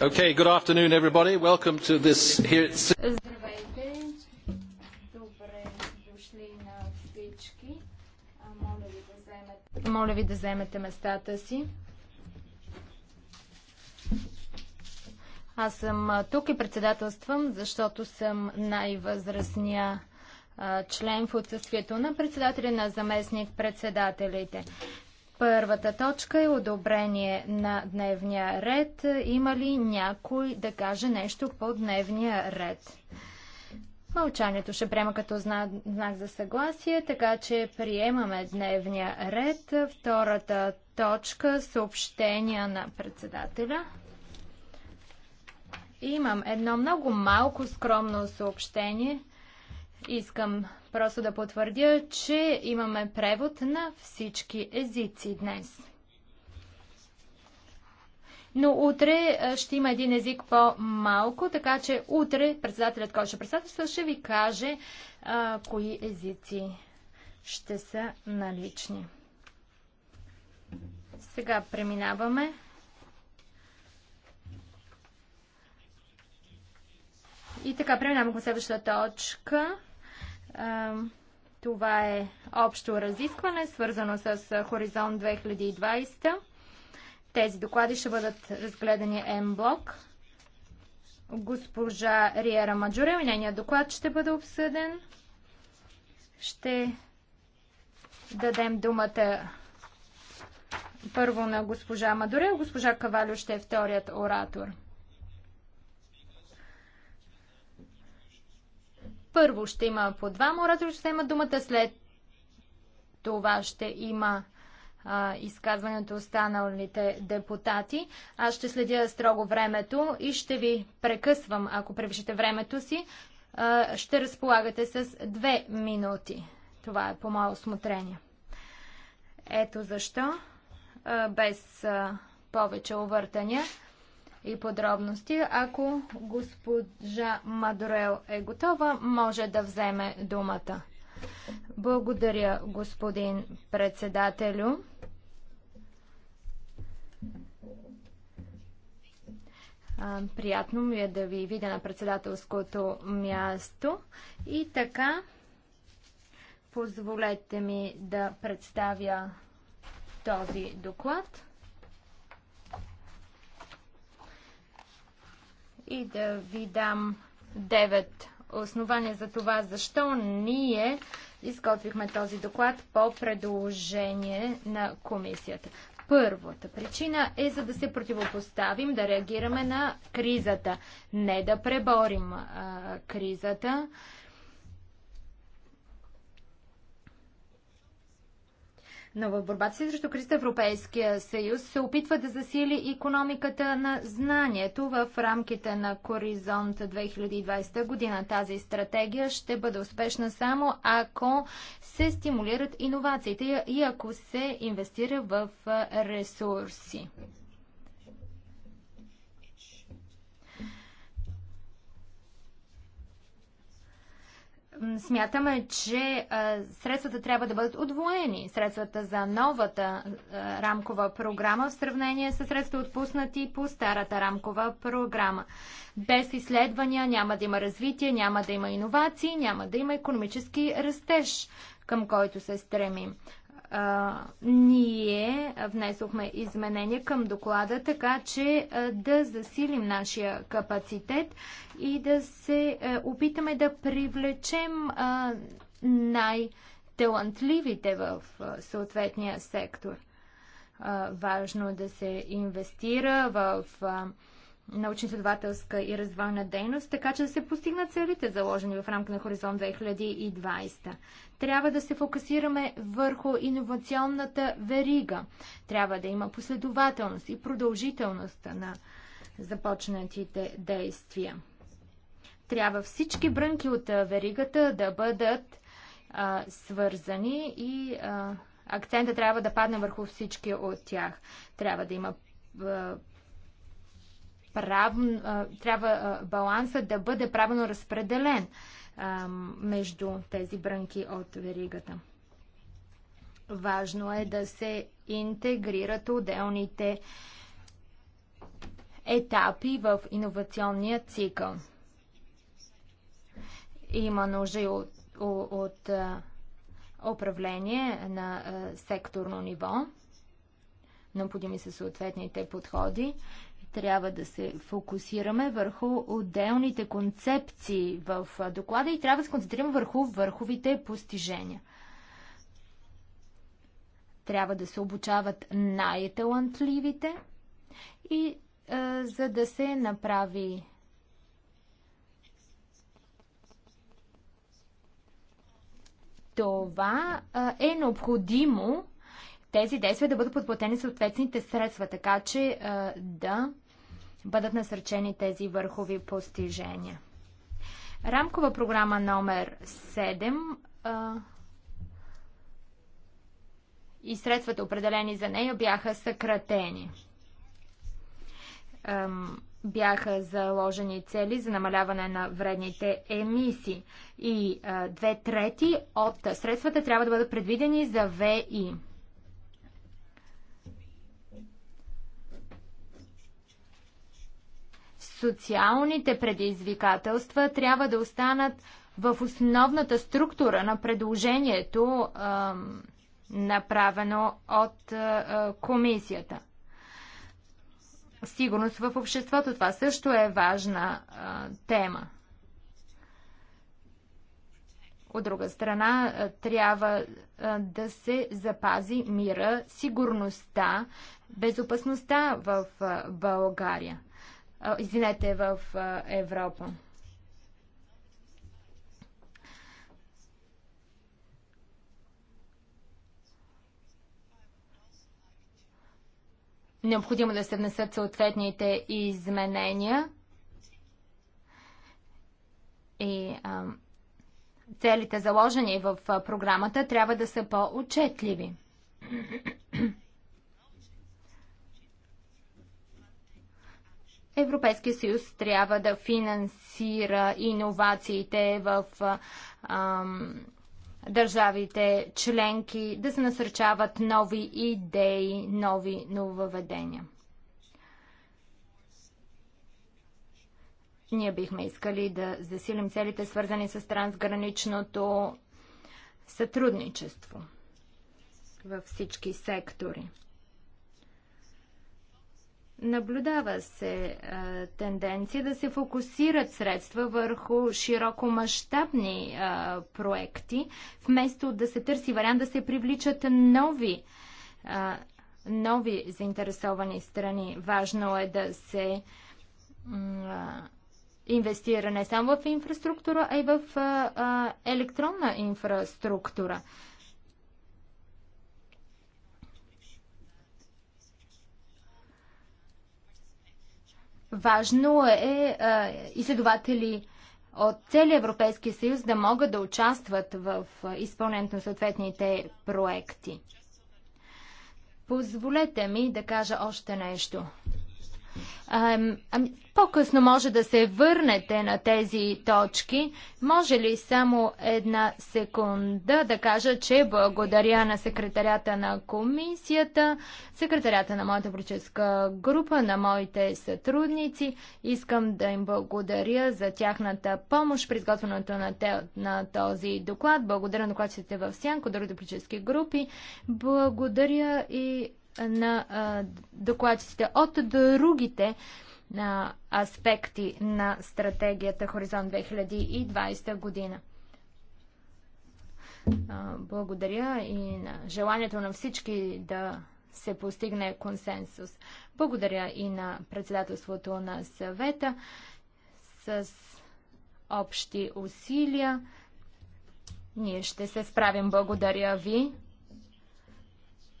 Okay, good afternoon, everybody. Welcome to this here. Здравейте. Добре дошли на всички. Моля ви да заемете, моля ви да заемете местата си. Аз съм тук и председателствам, защото съм най-възрастния член в отсъствието на председателя на заместник председателите. Първата точка е одобрение на дневния ред. Има ли някой да каже нещо по дневния ред? Мълчанието ще приема като знак, знак за съгласие, така че приемаме дневния ред. Втората точка съобщения на председателя. Имам едно много малко скромно съобщение. Искам просто да потвърдя, че имаме превод на всички езици днес. Но утре ще има един език по-малко, така че утре председателят, който ще председателства, ще ви каже а, кои езици ще са налични. Сега преминаваме И така, преминаваме към следващата точка. Това е общо разискване, свързано с Хоризонт 2020. Тези доклади ще бъдат разгледани М-блок. Госпожа Риера Маджуре, и нейният доклад ще бъде обсъден. Ще дадем думата първо на госпожа Мадуре, госпожа Кавалю ще е вторият оратор. Първо ще има по двама оратори, ще има думата, след това ще има а, изказването останалите депутати. Аз ще следя строго времето и ще ви прекъсвам, ако превишите времето си. А, ще разполагате с две минути. Това е по мое осмотрение. Ето защо, а, без а, повече увъртания и подробности. Ако госпожа Мадорел е готова, може да вземе думата. Благодаря, господин председателю. Приятно ми е да ви видя на председателското място. И така, позволете ми да представя този доклад. и да ви дам 9 основания за това, защо ние изготвихме този доклад по предложение на комисията. Първата причина е за да се противопоставим, да реагираме на кризата, не да преборим а, кризата. А, Но в борбата си срещу кризата Европейския съюз се опитва да засили економиката на знанието в рамките на Хоризонт 2020 година. Тази стратегия ще бъде успешна само ако се стимулират иновациите и ако се инвестира в ресурси. смятаме, че средствата трябва да бъдат отвоени. Средствата за новата рамкова програма в сравнение с средства отпуснати по старата рамкова програма. Без изследвания няма да има развитие, няма да има иновации, няма да има економически растеж към който се стремим ние внесохме изменения към доклада, така че да засилим нашия капацитет и да се е, опитаме да привлечем най-талантливите в съответния сектор. важно е да се инвестира в научно-изследователска и развойна дейност, така че да се постигнат целите, заложени в рамка на Хоризонт 2020. Трябва да се фокусираме върху иновационната верига. Трябва да има последователност и продължителност на започнатите действия. Трябва всички брънки от веригата да бъдат а, свързани и а, акцента трябва да падне върху всички от тях. Трябва да има прав... трябва балансът да бъде правилно разпределен между тези брънки от веригата. Важно е да се интегрират отделните етапи в иновационния цикъл. Има нужда и от, от, от управление на секторно ниво. Необходими са съответните подходи. Трябва да се фокусираме върху отделните концепции в доклада и трябва да се концентрираме върху върховите постижения. Трябва да се обучават най-талантливите и е, за да се направи това е необходимо тези действия да бъдат подплатени съответните средства, така че е, да бъдат насърчени тези върхови постижения. Рамкова програма номер 7 а, е, и средствата определени за нея бяха съкратени. Ам, бяха заложени цели за намаляване на вредните емисии и а, е, две трети от средствата трябва да бъдат предвидени за ВИ. социалните предизвикателства трябва да останат в основната структура на предложението, направено от комисията. Сигурност в обществото, това също е важна тема. От друга страна, трябва да се запази мира, сигурността, безопасността в България извинете, в Европа. Необходимо е да се внесат съответните изменения и а, целите заложени в програмата трябва да са по-отчетливи. Европейския съюз трябва да финансира иновациите в ам, държавите членки, да се насърчават нови идеи, нови нововведения. Ние бихме искали да засилим целите, свързани с трансграничното сътрудничество във всички сектори. Наблюдава се а, тенденция да се фокусират средства върху широкомащабни а, проекти, вместо да се търси вариант да се привличат нови, а, нови заинтересовани страни. Важно е да се а, инвестира не само в инфраструктура, а и в а, а, електронна инфраструктура. Важно е, е изследователи от целия Европейския съюз да могат да участват в е, изпълнението на съответните проекти. Позволете ми да кажа още нещо. По-късно може да се върнете на тези точки. Може ли само една секунда да кажа, че благодаря на секретарята на комисията, секретарята на моята политическа група, на моите сътрудници. Искам да им благодаря за тяхната помощ при изготвянето на, те, на този доклад. Благодаря на докладчите в Сянко, другите политически групи. Благодаря и на докладчиците от другите аспекти на стратегията Хоризонт 2020 година. Благодаря и на желанието на всички да се постигне консенсус. Благодаря и на председателството на съвета с общи усилия. Ние ще се справим. Благодаря ви.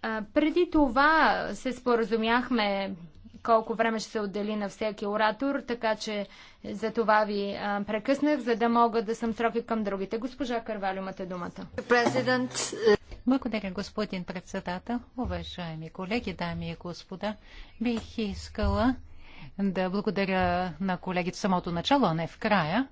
А, преди това се споразумяхме колко време ще се отдели на всеки оратор, така че за това ви а, прекъснах, за да мога да съм сроки към другите. Госпожа Карвалю, имате думата. Президент. Е, благодаря, господин председател. Уважаеми колеги, дами и господа, бих искала да благодаря на колегите в самото начало, а не в края,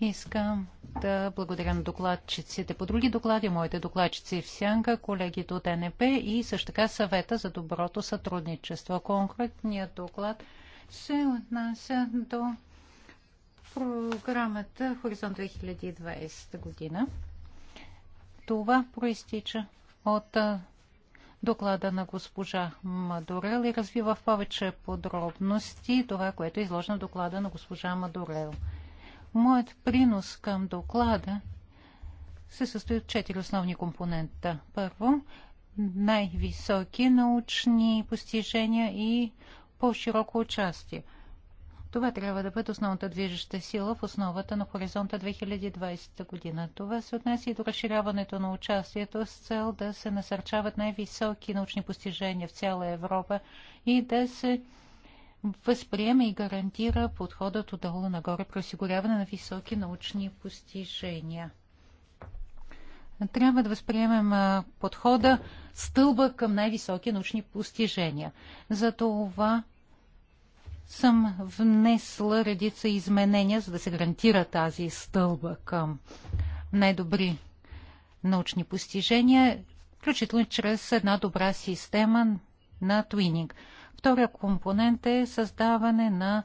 Искам да благодаря на докладчиците по други доклади, моите докладчици в Сянка, колегите от НП и също така съвета за доброто сътрудничество. Конкретният доклад се отнася до програмата Хоризонт 2020 година. Това проистича от доклада на госпожа Мадорел и развива в повече подробности това, което е изложено в доклада на госпожа Мадорел. Моят принос към доклада се състои от четири основни компонента. Първо, най-високи научни постижения и по-широко участие. Това трябва да бъде основната движеща сила в основата на хоризонта 2020 година. Това се отнася и до разширяването на участието с цел да се насърчават най-високи научни постижения в цяла Европа и да се възприема и гарантира подходът отдолу нагоре при осигуряване на високи научни постижения. Трябва да възприемем подхода стълба към най-високи научни постижения. За това съм внесла редица изменения, за да се гарантира тази стълба към най-добри научни постижения, включително чрез една добра система на твининг. Втория компонент е създаване на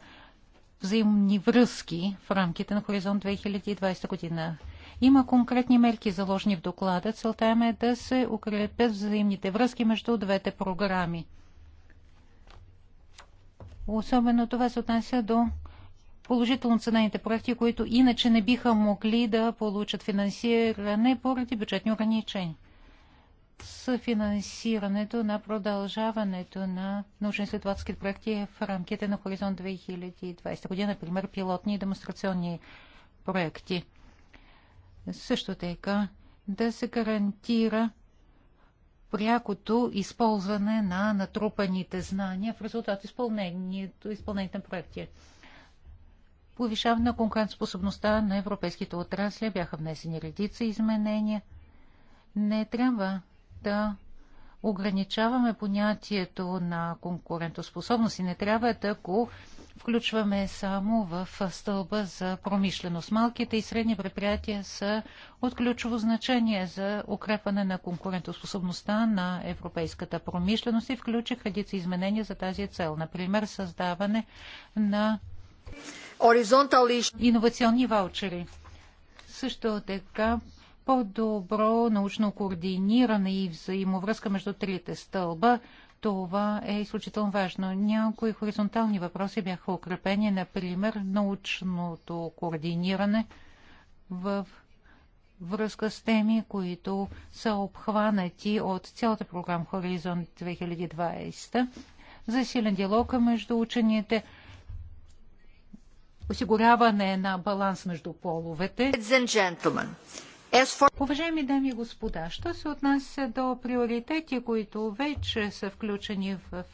взаимни връзки в рамките на Хоризонт 2020 година. Има конкретни мерки заложени в доклада. Целта им е да се укрепят взаимните връзки между двете програми. Особено това се отнася до положително ценените проекти, които иначе не биха могли да получат финансиране поради бюджетни ограничения финансирането на продължаването на научно-изследователски проекти в рамките на Хоризонт 2020 година, например пилотни и демонстрационни проекти. Също така да се гарантира прякото използване на натрупаните знания в резултат изпълнението, изпълнението на проекти. Повишаване на конкурентоспособността на европейските отрасли бяха внесени редица изменения. Не трябва да ограничаваме понятието на конкурентоспособност и не трябва да го включваме само в стълба за промишленост. Малките и средни предприятия са от ключово значение за укрепване на конкурентоспособността на европейската промишленост и включих редица изменения за тази цел. Например, създаване на иновационни ваучери. Също така по-добро научно координиране и взаимовръзка между трите стълба. Това е изключително важно. Някои хоризонтални въпроси бяха укрепени, например научното координиране в връзка с теми, които са обхванати от цялата програма Хоризонт 2020. Засилен диалог между учените, осигуряване на баланс между половете. Уважаеми дами и господа, що се отнася до приоритети, които вече са включени в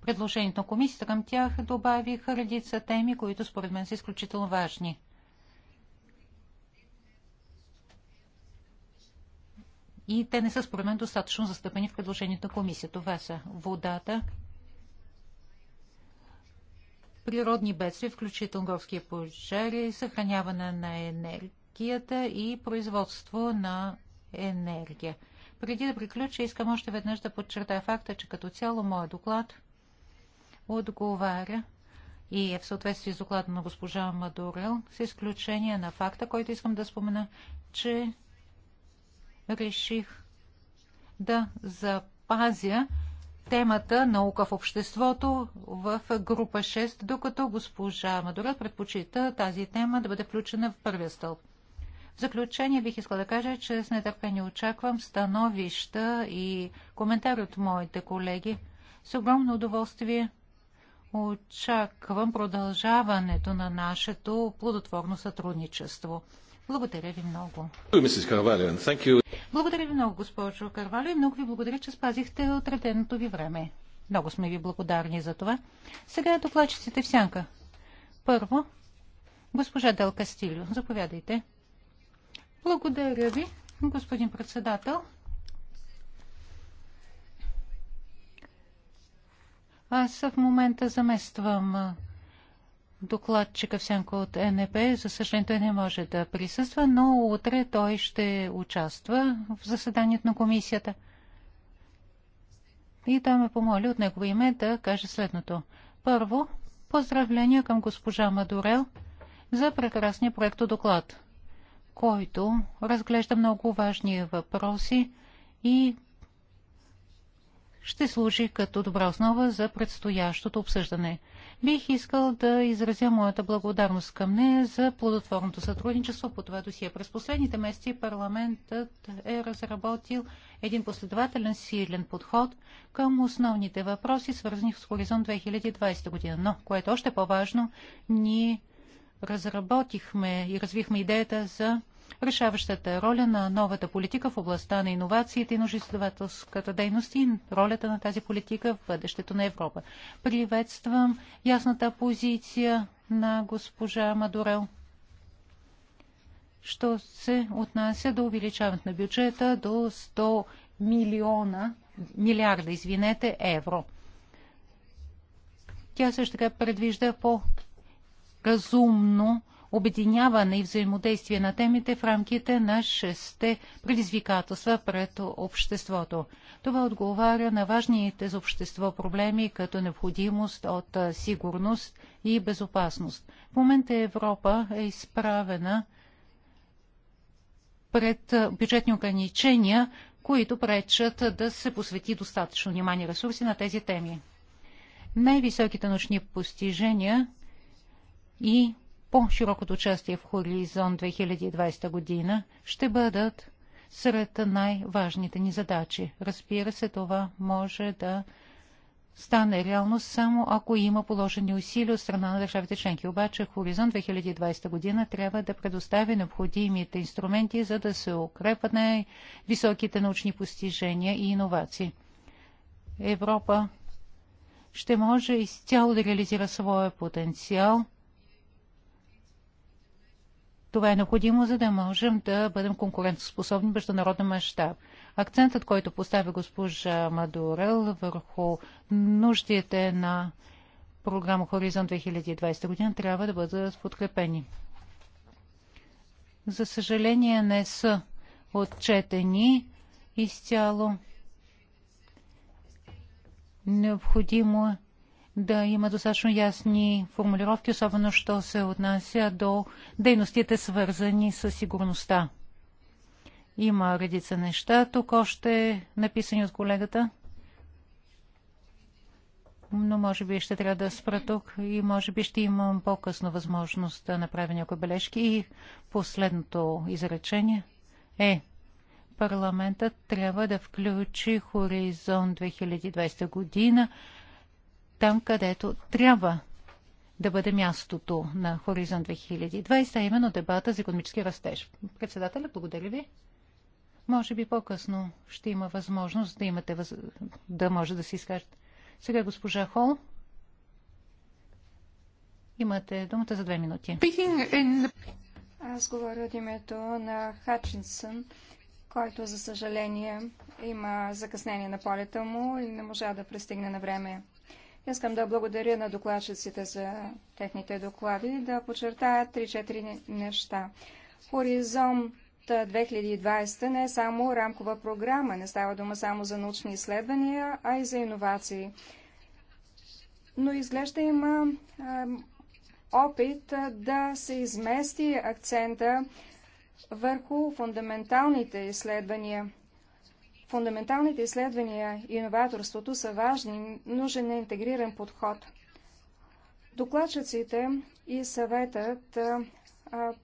предложението на комисията, към тях добавих редица теми, които според мен са изключително важни. И те не са според мен достатъчно застъпени в предложението на комисията. Това са водата, природни бедствия, включително горски пожари, съхраняване на енергия енергията и производство на енергия. Преди да приключа, искам още веднъж да подчертая факта, че като цяло моят доклад отговаря и е в съответствие с доклада на госпожа Мадурел, с изключение на факта, който искам да спомена, че реших да запазя темата наука в обществото в група 6, докато госпожа Мадурел предпочита тази тема да бъде включена в първия стълб. В заключение бих искала да кажа, че с нетърпение очаквам становища и коментари от моите колеги. С огромно удоволствие очаквам продължаването на нашето плодотворно сътрудничество. Благодаря ви много. Благодаря ви много, госпожо Карвалио, и много ви благодаря, че спазихте отреденото ви време. Много сме ви благодарни за това. Сега докладчиците в сянка. Първо, госпожа Дел Кастилио, заповядайте. Благодаря ви, господин председател. Аз в момента замествам докладчика Всянко от НП. За съжаление, той не може да присъства, но утре той ще участва в заседанието на комисията. И той ме помоли от негово име да каже следното. Първо, поздравления към госпожа Мадурел за прекрасния проекто доклад който разглежда много важни въпроси и ще служи като добра основа за предстоящото обсъждане. Бих искал да изразя моята благодарност към нея за плодотворното сътрудничество по това досие. През последните месеци парламентът е разработил един последователен силен подход към основните въпроси, свързани с Хоризонт 2020 година. Но, което е още по-важно, ние разработихме и развихме идеята за решаващата роля на новата политика в областта на иновациите и научно-изследователската дейност и ролята на тази политика в бъдещето на Европа. Приветствам ясната позиция на госпожа Мадурел. Що се отнася до увеличаването на бюджета до 100 милиона, милиарда, извинете, евро. Тя също така предвижда по разумно обединяване и взаимодействие на темите в рамките на шесте предизвикателства пред обществото. Това отговаря на важните за общество проблеми, като необходимост от сигурност и безопасност. В момента Европа е изправена пред бюджетни ограничения, които пречат да се посвети достатъчно внимание ресурси на тези теми. Най-високите научни постижения и по-широкото участие в Хоризонт 2020 година ще бъдат сред най-важните ни задачи. Разбира се, това може да стане реално само ако има положени усилия от страна на държавите членки. Обаче Хоризонт 2020 година трябва да предостави необходимите инструменти, за да се укрепят на високите научни постижения и иновации. Европа ще може изцяло да реализира своя потенциал – това е необходимо, за да можем да бъдем конкурентоспособни в международен мащаб. Акцентът, който поставя госпожа Мадурел върху нуждите на програма Хоризонт 2020 година, трябва да бъдат подкрепени. За съжаление не са отчетени изцяло. Необходимо е да има достатъчно ясни формулировки, особено що се отнася до дейностите, свързани с сигурността. Има редица неща, тук още написани от колегата. Но може би ще трябва да спра тук и може би ще имам по-късно възможност да направя някои бележки. И последното изречение е парламентът трябва да включи Хоризонт 2020 година там, където трябва да бъде мястото на Хоризонт 2020, а именно дебата за економически растеж. Председателя, благодаря ви. Може би по-късно ще има възможност да имате въз... да може да се изкажете. Сега госпожа Хол. Имате думата за две минути. Аз говоря от името на Хатчинсън, който, за съжаление, има закъснение на полета му и не можа да пристигне на време. Искам да благодаря на докладчиците за техните доклади и да подчертая 3-4 неща. Хоризонт 2020 не е само рамкова програма, не става дума само за научни изследвания, а и за иновации. Но изглежда има е, опит да се измести акцента върху фундаменталните изследвания. Фундаменталните изследвания и иноваторството са важни, нужен е интегриран подход. Докладчиците и съветът а,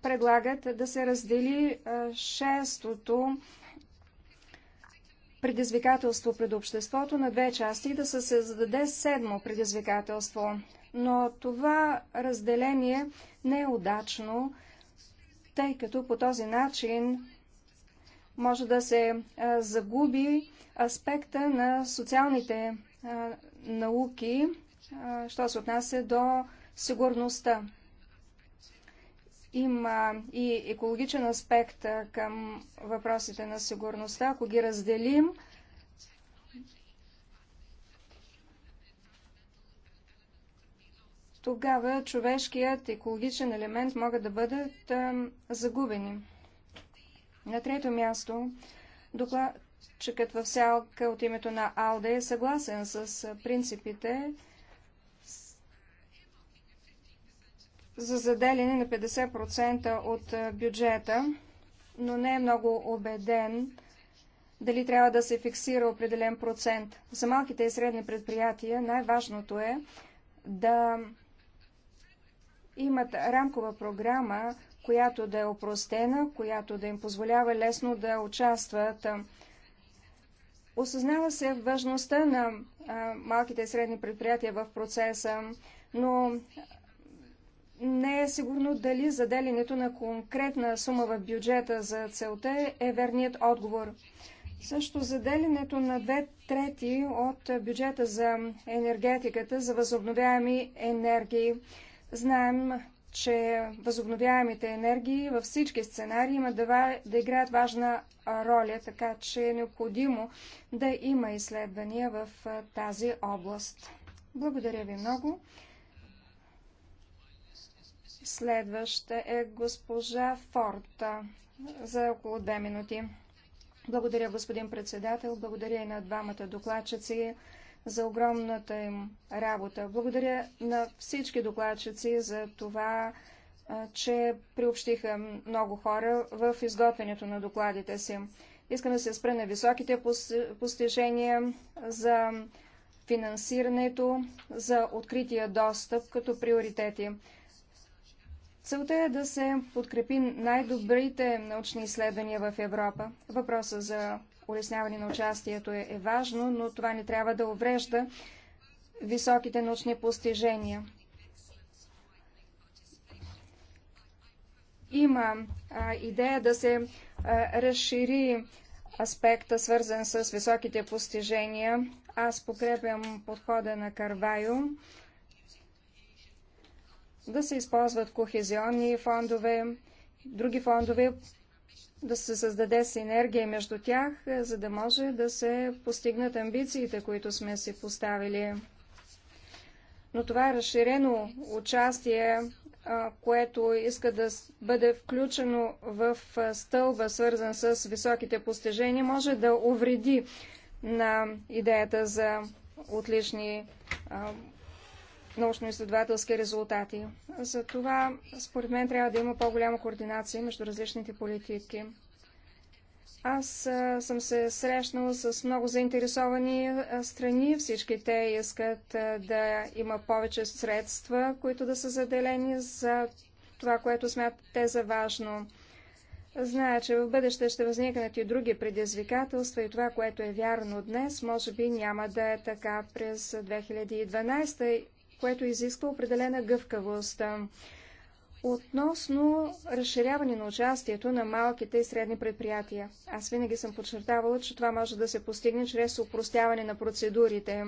предлагат да се раздели а, шестото предизвикателство пред обществото на две части и да се създаде седмо предизвикателство. Но това разделение не е удачно, тъй като по този начин може да се загуби аспекта на социалните науки, що се отнася до сигурността. Има и екологичен аспект към въпросите на сигурността. Ако ги разделим, тогава човешкият екологичен елемент могат да бъдат загубени. На трето място, докладчикът във всяка от името на АЛДЕ е съгласен с принципите за заделяне на 50% от бюджета, но не е много убеден дали трябва да се фиксира определен процент. За малките и средни предприятия най-важното е да имат рамкова програма, която да е опростена, която да им позволява лесно да участват. Осъзнава се важността на малките и средни предприятия в процеса, но не е сигурно дали заделянето на конкретна сума в бюджета за целта е верният отговор. Също заделянето на две трети от бюджета за енергетиката за възобновяеми енергии. Знаем, че възобновяемите енергии във всички сценарии имат да, да играят важна роля, така че е необходимо да има изследвания в тази област. Благодаря ви много. Следваща е госпожа Форта за около две минути. Благодаря, господин председател. Благодаря и на двамата докладчици за огромната им работа. Благодаря на всички докладчици за това, че приобщиха много хора в изготвянето на докладите си. Искам да се спра на високите постижения за финансирането, за открития достъп като приоритети. Целта е да се подкрепи най-добрите научни изследвания в Европа. Въпросът за улесняване на участието е, е важно, но това не трябва да уврежда високите научни постижения. Има а, идея да се а, разшири аспекта, свързан с високите постижения. Аз покрепям подхода на Карвайо да се използват кохезионни фондове, други фондове да се създаде синергия между тях, е, за да може да се постигнат амбициите, които сме си поставили. Но това е разширено участие, което иска да бъде включено в стълба, свързан с високите постижения, може да увреди на идеята за отлични научно-изследователски резултати. За това, според мен, трябва да има по-голяма координация между различните политики. Аз съм се срещнала с много заинтересовани страни. Всички те искат да има повече средства, които да са заделени за това, което смятат те за важно. Зная, че в бъдеще ще възникнат и други предизвикателства и това, което е вярно днес, може би няма да е така през 2012 което изисква определена гъвкавост. Относно разширяване на участието на малките и средни предприятия. Аз винаги съм подчертавала, че това може да се постигне чрез упростяване на процедурите.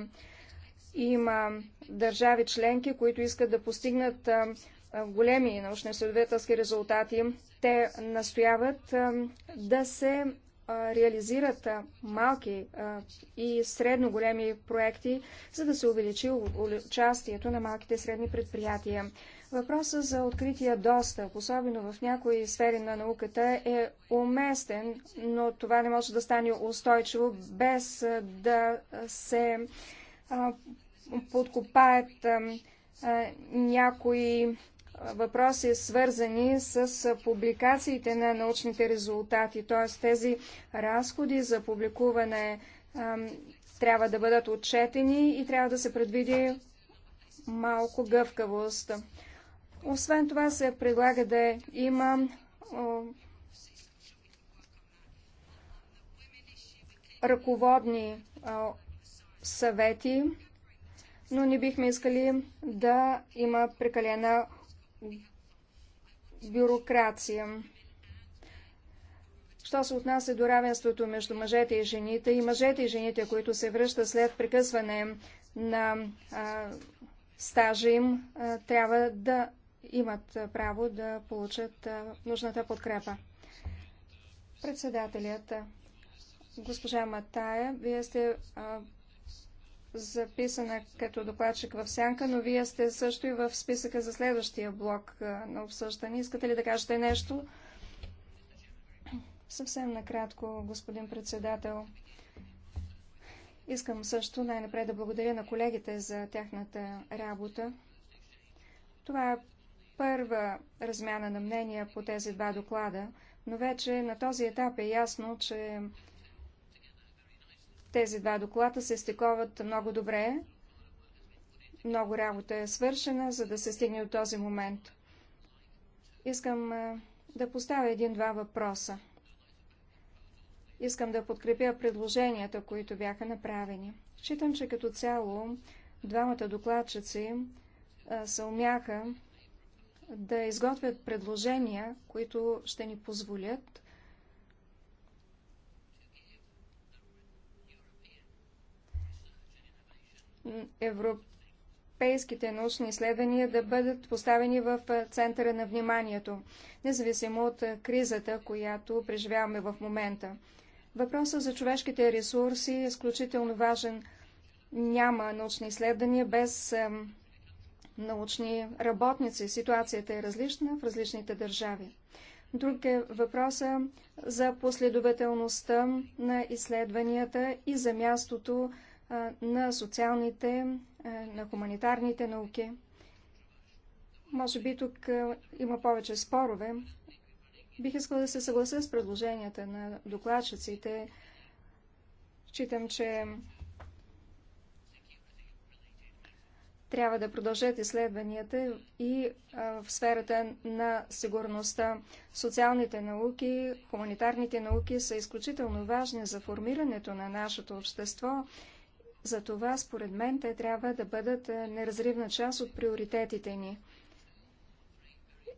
Има държави членки, които искат да постигнат големи научно-изследователски резултати. Те настояват да се реализират малки и средно големи проекти, за да се увеличи участието на малките и средни предприятия. Въпросът за открития достъп, особено в някои сфери на науката, е уместен, но това не може да стане устойчиво без да се подкопаят някои въпроси, свързани с публикациите на научните резултати, т.е. тези разходи за публикуване трябва да бъдат отчетени и трябва да се предвиди малко гъвкавост. Освен това се предлага да има ръководни съвети, но не бихме искали да има прекалена бюрокрация. Що се отнася до равенството между мъжете и жените и мъжете и жените, които се връщат след прекъсване на а, стажа им, а, трябва да имат право да получат а, нужната подкрепа. Председателят, госпожа Матая, вие сте а, записана като докладчик в сянка, но вие сте също и в списъка за следващия блок на обсъждане. Искате ли да кажете нещо? Съвсем накратко, господин председател. Искам също най-напред да благодаря на колегите за тяхната работа. Това е първа размяна на мнения по тези два доклада, но вече на този етап е ясно, че тези два доклада се стиковат много добре. Много работа е свършена, за да се стигне до този момент. Искам да поставя един-два въпроса. Искам да подкрепя предложенията, които бяха направени. Считам, че като цяло двамата докладчици се умяха да изготвят предложения, които ще ни позволят европейските научни изследвания да бъдат поставени в центъра на вниманието, независимо от кризата, която преживяваме в момента. Въпросът за човешките ресурси е изключително важен. Няма научни изследвания без научни работници. Ситуацията е различна в различните държави. Друг е въпросът за последователността на изследванията и за мястото на социалните, на хуманитарните науки. Може би тук има повече спорове. Бих искала да се съглася с предложенията на докладчиците. Считам, че трябва да продължат изследванията и в сферата на сигурността. Социалните науки, хуманитарните науки са изключително важни за формирането на нашето общество затова, според мен, те трябва да бъдат е, неразривна част от приоритетите ни.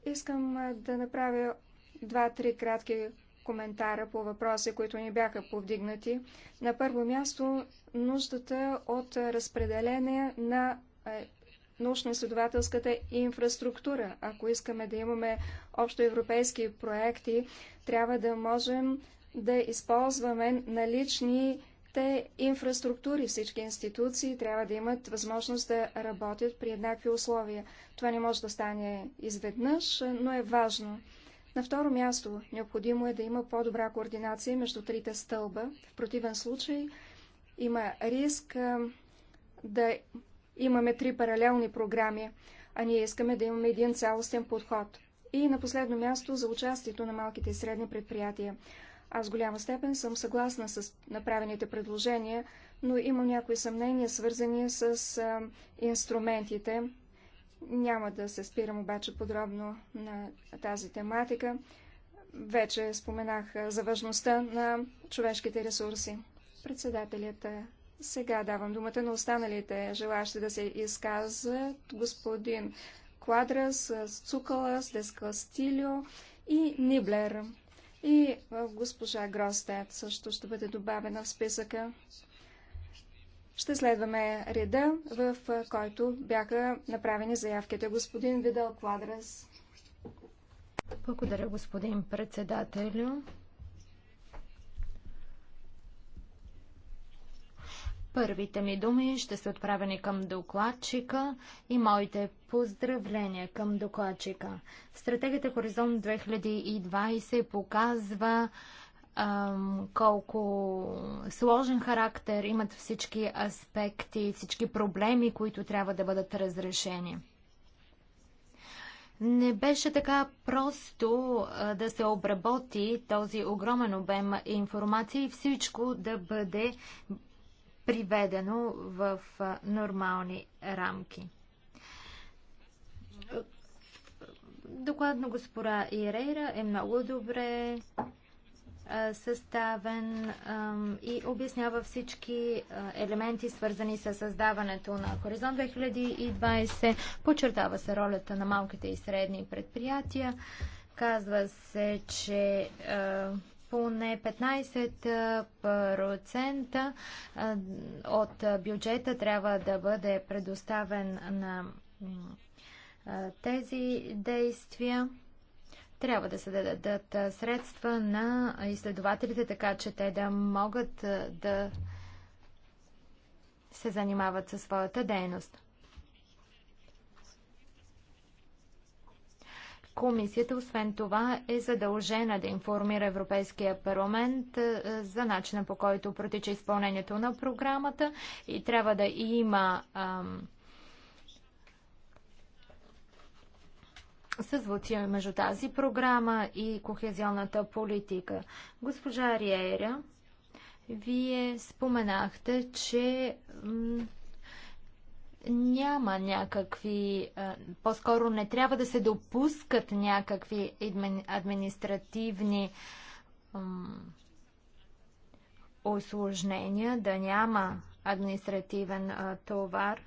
Искам е, да направя два-три кратки коментара по въпроси, които ни бяха повдигнати. На първо място, нуждата от разпределение на е, научно-изследователската инфраструктура. Ако искаме да имаме общо европейски проекти, трябва да можем да използваме налични те инфраструктури, всички институции трябва да имат възможност да работят при еднакви условия. Това не може да стане изведнъж, но е важно. На второ място, необходимо е да има по-добра координация между трите стълба. В противен случай има риск да имаме три паралелни програми, а ние искаме да имаме един цялостен подход. И на последно място за участието на малките и средни предприятия. Аз голяма степен съм съгласна с направените предложения, но имам някои съмнения, свързани с а, инструментите. Няма да се спирам обаче подробно на тази тематика. Вече споменах за важността на човешките ресурси. Председателят, сега давам думата на останалите желащи да се изказват. Господин Квадрас, Цукалас, Дескастилио и Ниблер. И госпожа Гростет също ще бъде добавена в списъка. Ще следваме реда, в който бяха направени заявките. Господин Видал Квадрес. Благодаря, господин председателю. Първите ми думи ще са отправени към докладчика и моите поздравления към докладчика. Стратегията Хоризонт 2020 показва колко сложен характер имат всички аспекти, всички проблеми, които трябва да бъдат разрешени. Не беше така просто да се обработи този огромен обем информация и всичко да бъде приведено в нормални рамки. Доклад на госпора Ирейра е много добре съставен и обяснява всички елементи, свързани с създаването на Хоризонт 2020. Подчертава се ролята на малките и средни предприятия. Казва се, че поне 15% от бюджета трябва да бъде предоставен на тези действия. Трябва да се дадат средства на изследователите, така че те да могат да се занимават със своята дейност. Комисията, освен това, е задължена да информира Европейския парламент е, за начина по който протича изпълнението на програмата и трябва да има съзвучие между тази програма и кохезионната политика. Госпожа Риера, вие споменахте, че м, няма някакви, по-скоро не трябва да се допускат някакви административни осложнения, да няма административен товар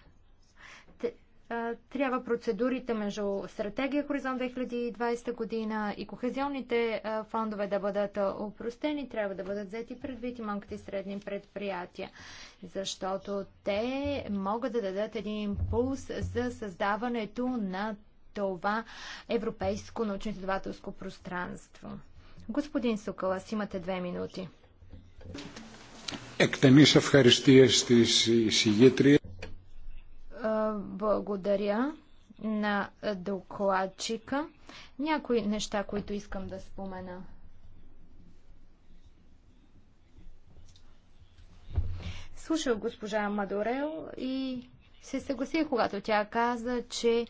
трябва процедурите между стратегия Хоризонт 2020 година и кохезионните фондове да бъдат опростени, трябва да бъдат взети предвид и малките и средни предприятия, защото те могат да дадат един импулс за създаването на това европейско научно-изследователско пространство. Господин Сукалас, имате две минути. Εκτενείς ευχαριστίες στις εισηγήτριες. Благодаря на докладчика. Някои неща, които искам да спомена. Слушах госпожа Мадорел и се съгласих, когато тя каза, че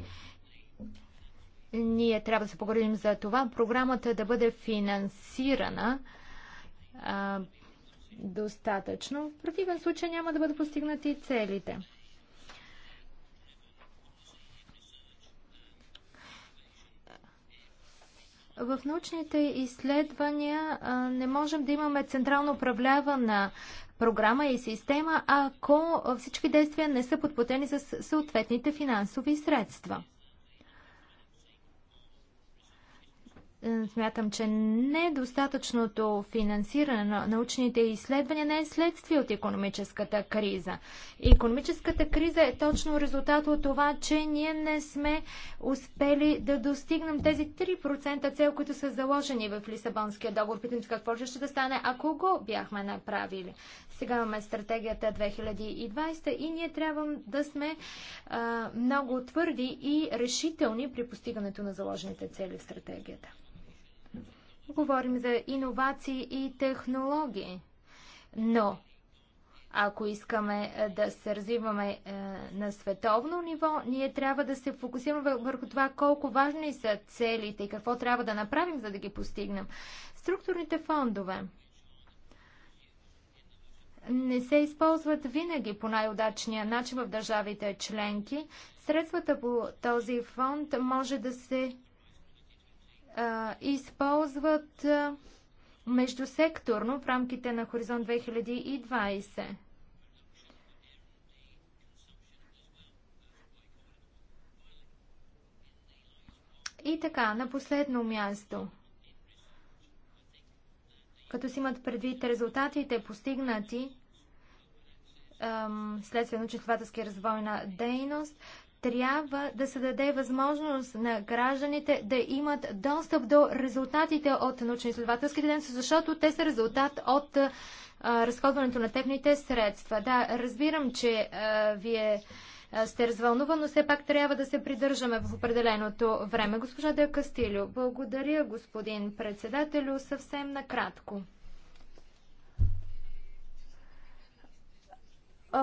ние трябва да се поговорим за това програмата да бъде финансирана а, достатъчно. В противен случай няма да бъдат постигнати целите. В научните изследвания не можем да имаме централно управлявана програма и система, ако всички действия не са подплатени с съответните финансови средства. Смятам, че недостатъчното финансиране на научните изследвания не е следствие от економическата криза. Економическата криза е точно резултат от това, че ние не сме успели да достигнем тези 3% цел, които са заложени в Лисабонския договор. Питам се какво ще да стане, ако го бяхме направили. Сега имаме стратегията 2020 и ние трябва да сме а, много твърди и решителни при постигането на заложените цели в стратегията. Говорим за иновации и технологии. Но ако искаме е, да се развиваме е, на световно ниво, ние трябва да се фокусираме върху това колко важни са целите и какво трябва да направим, за да ги постигнем. Структурните фондове не се използват винаги по най-удачния начин в държавите членки. Средствата по този фонд може да се а, използват а, междусекторно в рамките на Хоризонт 2020. И така, на последно място. Като си имат предвид резултатите постигнати следствено следствие развойна дейност, трябва да се даде възможност на гражданите да имат достъп до резултатите от научно-изследователските дейности, защото те са резултат от а, разходването на техните средства. Да, разбирам, че а, вие сте развълнуван, но все пак трябва да се придържаме в определеното време. Госпожа Де Кастилю, благодаря, господин председателю, съвсем накратко.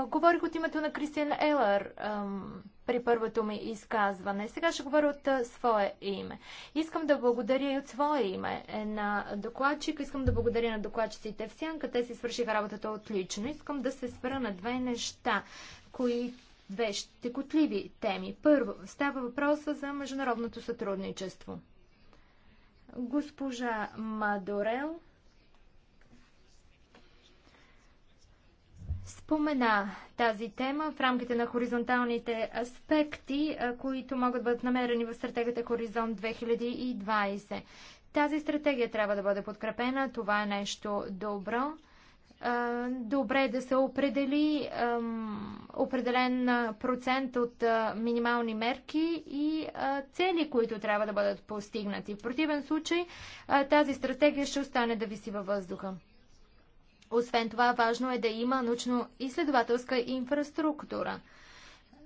Говорих от името на Кристиан Елър. Ам при първото ми изказване. Сега ще говоря от свое име. Искам да благодаря и от свое име е, на докладчик. Искам да благодаря на докладчиците в Сянка. Те си свършиха работата отлично. Искам да се спра на две неща, кои две щекотливи теми. Първо, става въпроса за международното сътрудничество. Госпожа Мадорел спомена тази тема в рамките на хоризонталните аспекти, които могат да бъдат намерени в стратегията Хоризонт 2020. Тази стратегия трябва да бъде подкрепена. Това е нещо добро. Добре е да се определи определен процент от минимални мерки и цели, които трябва да бъдат постигнати. В противен случай тази стратегия ще остане да виси във въздуха. Освен това, важно е да има научно-изследователска инфраструктура.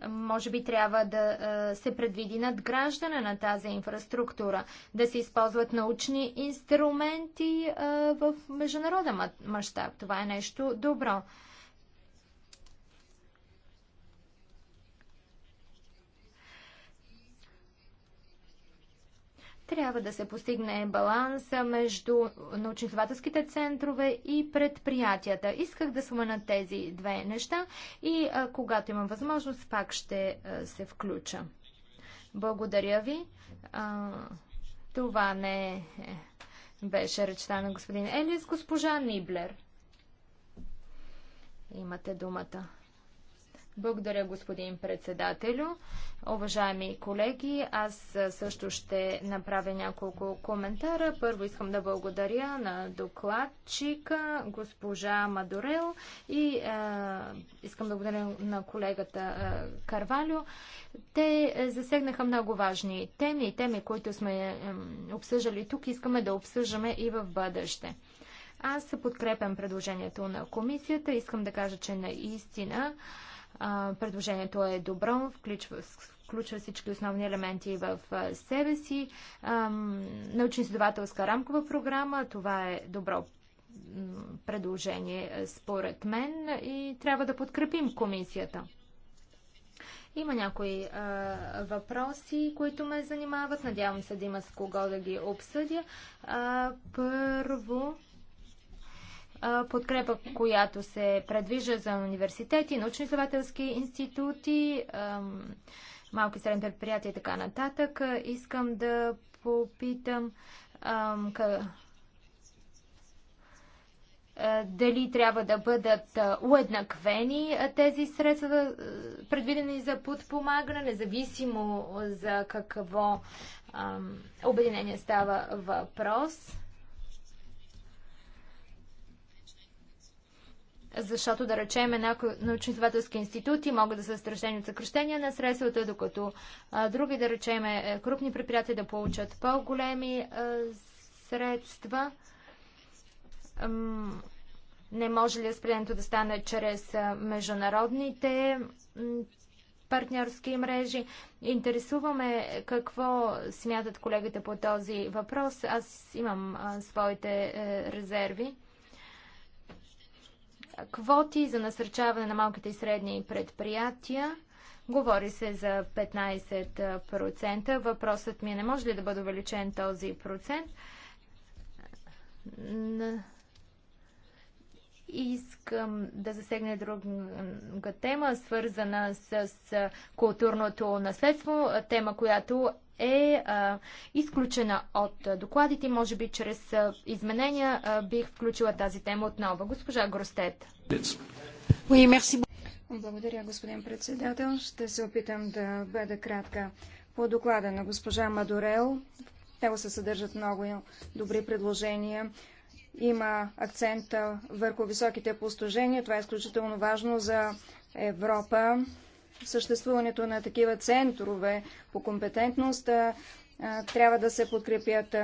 Може би трябва да се предвиди надграждане на тази инфраструктура, да се използват научни инструменти в международен мащаб. Това е нещо добро. Трябва да се постигне баланс между научно-изследователските центрове и предприятията. Исках да спомена тези две неща и а, когато имам възможност, пак ще а, се включа. Благодаря ви. А, това не е, беше речта на господин Елис, госпожа Ниблер. Имате думата. Благодаря, господин председателю. Уважаеми колеги, аз също ще направя няколко коментара. Първо искам да благодаря на докладчика, госпожа Мадорел и е, искам да благодаря на колегата е, Карвалю. Те засегнаха много важни теми, теми, които сме е, обсъждали тук, искаме да обсъждаме и в бъдеще. Аз подкрепям предложението на комисията. Искам да кажа, че наистина е, Предложението е добро, включва, включва всички основни елементи в себе си. Научно-изследователска рамкова програма, това е добро предложение според мен и трябва да подкрепим комисията. Има някои а, въпроси, които ме занимават. Надявам се да има с кого да ги обсъдя. А, първо, подкрепа, която се предвижда за университети, научно-изследователски институти, малки и средни предприятия и така нататък. Искам да попитам дали трябва да бъдат уеднаквени тези средства, предвидени за подпомагане, независимо за какво обединение става въпрос. защото да речем някои научно-изследователски институти могат да са страшени от съкръщения на средствата, докато а, други, да речем, е, е, крупни предприятия да получат по-големи средства. Ам, не може ли разпределението да стане чрез международните партньорски мрежи? Интересуваме какво смятат колегите по този въпрос. Аз имам а, своите е, резерви квоти за насърчаване на малките и средни предприятия. Говори се за 15%. Въпросът ми е, не може ли да бъде увеличен този процент? Искам да засегне друга тема, свързана с културното наследство, тема, която е а, изключена от докладите. Може би чрез а, изменения а, бих включила тази тема отново. Госпожа Гростет. Благодаря, господин председател. Ще се опитам да бъда кратка. По доклада на госпожа Мадорел, Тело се съдържат много добри предложения има акцент върху високите постижения. Това е изключително важно за Европа. Съществуването на такива центрове по компетентност трябва да се подкрепят.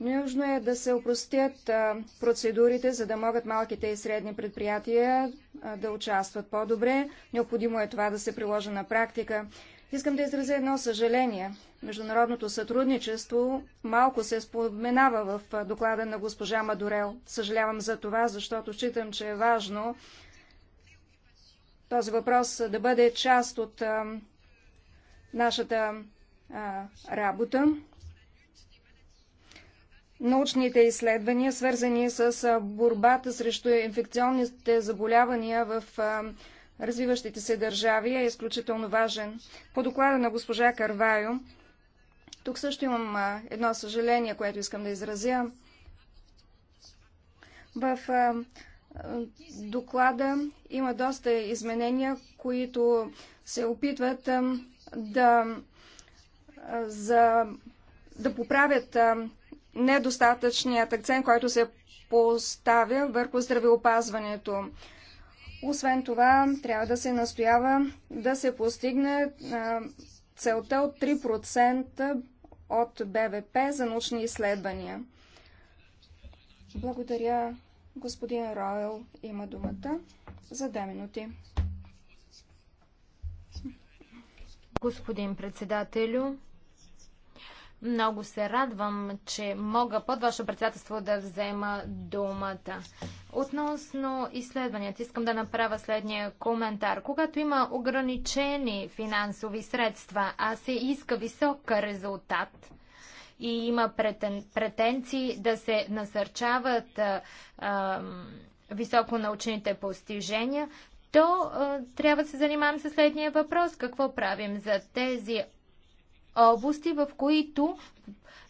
Нужно е да се опростят процедурите, за да могат малките и средни предприятия да участват по-добре. Необходимо е това да се приложи на практика. Искам да изразя едно съжаление. Международното сътрудничество малко се споменава в доклада на госпожа Мадорел. Съжалявам за това, защото считам, че е важно този въпрос да бъде част от а, нашата а, работа. Научните изследвания, свързани с борбата срещу инфекционните заболявания в а, развиващите се държави е изключително важен. По доклада на госпожа Карвайо, тук също имам едно съжаление, което искам да изразя. В доклада има доста изменения, които се опитват да, за, да поправят недостатъчният акцент, който се поставя върху здравеопазването. Освен това, трябва да се настоява да се постигне целта от 3% от БВП за научни изследвания. Благодаря. Господин Ройл има думата за 2 минути. Господин председателю, много се радвам, че мога под ваше председателство да взема думата. Относно изследванията, искам да направя следния коментар. Когато има ограничени финансови средства, а се иска висок резултат, и има претен, претенции да се насърчават а, а, високонаучните постижения, то а, трябва да се занимавам с следния въпрос. Какво правим за тези области, в които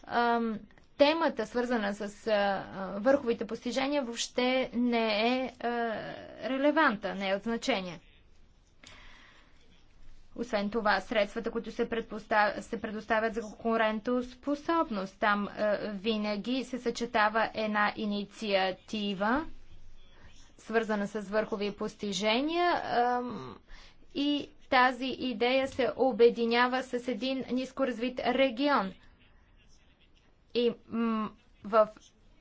ам, темата, свързана с а, върховите постижения, въобще не е а, релеванта, не е от значение. Освен това, средствата, които се, се предоставят за конкурентоспособност, там а, винаги се съчетава една инициатива, свързана с върхови постижения а, и тази идея се обединява с един нискоразвит регион. И в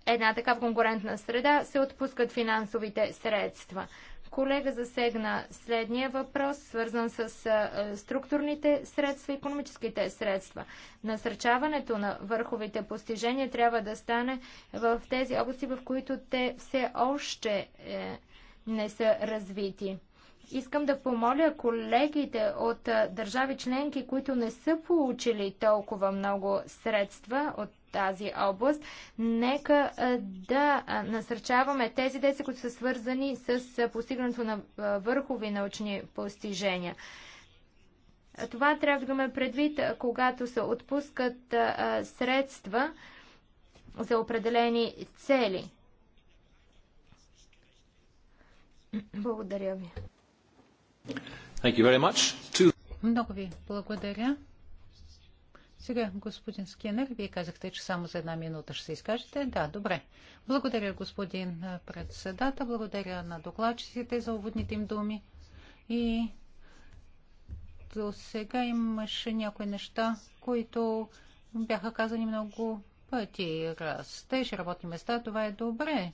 една така конкурентна среда се отпускат финансовите средства. Колега засегна следния въпрос, свързан с а, структурните средства и економическите средства. Насърчаването на върховите постижения трябва да стане в тези области, в които те все още е, не са развити. Искам да помоля колегите от държави членки, които не са получили толкова много средства от тази област, нека да насърчаваме тези деца, които са свързани с постигането на върхови научни постижения. Това трябва да имаме предвид, когато се отпускат средства за определени цели. Благодаря ви. Много ви благодаря. Сега, господин Скинер, вие казахте, че само за една минута ще се изкажете. Да, добре. Благодаря, господин председател. Благодаря на докладчиците за уводните им думи. И до сега имаше някои неща, които бяха казани много пъти. Растеж, работни места, това е добре.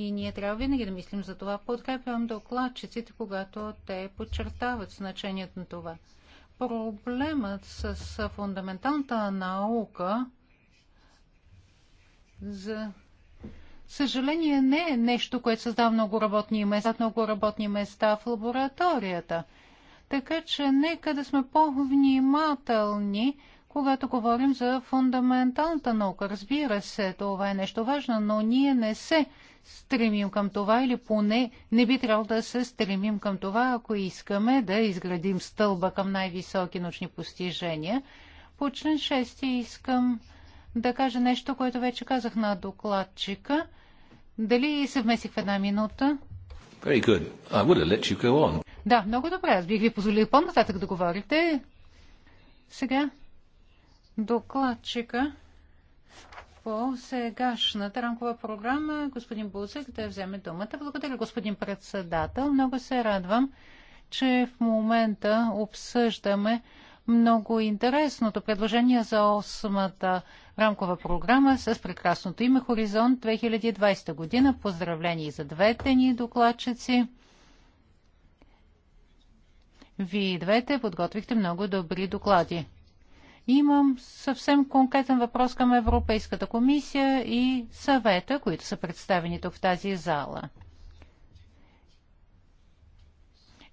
И ние трябва винаги да мислим за това. Подкрепям докладчиците, когато те подчертават значението на това. Проблемът с фундаменталната наука за съжаление не е нещо, което създава много работни места, много работни места в лабораторията. Така че нека да сме по-внимателни, когато говорим за фундаменталната наука. Разбира се, това е нещо важно, но ние не се стремим към това или поне не би трябвало да се стремим към това, ако искаме да изградим стълба към най-високи научни постижения. По член 6 искам да кажа нещо, което вече казах на докладчика. Дали се вмесих в една минута? Very good. I would have let you go on. Да, много добре. Аз бих ви позволил по-нататък да говорите. Сега докладчика по сегашната рамкова програма господин Бузек да вземе думата. Благодаря, господин председател. Много се радвам, че в момента обсъждаме много интересното предложение за осмата рамкова програма с прекрасното име Хоризонт 2020 година. Поздравления за двете ни докладчици. Вие двете подготвихте много добри доклади. Имам съвсем конкретен въпрос към Европейската комисия и съвета, които са представени тук в тази зала.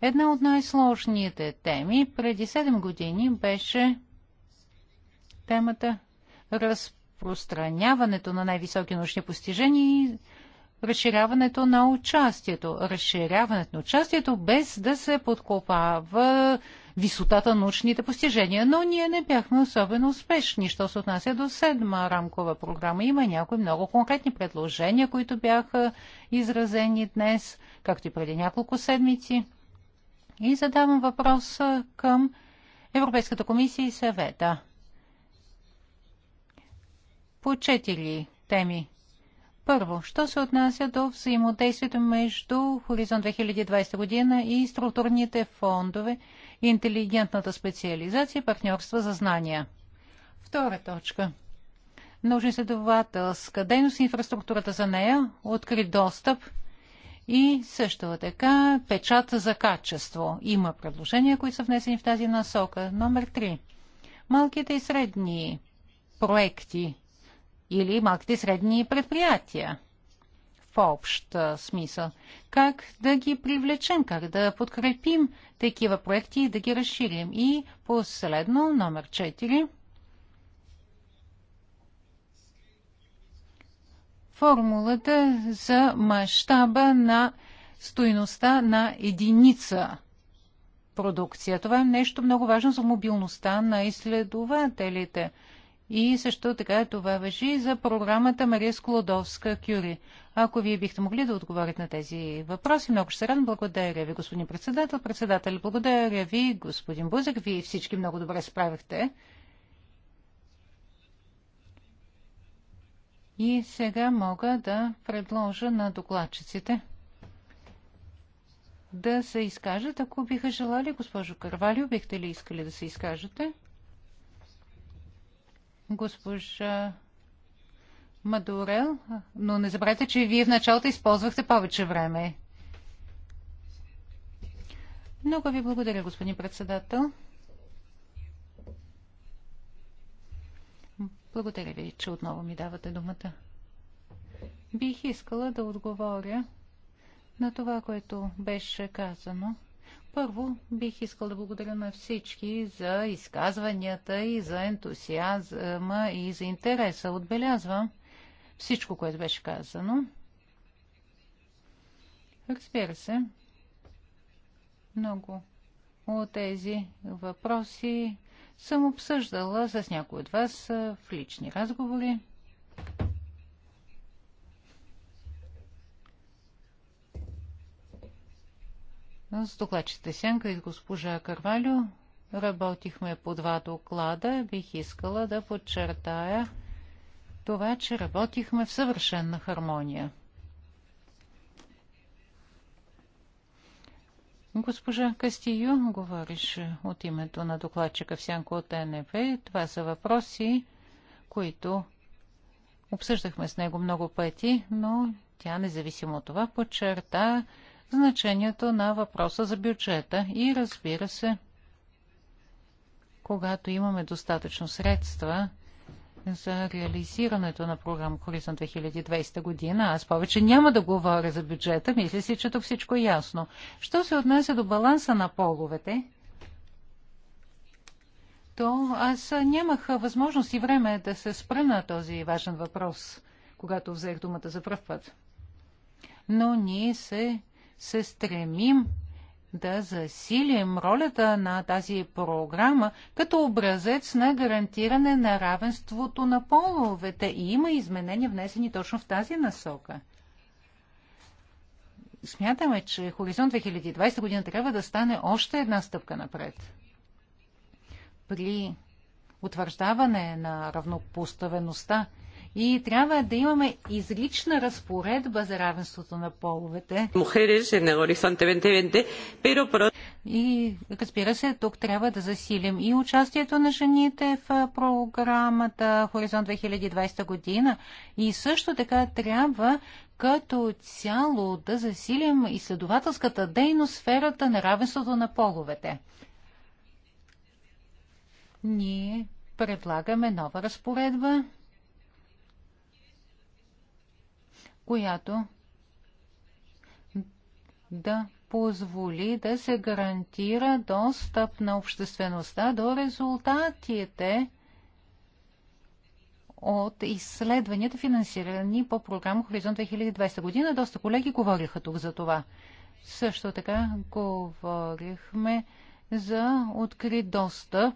Една от най-сложните теми преди 7 години беше темата разпространяването на най-високи научни постижения и разширяването на участието. Разширяването на участието без да се подкопава висотата на научните постижения. Но ние не бяхме особено успешни, що се отнася до седма рамкова програма. Има някои много конкретни предложения, които бяха изразени днес, както и преди няколко седмици. И задавам въпрос към Европейската комисия и съвета. По четири теми. Първо, що се отнася до взаимодействието между Хоризонт 2020 година и структурните фондове интелигентната специализация и партньорства за знания. Втора точка. Научно-изследователска дейност, и инфраструктурата за нея, открит достъп и също така печат за качество. Има предложения, които са внесени в тази насока. Номер 3. Малките и средни проекти или малките и средни предприятия общ смисъл. Как да ги привлечем, как да подкрепим такива проекти и да ги разширим. И последно, номер 4. Формулата за мащаба на стоиността на единица продукция. Това е нещо много важно за мобилността на изследователите. И също така това въжи и за програмата Мария Склодовска Кюри. Ако вие бихте могли да отговорите на тези въпроси, много ще се радвам. Благодаря ви, господин председател. Председател, благодаря ви, господин Бузък. Вие всички много добре справихте. И сега мога да предложа на докладчиците да се изкажат, ако биха желали. Госпожо Карвалио, бихте ли искали да се изкажете? Госпожа Мадуре, но не забравяйте, че вие в началото използвахте повече време. Много ви благодаря, господин председател. Благодаря ви, че отново ми давате думата. Бих искала да отговоря на това, което беше казано. Първо, бих искала да благодаря на всички за изказванията и за ентусиазма и за интереса. Отбелязвам, всичко, което беше казано. Разбира се, много от тези въпроси съм обсъждала с някои от вас в лични разговори. С докладчите Сянка и госпожа Карвалю работихме по два доклада. Бих искала да подчертая, това, че работихме в съвършенна хармония. Госпожа Кастию, говориш от името на докладчика Всянко от НФ. Това са въпроси, които обсъждахме с него много пъти, но тя, независимо от това, подчерта значението на въпроса за бюджета. И разбира се, когато имаме достатъчно средства, за реализирането на програма Хоризонт 2020 година. Аз повече няма да говоря за бюджета. Мисля си, че тук всичко е ясно. Що се отнася до баланса на половете, то аз нямах възможност и време да се спра на този важен въпрос, когато взех думата за пръв път. Но ние се, се стремим да засилим ролята на тази програма като образец на гарантиране на равенството на половете. И има изменения внесени точно в тази насока. Смятаме, че Хоризонт 2020 година трябва да стане още една стъпка напред. При утвърждаване на равнопоставеността и трябва да имаме излична разпоредба за равенството на половете. И разбира се, тук трябва да засилим и участието на жените в програмата Хоризонт 2020 година и също така трябва като цяло да засилим изследователската дейност в сферата на равенството на половете. Ние предлагаме нова разпоредба която да позволи да се гарантира достъп на обществеността до резултатите от изследванията, финансирани по програма Хоризонт 2020 година. Доста колеги говориха тук за това. Също така говорихме за открит достъп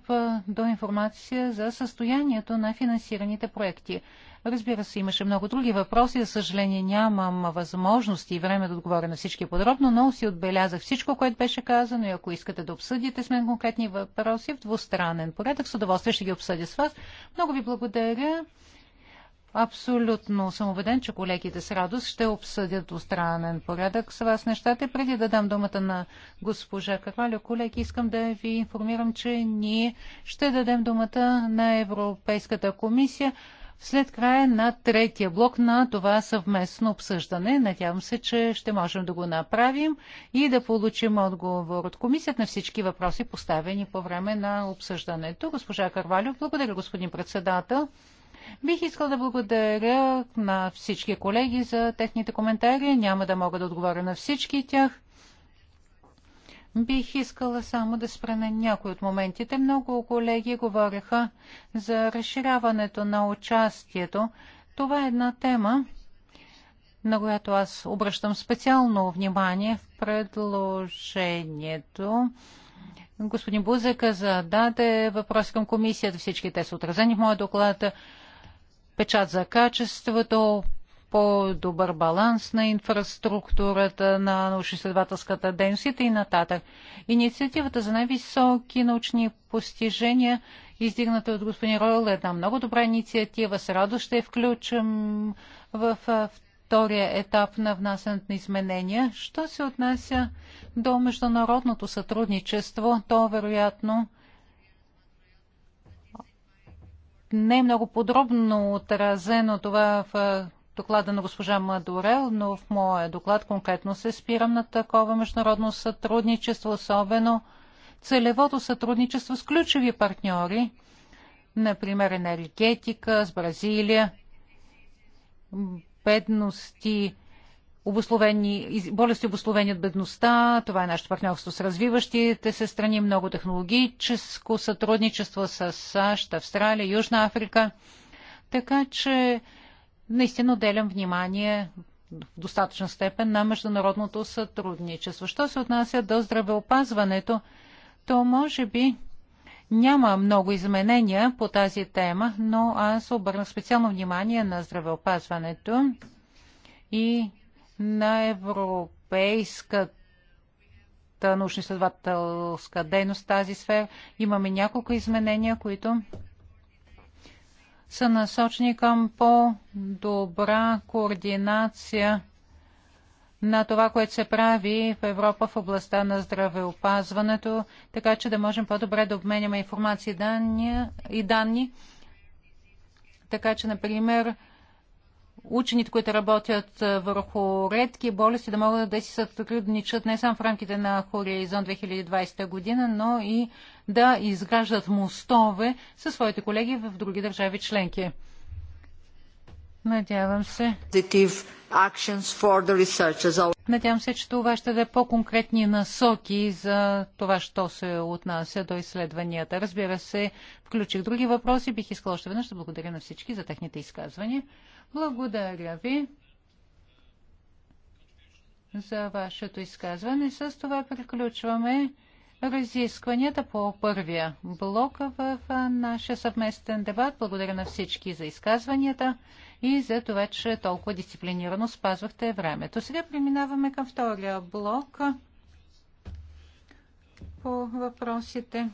до информация за състоянието на финансираните проекти. Разбира се, имаше много други въпроси. За съжаление нямам възможности и време да отговоря на всички подробно, но си отбелязах всичко, което беше казано и ако искате да обсъдите с мен конкретни въпроси в двустранен порядък, с удоволствие ще ги обсъдя с вас. Много ви благодаря. Абсолютно съм убеден, че колегите с радост ще обсъдят двустранен порядък с вас нещата. Преди да дам думата на госпожа Карвалио, колеги, искам да ви информирам, че ние ще дадем думата на Европейската комисия след края на третия блок на това съвместно обсъждане. Надявам се, че ще можем да го направим и да получим отговор от комисията на всички въпроси, поставени по време на обсъждането. Госпожа Карвалев, благодаря, господин председател. Бих искал да благодаря на всички колеги за техните коментари. Няма да мога да отговоря на всички тях. Бих искала само да спра на някои от моментите. Много колеги говориха за разширяването на участието. Това е една тема, на която аз обръщам специално внимание в предложението. Господин Бузека зададе въпрос към комисията. Всички те са отразени в моя доклад. Печат за качеството, по-добър баланс на инфраструктурата, на научно-изследователската дейност и т.н. Инициативата за най-високи научни постижения, издигната от господин Ройл, е една много добра инициатива. С радост ще включим в втория етап на внасянето на изменения. Що се отнася до международното сътрудничество, то вероятно не е много подробно отразено това в доклада на госпожа Мадурел, но в моя доклад конкретно се спирам на такова международно сътрудничество, особено целевото сътрудничество с ключови партньори, например енергетика с Бразилия, бедности, обусловени, болести обусловени от бедността, това е нашето партньорство с развиващите се страни, много технологическо сътрудничество с САЩ, Австралия, Южна Африка. Така че наистина отделям внимание в достатъчна степен на международното сътрудничество. Що се отнася до здравеопазването, то може би няма много изменения по тази тема, но аз обърнах специално внимание на здравеопазването и на европейската научно-изследователска дейност в тази сфера. Имаме няколко изменения, които са насочени към по-добра координация на това, което се прави в Европа в областта на здравеопазването, така че да можем по-добре да обменяме информация и данни, и данни така че, например, учените, които работят върху редки болести, да могат да си сътрудничат не само в рамките на Хоризонт 2020 година, но и да изграждат мостове със своите колеги в други държави членки. Надявам се. Надявам се, че това ще даде по-конкретни насоки за това, що се отнася до изследванията. Разбира се, включих други въпроси. Бих искал още веднъж да благодаря на всички за техните изказвания. Благодаря ви за вашето изказване. С това приключваме разискванията по първия блок в нашия съвместен дебат. Благодаря на всички за изказванията и за това, че толкова дисциплинирано спазвахте времето. Сега преминаваме към втория блок по въпросите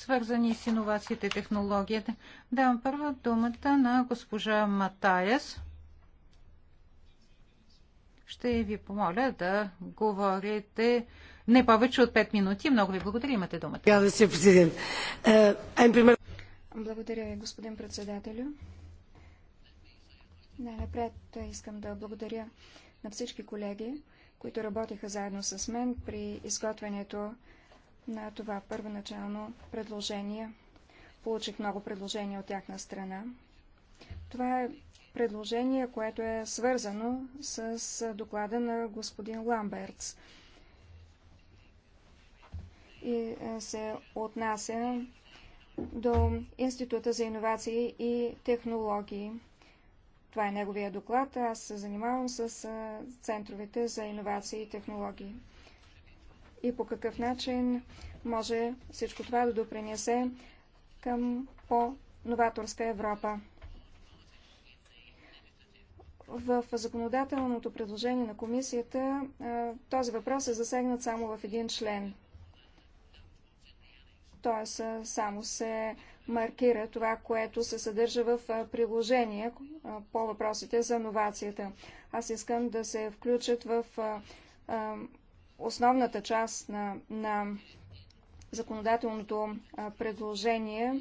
свързани с иновациите и технологията. Давам първа думата на госпожа Матаяс. Ще ви помоля да говорите не повече от 5 минути. Много ви благодаря. Имате думата. Е, благодаря ви, господин председателю. Най-напред искам да благодаря на всички колеги, които работиха заедно с мен при изготвянето на това първоначално предложение. Получих много предложения от тяхна страна. Това е предложение, което е свързано с доклада на господин Ламбертс и се отнася до Института за иновации и технологии. Това е неговия доклад. Аз се занимавам с центровете за иновации и технологии и по какъв начин може всичко това да допринесе към по-новаторска Европа. В законодателното предложение на комисията този въпрос е засегнат само в един член. Тоест само се маркира това, което се съдържа в приложение по въпросите за новацията. Аз искам да се включат в основната част на, на законодателното предложение,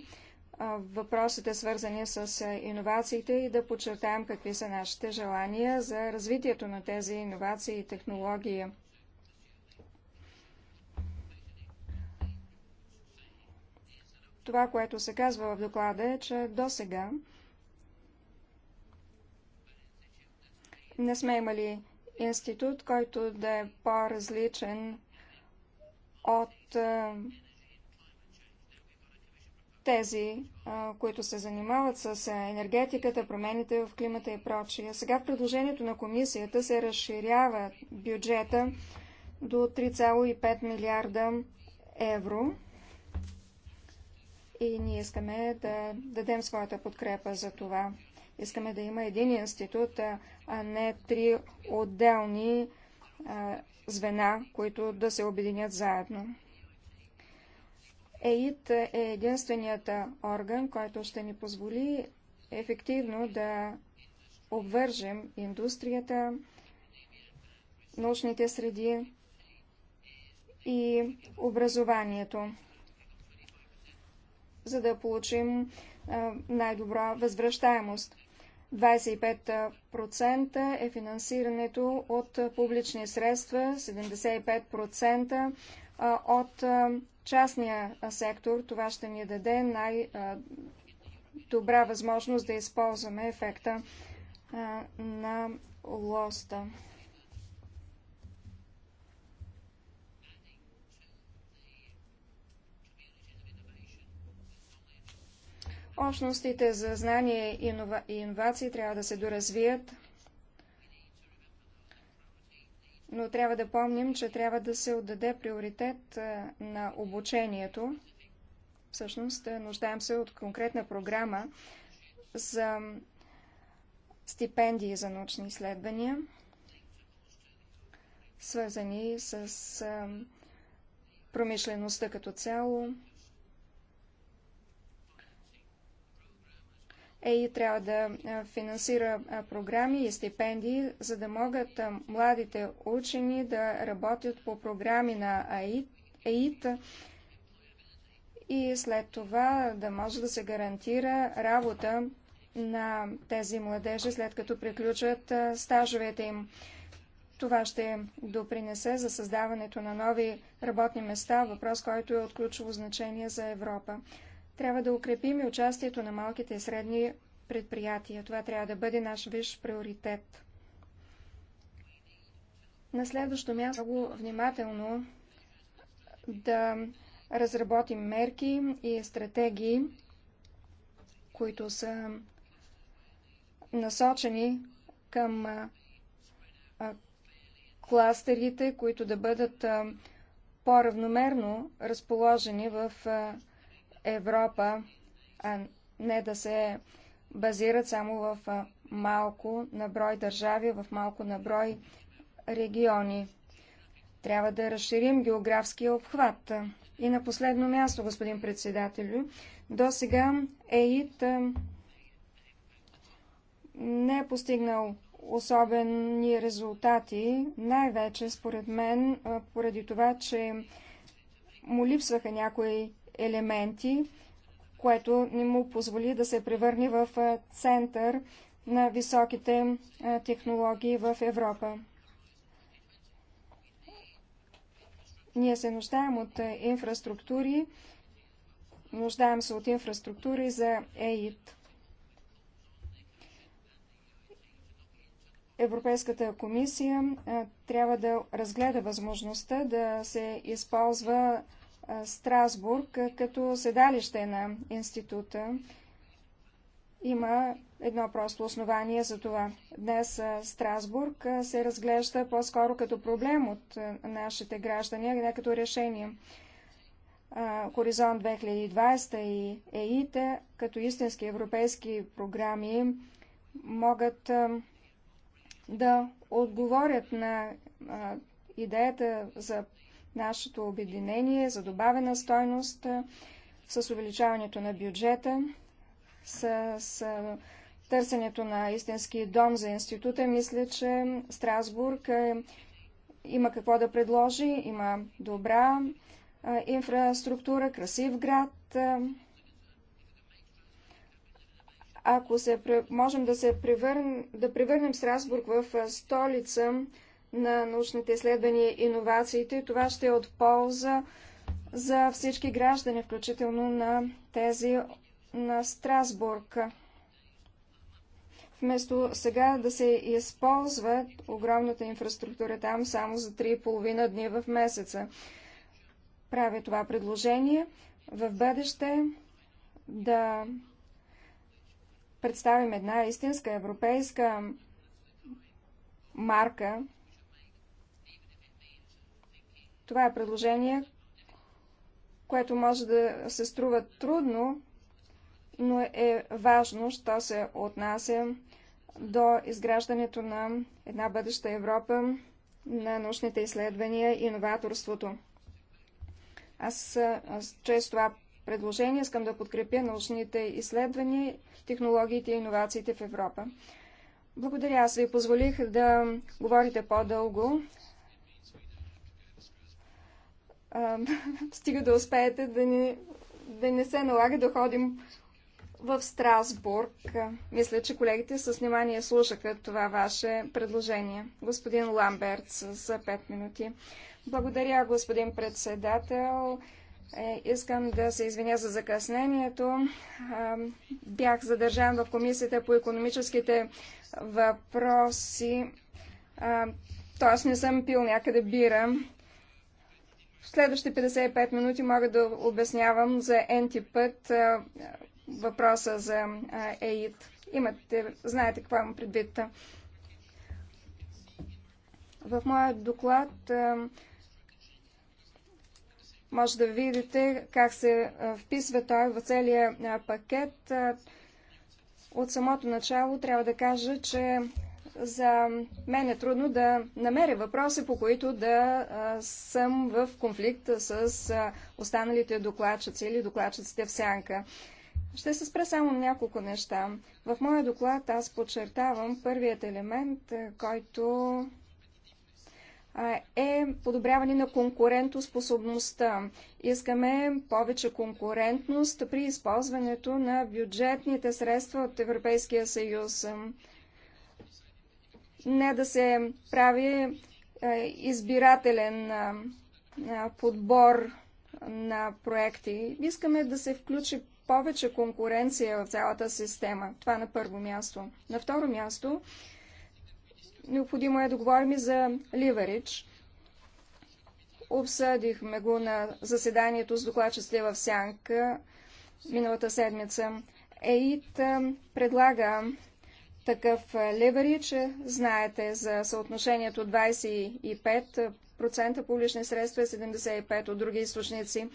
въпросите свързани с иновациите и да подчертаем какви са нашите желания за развитието на тези иновации и технологии. Това, което се казва в доклада е, че до сега не сме имали институт, който да е по-различен от тези, които се занимават с енергетиката, промените в климата и прочие. Сега в предложението на комисията се разширява бюджета до 3,5 милиарда евро и ние искаме да дадем своята подкрепа за това. Искаме да има един институт, а не три отделни звена, които да се обединят заедно. ЕИТ е единственият орган, който ще ни позволи ефективно да обвържем индустрията, научните среди и образованието, за да получим най-добра възвръщаемост. 25% е финансирането от публични средства, 75% от частния сектор. Това ще ни даде най-добра възможност да използваме ефекта на лоста. Общностите за знание и инновации иновации трябва да се доразвият, но трябва да помним, че трябва да се отдаде приоритет на обучението. Всъщност, нуждаем се от конкретна програма за стипендии за научни изследвания, свързани с промишлеността като цяло. ЕИ трябва да финансира програми и стипендии, за да могат младите учени да работят по програми на ЕИТ и след това да може да се гарантира работа на тези младежи, след като приключат стажовете им. Това ще допринесе за създаването на нови работни места, въпрос, който е от ключово значение за Европа. Трябва да укрепим и участието на малките и средни предприятия. Това трябва да бъде наш виш приоритет. На следващо място много внимателно да разработим мерки и стратегии, които са насочени към кластерите, които да бъдат по-равномерно разположени в Европа, а не да се базират само в малко на брой държави, в малко на брой региони. Трябва да разширим географския обхват. И на последно място, господин председателю, до сега ЕИТ не е постигнал особени резултати, най-вече според мен, поради това, че му липсваха някои елементи, което не му позволи да се превърне в център на високите технологии в Европа. Ние се нуждаем от инфраструктури, нуждаем се от инфраструктури за ЕИТ. Европейската комисия трябва да разгледа възможността да се използва Страсбург като седалище на института. Има едно просто основание за това. Днес Страсбург се разглежда по-скоро като проблем от нашите граждани, а не като решение. Хоризонт 2020 и ЕИТ като истински европейски програми могат да отговорят на идеята за нашето обединение за добавена стойност, с увеличаването на бюджета, с, с търсенето на истински дом за института, мисля, че Страсбург има какво да предложи, има добра инфраструктура, красив град. Ако се, можем да се превърн, да превърнем Страсбург в столица на научните изследвания и иновациите. Това ще е от полза за всички граждани, включително на тези на Страсбург. Вместо сега да се използва огромната инфраструктура там само за 3,5 дни в месеца. Правя това предложение в бъдеще да представим една истинска европейска марка това е предложение, което може да се струва трудно, но е важно, що се отнася до изграждането на една бъдеща Европа на научните изследвания и иноваторството. Аз чрез това предложение искам да подкрепя научните изследвания, технологиите и иновациите в Европа. Благодаря, аз ви позволих да говорите по-дълго, стига да успеете да не, да не се налага да ходим в Страсбург. Мисля, че колегите с внимание слушаха това ваше предложение. Господин Ламберт за 5 минути. Благодаря, господин председател. Е, искам да се извиня за закъснението. Бях задържан в Комисията по економическите въпроси, т.е. не съм пил някъде бира. В следващите 55 минути мога да обяснявам за енти път въпроса за ЕИД. Имате, знаете какво имам предвид. В моя доклад може да видите как се вписва той в целия пакет. От самото начало трябва да кажа, че за мен е трудно да намеря въпроси, по които да съм в конфликт с останалите докладчици или докладчиците в сянка. Ще се спра само на няколко неща. В моя доклад аз подчертавам първият елемент, който е подобряване на конкурентоспособността. Искаме повече конкурентност при използването на бюджетните средства от Европейския съюз не да се прави е, избирателен подбор на проекти. Искаме да се включи повече конкуренция в цялата система. Това на първо място. На второ място, необходимо е да говорим и за ливарич. Обсъдихме го на заседанието с докладчиците в Сянка миналата седмица. ЕИТ предлага такъв леверидж. Знаете за съотношението 25% публични средства и 75% от други източници.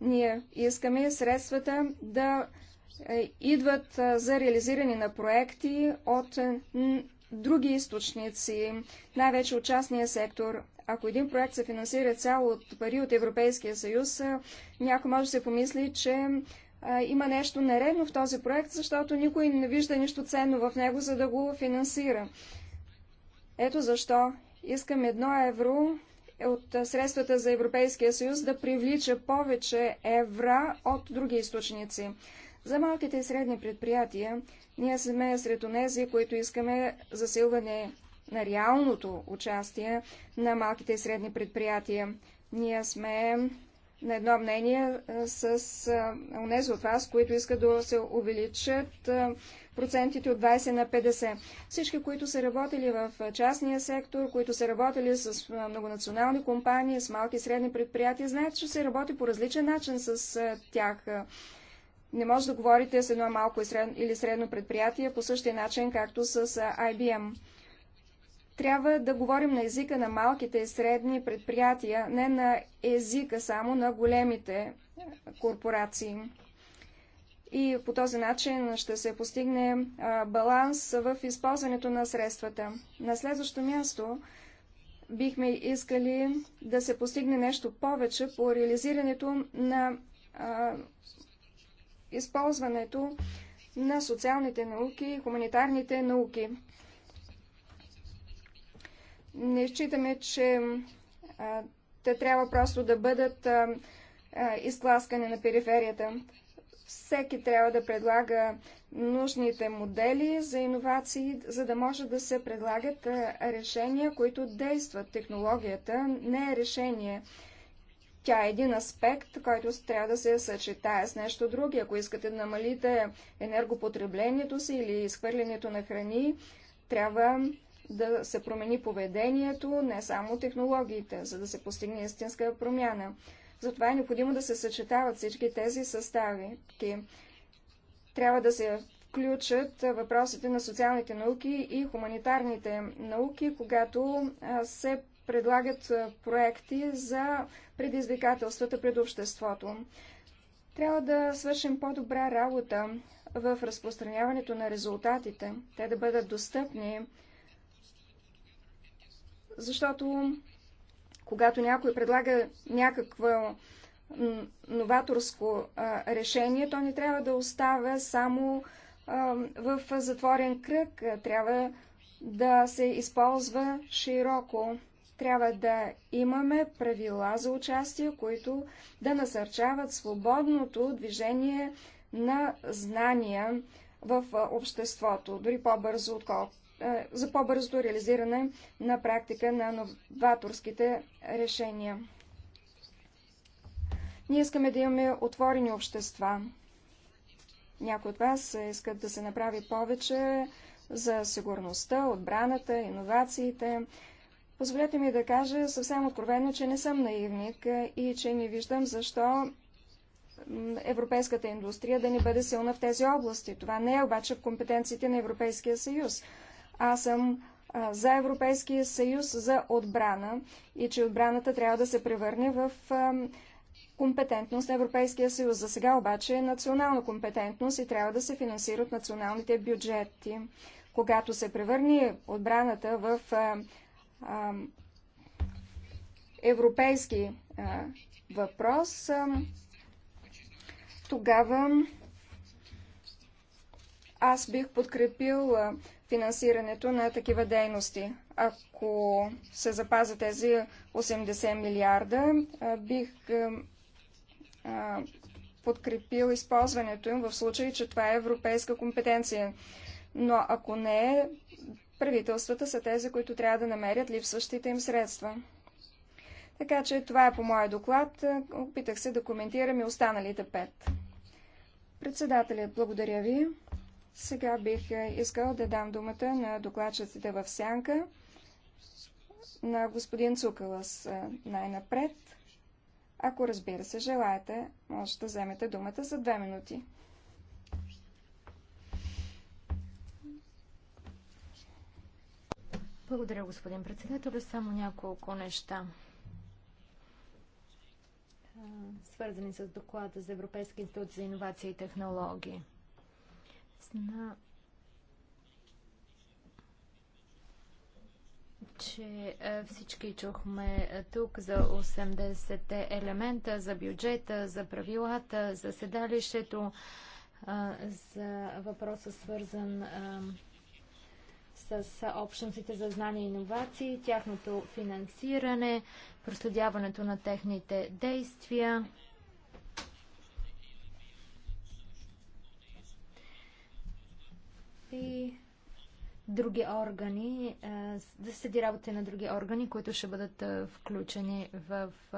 Ние искаме средствата да е, идват за реализиране на проекти от други източници, най-вече от частния сектор. Ако един проект се финансира цяло от пари от Европейския съюз, някой може да се помисли, че има нещо нередно в този проект, защото никой не вижда нищо ценно в него, за да го финансира. Ето защо искам едно евро от средствата за Европейския съюз да привлича повече евра от други източници. За малките и средни предприятия ние сме сред онези, които искаме засилване на реалното участие на малките и средни предприятия. Ние сме на едно мнение с унези от вас, които искат да се увеличат процентите от 20 на 50. Всички, които са работили в частния сектор, които са работили с многонационални компании, с малки и средни предприятия, знаят, че се работи по различен начин с тях. Не може да говорите с едно малко или средно предприятие по същия начин, както с IBM. Трябва да говорим на езика на малките и средни предприятия, не на езика само на големите корпорации. И по този начин ще се постигне баланс в използването на средствата. На следващо място бихме искали да се постигне нещо повече по реализирането на използването на социалните науки и хуманитарните науки. Не считаме, че а, те трябва просто да бъдат а, а, на периферията. Всеки трябва да предлага нужните модели за иновации, за да може да се предлагат решения, които действат. Технологията не е решение. Тя е един аспект, който трябва да се съчетае с нещо друго. Ако искате да намалите енергопотреблението си или изхвърлянето на храни, трябва да се промени поведението, не само технологиите, за да се постигне истинска промяна. Затова е необходимо да се съчетават всички тези състави. Трябва да се включат въпросите на социалните науки и хуманитарните науки, когато се предлагат проекти за предизвикателствата пред обществото. Трябва да свършим по-добра работа в разпространяването на резултатите, те да бъдат достъпни защото когато някой предлага някаква новаторско а, решение, то не трябва да остава само а, в затворен кръг. Трябва да се използва широко. Трябва да имаме правила за участие, които да насърчават свободното движение на знания в обществото, дори по-бързо, отколкото е, за по-бързото реализиране на практика на новаторските решения. Ние искаме да имаме отворени общества. Някои от вас искат да се направи повече за сигурността, отбраната, иновациите. Позволете ми да кажа съвсем откровено, че не съм наивник и че не виждам защо европейската индустрия да не бъде силна в тези области. Това не е обаче в компетенциите на Европейския съюз аз съм за Европейския съюз за отбрана и че отбраната трябва да се превърне в компетентност на Европейския съюз. За сега обаче е национална компетентност и трябва да се финансира от националните бюджети. Когато се превърне отбраната в европейски въпрос, тогава аз бих подкрепил финансирането на такива дейности. Ако се запаза тези 80 милиарда, бих подкрепил използването им в случай, че това е европейска компетенция. Но ако не, правителствата са тези, които трябва да намерят липсващите им средства. Така че това е по моя доклад. Опитах се да коментирам и останалите пет. Председателят, благодаря ви. Сега бих е, искал да дам думата на докладчиците в сянка на господин Цукалас е, най-напред. Ако разбира се желаете, може да вземете думата за две минути. Благодаря, господин председател. Само няколко неща е, свързани с доклада за Европейски институт за инновации и технологии съгласна, че е, всички чухме е, тук за 80-те елемента, за бюджета, за правилата, за седалището, е, за въпроса свързан с общностите за знания и иновации, тяхното финансиране, проследяването на техните действия. и други органи, е, да следи работа на други органи, които ще бъдат е, включени в е,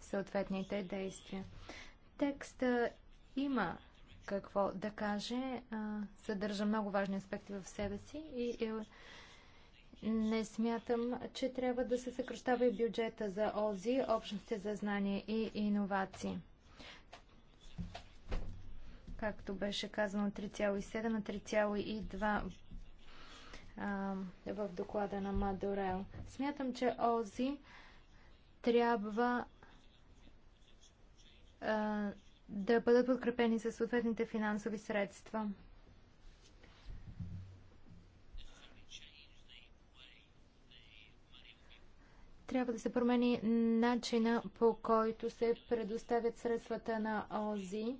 съответните действия. Текста има какво да каже, съдържа много важни аспекти в себе си и не смятам, че трябва да се съкръщава и бюджета за ОЗИ, общности за знание и иновации както беше казано, 3,7 на 3,2 в доклада на Мадорел. Смятам, че ОЗИ трябва а, да бъдат подкрепени със съответните финансови средства. трябва да се промени начина по който се предоставят средствата на ОЗИ.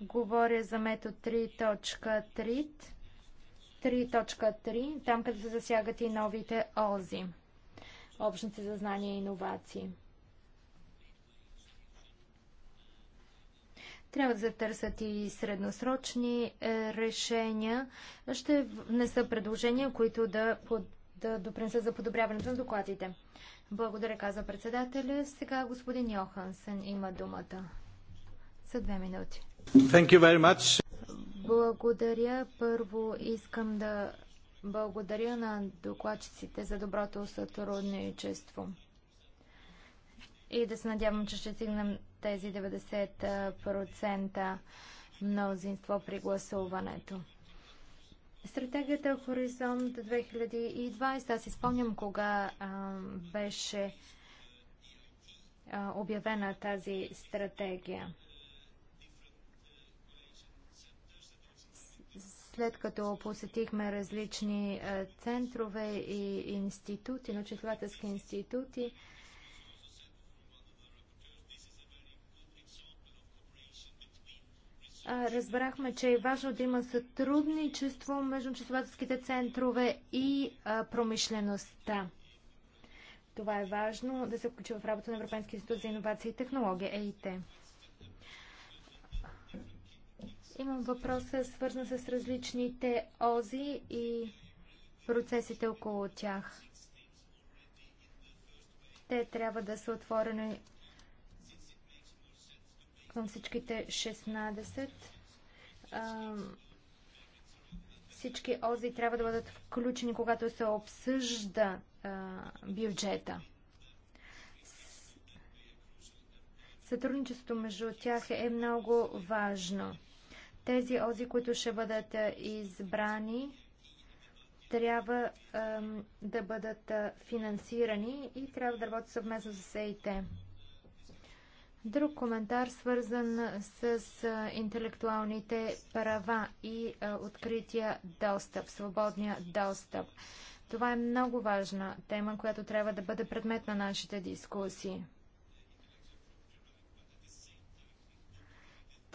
Говоря за метод 3.3, там където се засягат и новите ОЗИ, Общности за знания и иновации. Трябва да се търсят и средносрочни е, решения. Ще внеса предложения, които да, под, да допринесат за подобряването на докладите. Благодаря, каза председателя. Сега господин Йохансен има думата. За две минути. Thank you very much. Благодаря. Първо искам да благодаря на докладчиците за доброто сътрудничество. И да се надявам, че ще стигнем тези 90% мнозинство при гласуването. Стратегията Хоризонт 2020, аз изпълням кога а, беше а, обявена тази стратегия. след като посетихме различни е, центрове и институти, научно-изследователски институти, разбрахме, че е важно да има сътрудничество между числователските центрове и промишлеността. Това е важно да се включи в работа на Европейския институт за инновации и технология, ЕИТ. Имам въпроса, свързан с различните ози и процесите около тях. Те трябва да са отворени към всичките 16. А, всички ози трябва да бъдат включени, когато се обсъжда а, бюджета. Сътрудничеството между тях е много важно. Тези ози, които ще бъдат избрани, трябва ем, да бъдат финансирани и трябва да работят съвместно с ЕИТ. Друг коментар, свързан с интелектуалните права и е, открития достъп, свободния достъп. Това е много важна тема, която трябва да бъде предмет на нашите дискусии.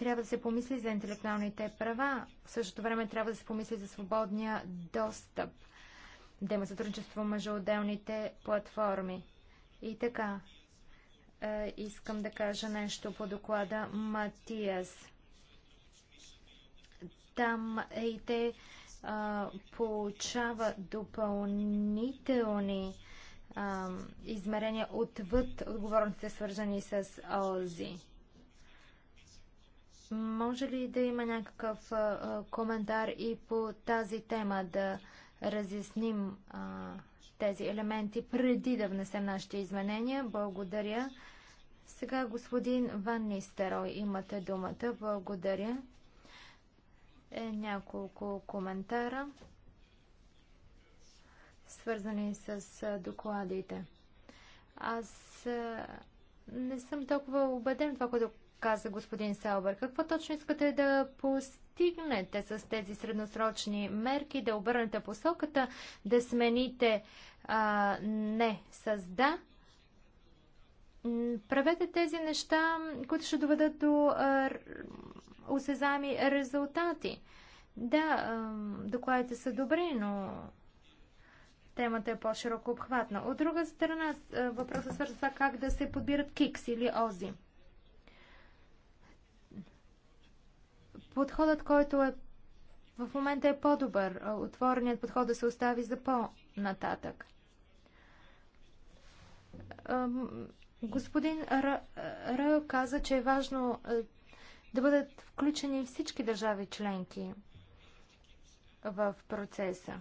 трябва да се помисли за интелектуалните права, в същото време трябва да се помисли за свободния достъп, да има сътрудничество между отделните платформи. И така, е, искам да кажа нещо по доклада Матиас. Там ЕИТ е, получава допълнителни е, измерения отвъд отговорностите, свързани с ОЗИ. Може ли да има някакъв а, коментар и по тази тема да разясним а, тези елементи преди да внесем нашите изменения? Благодаря. Сега господин Ван Нистерой, имате думата. Благодаря. Е, няколко коментара, свързани с докладите. Аз не съм толкова убеден това, което каза господин Селбър. Какво точно искате да постигнете с тези средносрочни мерки, да обърнете посоката, да смените а, не с да? Правете тези неща, които ще доведат до а, осезами резултати. Да, а, докладите са добри, но темата е по-широко обхватна. От друга страна, въпросът е свързва как да се подбират кикс или ози. Подходът, който е в момента е по-добър. Отвореният подход да се остави за по-нататък. Господин Р, Р каза, че е важно да бъдат включени всички държави членки в процеса.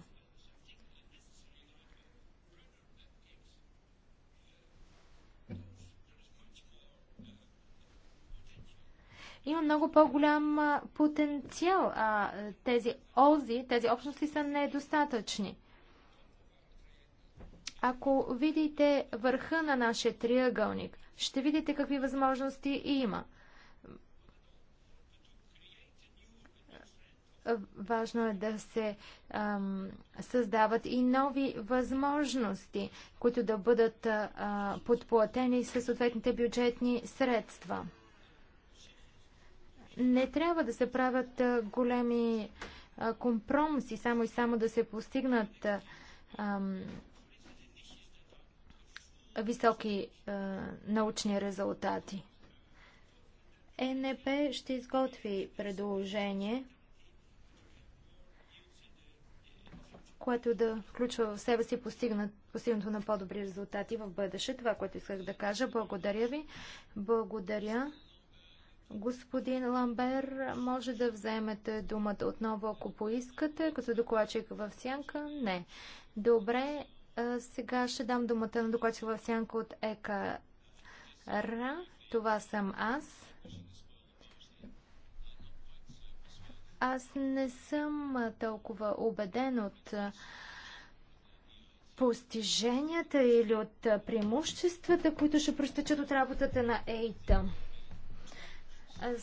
има много по-голям потенциал, а тези ози, тези общности са недостатъчни. Ако видите върха на нашия триъгълник, ще видите какви възможности има. Важно е да се ам, създават и нови възможности, които да бъдат а, подплатени със съответните бюджетни средства. Не трябва да се правят големи компромиси, само и само да се постигнат ам, високи а, научни резултати. ЕНП ще изготви предложение, което да включва в себе си постигнато на по-добри резултати в бъдеще. Това, което исках да кажа. Благодаря ви. Благодаря Господин Ламбер, може да вземете думата отново, ако поискате, като докладчик в сянка? Не. Добре, сега ще дам думата на докладчик в сянка от ЕКР. Това съм аз. Аз не съм толкова убеден от постиженията или от преимуществата, които ще простичат от работата на ЕИТА.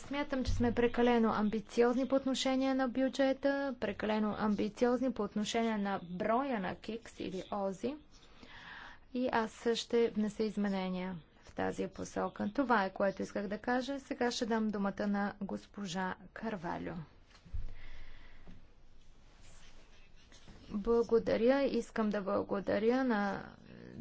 Смятам, че сме прекалено амбициозни по отношение на бюджета, прекалено амбициозни по отношение на броя на КИКС или ОЗИ. И аз ще внеса изменения в тази посока. Това е което исках да кажа. Сега ще дам думата на госпожа Карвалю. Благодаря. Искам да благодаря на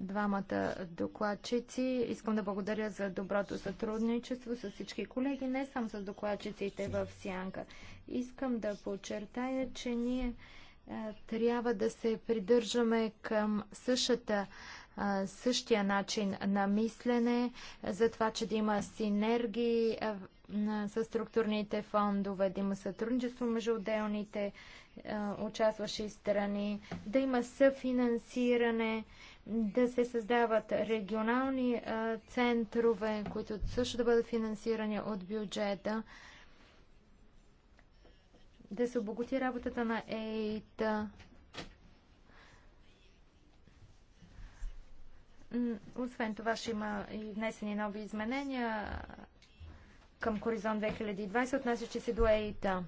двамата докладчици. Искам да благодаря за доброто сътрудничество с всички колеги, не само с докладчиците в Сянка. Искам да подчертая, че ние е, трябва да се придържаме към същата е, същия начин на мислене, за това, че да има синергии е, с структурните фондове, да има сътрудничество между отделните участващи страни, да има съфинансиране, да се създават регионални а, центрове, които също да бъдат финансирани от бюджета, да се обогати работата на ЕИТ. Освен това ще има и внесени нови изменения към Хоризонт 2020, отнасящи се до ЕИТА.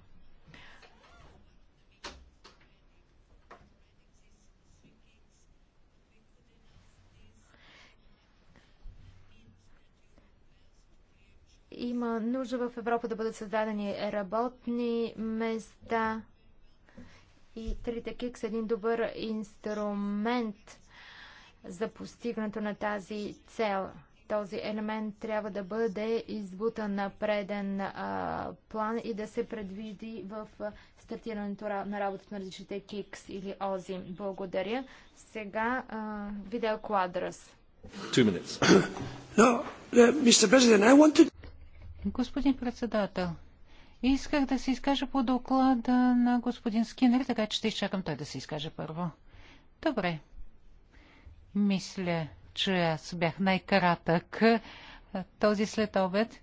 Има нужда в Европа да бъдат създадени работни места и трите кикс са е един добър инструмент за постигането на тази цел. Този елемент трябва да бъде избутан на преден а, план и да се предвиди в стартирането на работата на различните кикс или ози. Благодаря. Сега а, видео Two minutes. no, uh, Mr. President, I wanted... Господин председател, исках да се изкажа по доклада на господин Скинер, така че ще изчакам той да се изкаже първо. Добре. Мисля, че аз бях най-кратък този след обед.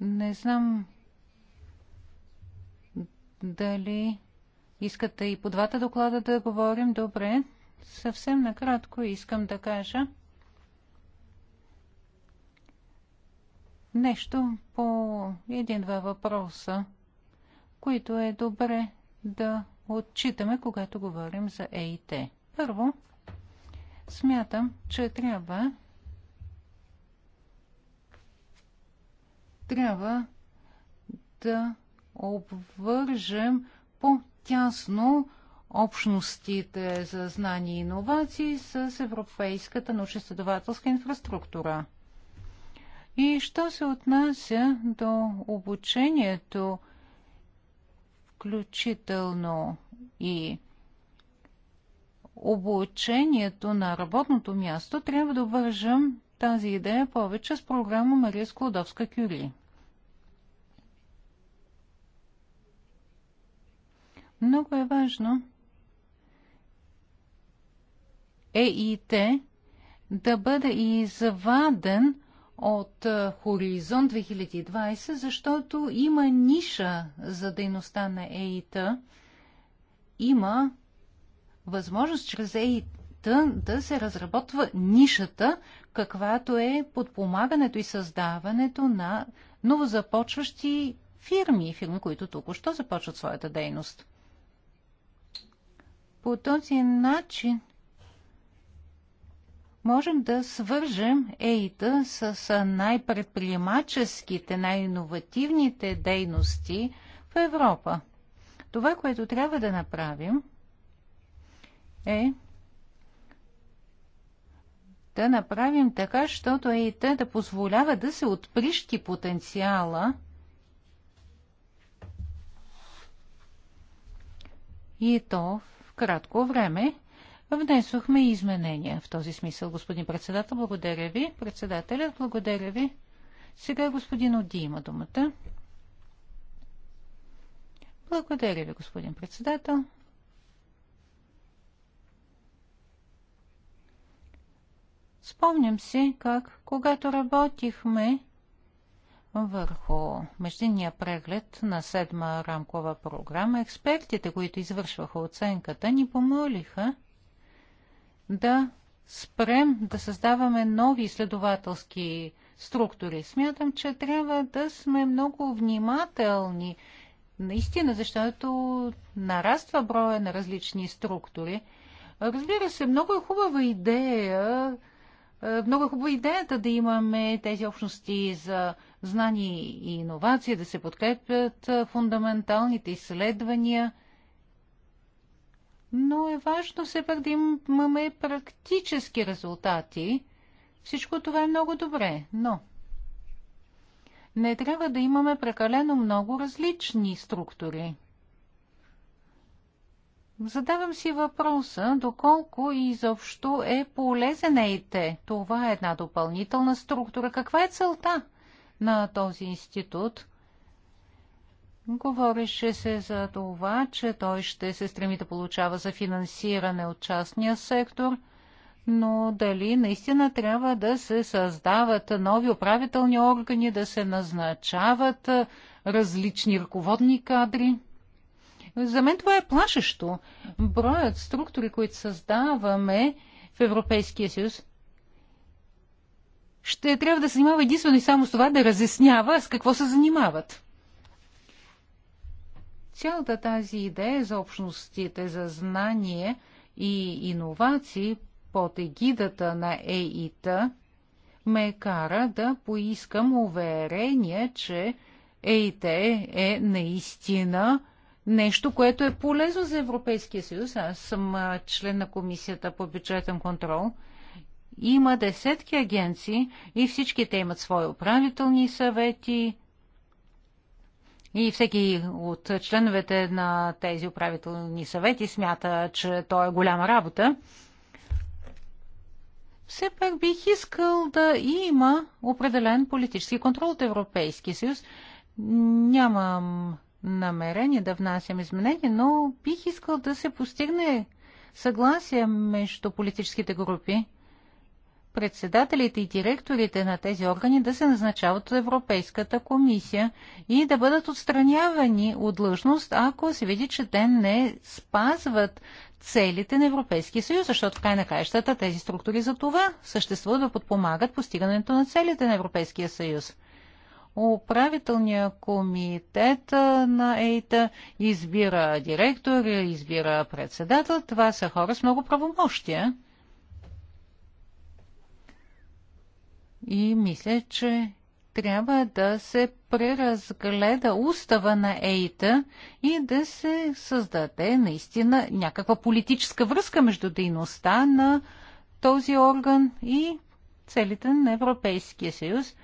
Не знам дали искате и по двата доклада да говорим. Добре, съвсем накратко искам да кажа – нещо по един-два въпроса, които е добре да отчитаме, когато говорим за ЕИТ. Първо, смятам, че трябва трябва да обвържем по-тясно общностите за знания и иновации с европейската научно следователска инфраструктура. И що се отнася до обучението, включително и обучението на работното място, трябва да вържам тази идея повече с програма Мария Склодовска Кюри. Много е важно ЕИТ да бъде изваден от е, Хоризонт 2020, защото има ниша за дейността на ЕИТ. Има възможност чрез ЕИТ да се разработва нишата, каквато е подпомагането и създаването на новозапочващи фирми, фирми, които току-що започват своята дейност. По този начин можем да свържем ЕИТА с най-предприемаческите, най-инновативните дейности в Европа. Това, което трябва да направим, е да направим така, защото Еита да позволява да се отприщи потенциала и то в кратко време, внесохме изменения в този смисъл, господин председател. Благодаря ви. Председателят, благодаря ви. Сега господин Оди има думата. Благодаря ви, господин председател. Спомням си как, когато работихме върху междинния преглед на седма рамкова програма, експертите, които извършваха оценката, ни помолиха да спрем да създаваме нови изследователски структури. Смятам, че трябва да сме много внимателни, наистина, защото нараства броя на различни структури. Разбира се, много е хубава идея, е, много е хубава идеята да имаме тези общности за знания и иновации, да се подкрепят е, фундаменталните изследвания – но е важно все пак да имаме практически резултати. Всичко това е много добре, но не трябва да имаме прекалено много различни структури. Задавам си въпроса, доколко изобщо е полезен ЕИТ. Това е една допълнителна структура. Каква е целта на този институт – Говореше се за това, че той ще се стреми да получава за финансиране от частния сектор, но дали наистина трябва да се създават нови управителни органи, да се назначават различни ръководни кадри? За мен това е плашещо. Броят структури, които създаваме в Европейския съюз, ще трябва да се занимава единствено и само с това да разяснява с какво се занимават. Цялата тази идея за общностите, за знание и иновации под егидата на ЕИТ ме кара да поискам уверение, че ЕИТ е наистина нещо, което е полезно за Европейския съюз. Аз съм член на Комисията по бюджетен контрол. Има десетки агенции и всички те имат свои управителни съвети, и всеки от членовете на тези управителни съвети смята, че то е голяма работа. Все пак бих искал да има определен политически контрол от Европейския съюз. Нямам намерение да внасям изменения, но бих искал да се постигне съгласие между политическите групи председателите и директорите на тези органи да се назначават от Европейската комисия и да бъдат отстранявани от длъжност, ако се види, че те не спазват целите на Европейския съюз, защото в край на краищата тези структури за това съществуват да подпомагат постигането на целите на Европейския съюз. Управителния комитет на ЕИТА избира директор, избира председател. Това са хора с много правомощия. И мисля, че трябва да се преразгледа устава на ЕИТА и да се създаде наистина някаква политическа връзка между дейността на този орган и целите на Европейския съюз.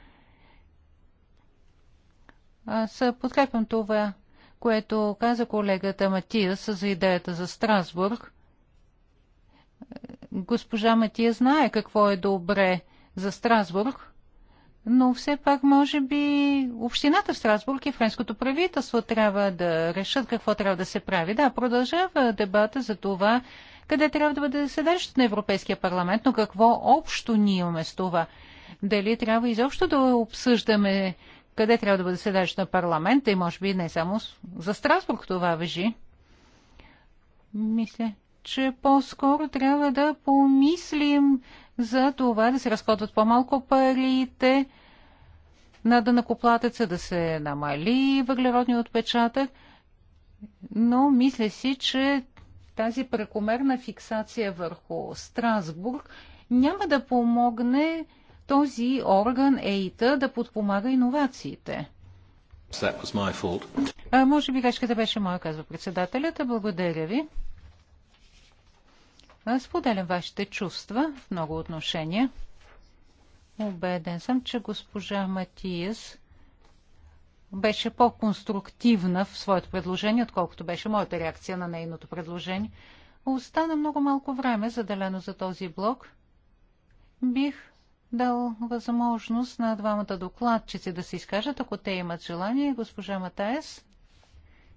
Аз подкрепям това, което каза колегата Матиас за идеята за Страсбург. Госпожа Матия знае какво е добре за Страсбург, но все пак може би общината в Страсбург и френското правителство трябва да решат какво трябва да се прави. Да, продължава дебата за това къде трябва да бъде седалището на Европейския парламент, но какво общо ние имаме с това? Дали трябва изобщо да обсъждаме къде трябва да бъде седалището на парламента и може би не само за Страсбург това въжи? Мисля, че по-скоро трябва да помислим за това да се разходват по-малко парите на дънакоплатеца, да се намали въглеродния отпечатък, но мисля си, че тази прекомерна фиксация върху Страсбург няма да помогне този орган ЕИТА да подпомага иновациите. А, може би грешката беше моя, казва председателята. Благодаря ви. Споделям вашите чувства в много отношения. Обеден съм, че госпожа Матиес беше по-конструктивна в своето предложение, отколкото беше моята реакция на нейното предложение. Остана много малко време, заделено за този блок. Бих дал възможност на двамата докладчици да се изкажат, ако те имат желание. Госпожа Матаес,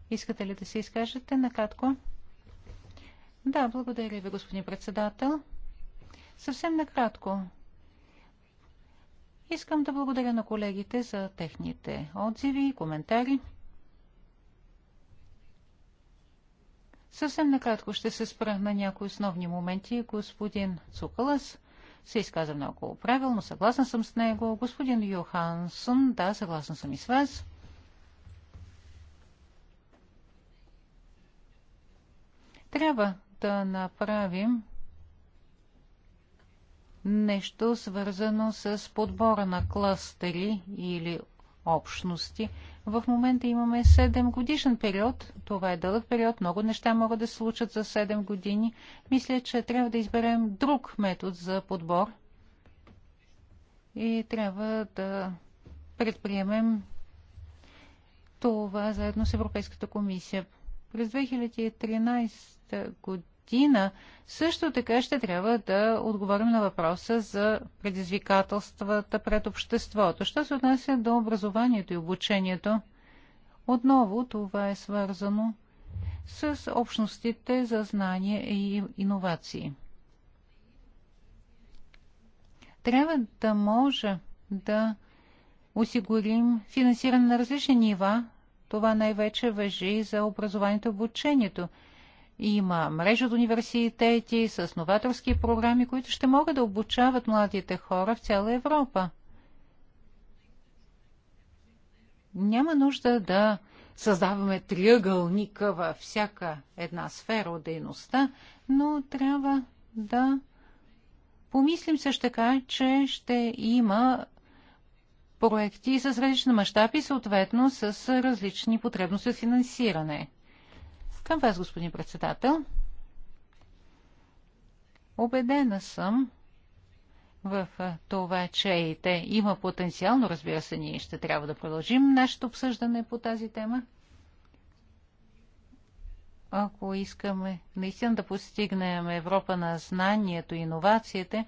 искате ли да се изкажете накратко? Да, благодаря ви, господин председател. Съвсем накратко. Искам да благодаря на колегите за техните отзиви и коментари. Съвсем накратко ще се спра на някои основни моменти. Господин Цукалас се изказа много правилно, съгласен съм с него. Господин Йохансън, да, съгласна съм и с вас. Трябва да направим нещо свързано с подбора на кластери или общности. В момента имаме 7 годишен период. Това е дълъг период. Много неща могат да се случат за 7 години. Мисля, че трябва да изберем друг метод за подбор и трябва да предприемем това заедно с Европейската комисия. През 2013 година картина, също така ще трябва да отговорим на въпроса за предизвикателствата пред обществото. Що се отнася до образованието и обучението? Отново това е свързано с общностите за знания и иновации. Трябва да може да осигурим финансиране на различни нива. Това най-вече въжи за образованието и обучението – има мрежа от университети с новаторски програми, които ще могат да обучават младите хора в цяла Европа. Няма нужда да създаваме триъгълника във всяка една сфера от дейността, но трябва да помислим също така, че ще има проекти с различни мащаби, съответно с различни потребности от финансиране. Към вас, господин председател. Обедена съм в това, че и те има потенциал, но разбира се, ние ще трябва да продължим нашето обсъждане по тази тема. Ако искаме наистина да постигнем Европа на знанието и иновациите,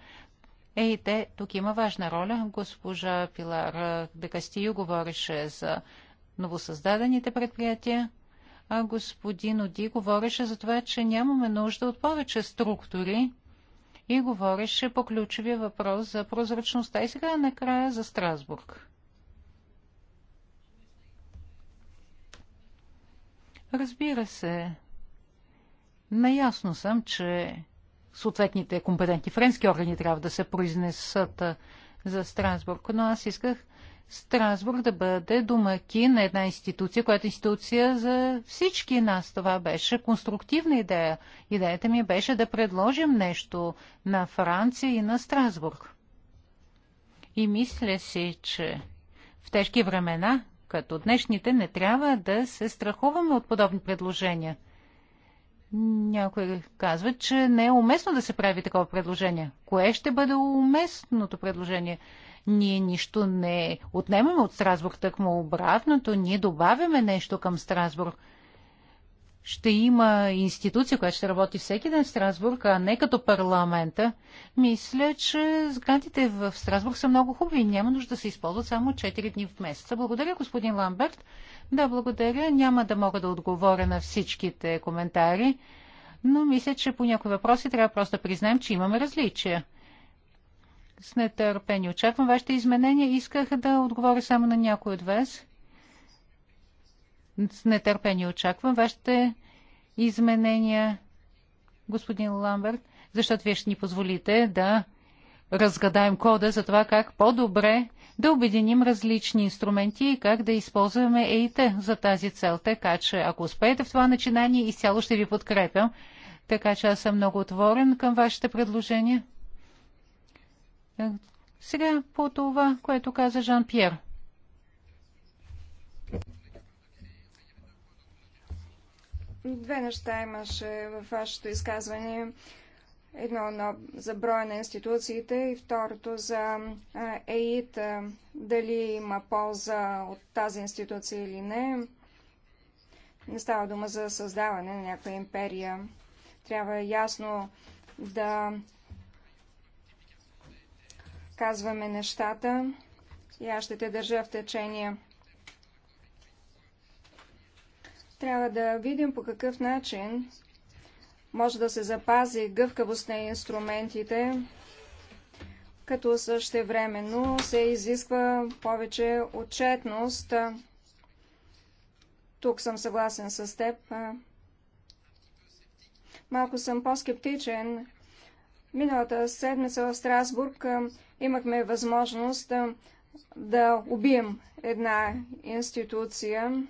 ЕИТ тук има важна роля. Госпожа Пилар Декастио говореше за новосъздадените предприятия а господин Оди говореше за това, че нямаме нужда от повече структури и говореше по ключовия въпрос за прозрачността и сега накрая за Страсбург. Разбира се, наясно съм, че съответните компетентни френски органи трябва да се произнесат за Страсбург, но аз исках Страсбург да бъде домаки на една институция, която е институция за всички нас. Това беше конструктивна идея. Идеята ми беше да предложим нещо на Франция и на Страсбург. И мисля си, че в тежки времена, като днешните, не трябва да се страхуваме от подобни предложения. Някой казва, че не е уместно да се прави такова предложение. Кое ще бъде уместното предложение? Ние нищо не отнемаме от Страсбург, тъкмо обратното, ние добавяме нещо към Страсбург. Ще има институция, която ще работи всеки ден в Страсбург, а не като парламента. Мисля, че сградите в Страсбург са много хубави. Няма нужда да се използват само 4 дни в месеца. Благодаря, господин Ламберт. Да, благодаря. Няма да мога да отговоря на всичките коментари но мисля, че по някои въпроси трябва просто да признаем, че имаме различия с нетърпение очаквам вашите изменения. Исках да отговоря само на някой от вас. С нетърпение очаквам вашите изменения, господин Ламберт, защото вие ще ни позволите да разгадаем кода за това как по-добре да обединим различни инструменти и как да използваме ЕИТ за тази цел. Така че, ако успеете в това начинание, изцяло ще ви подкрепям. Така че аз съм много отворен към вашите предложения. Е, сега по това, което каза Жан-Пьер. Две неща имаше в вашето изказване. Едно за броя на институциите и второто за ЕИТ. Дали има полза от тази институция или не. Не става дума за създаване на някаква империя. Трябва ясно да казваме нещата и аз ще те държа в течение. Трябва да видим по какъв начин може да се запази гъвкавост на инструментите, като времено се изисква повече отчетност. Тук съм съгласен с теб. Малко съм по-скептичен Миналата седмица в Страсбург имахме възможност да, убием една институция,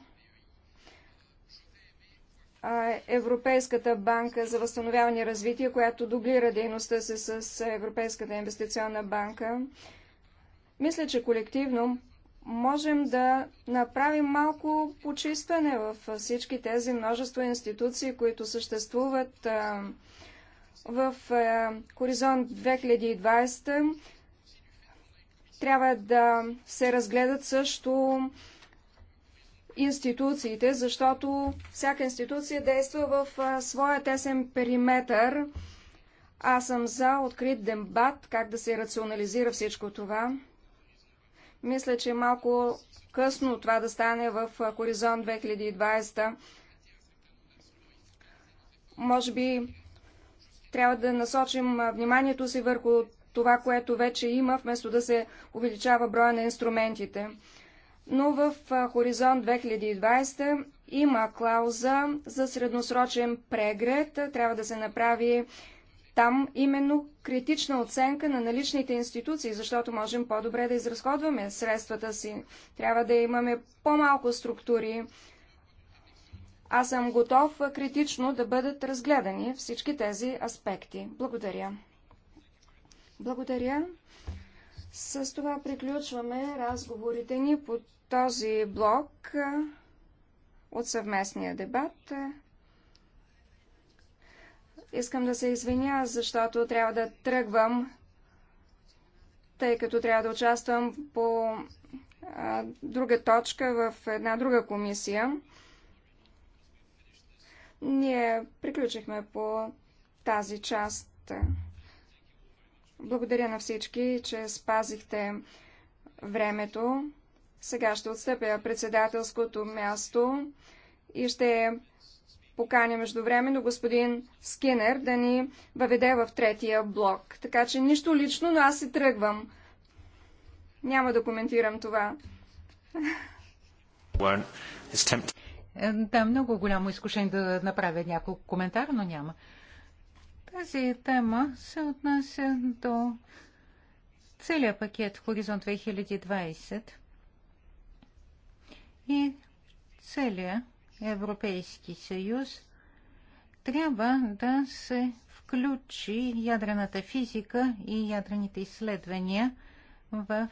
Европейската банка за възстановяване и развитие, която дублира дейността си с Европейската инвестиционна банка. Мисля, че колективно можем да направим малко почистване в всички тези множество институции, които съществуват в е, Хоризонт 2020 трябва да се разгледат също институциите, защото всяка институция действа в е, своя тесен периметър. Аз съм за открит дебат, как да се рационализира всичко това. Мисля, че малко късно това да стане в е, Хоризонт 2020. Може би трябва да насочим вниманието си върху това, което вече има, вместо да се увеличава броя на инструментите. Но в Хоризонт 2020 има клауза за средносрочен преглед. Трябва да се направи там именно критична оценка на наличните институции, защото можем по-добре да изразходваме средствата си. Трябва да имаме по-малко структури, аз съм готов критично да бъдат разгледани всички тези аспекти. Благодаря. Благодаря. С това приключваме разговорите ни по този блок от съвместния дебат. Искам да се извиня, защото трябва да тръгвам, тъй като трябва да участвам по друга точка в една друга комисия. Ние приключихме по тази част. Благодаря на всички, че спазихте времето. Сега ще отстъпя председателското място и ще поканя междувременно господин Скинер да ни въведе в третия блок. Така че нищо лично, но аз си тръгвам. Няма да коментирам това. Е, да, много голямо изкушение да направя няколко коментар, но няма. Тази тема се отнася до целият пакет Хоризонт 2020 и целият Европейски съюз трябва да се включи ядрената физика и ядрените изследвания в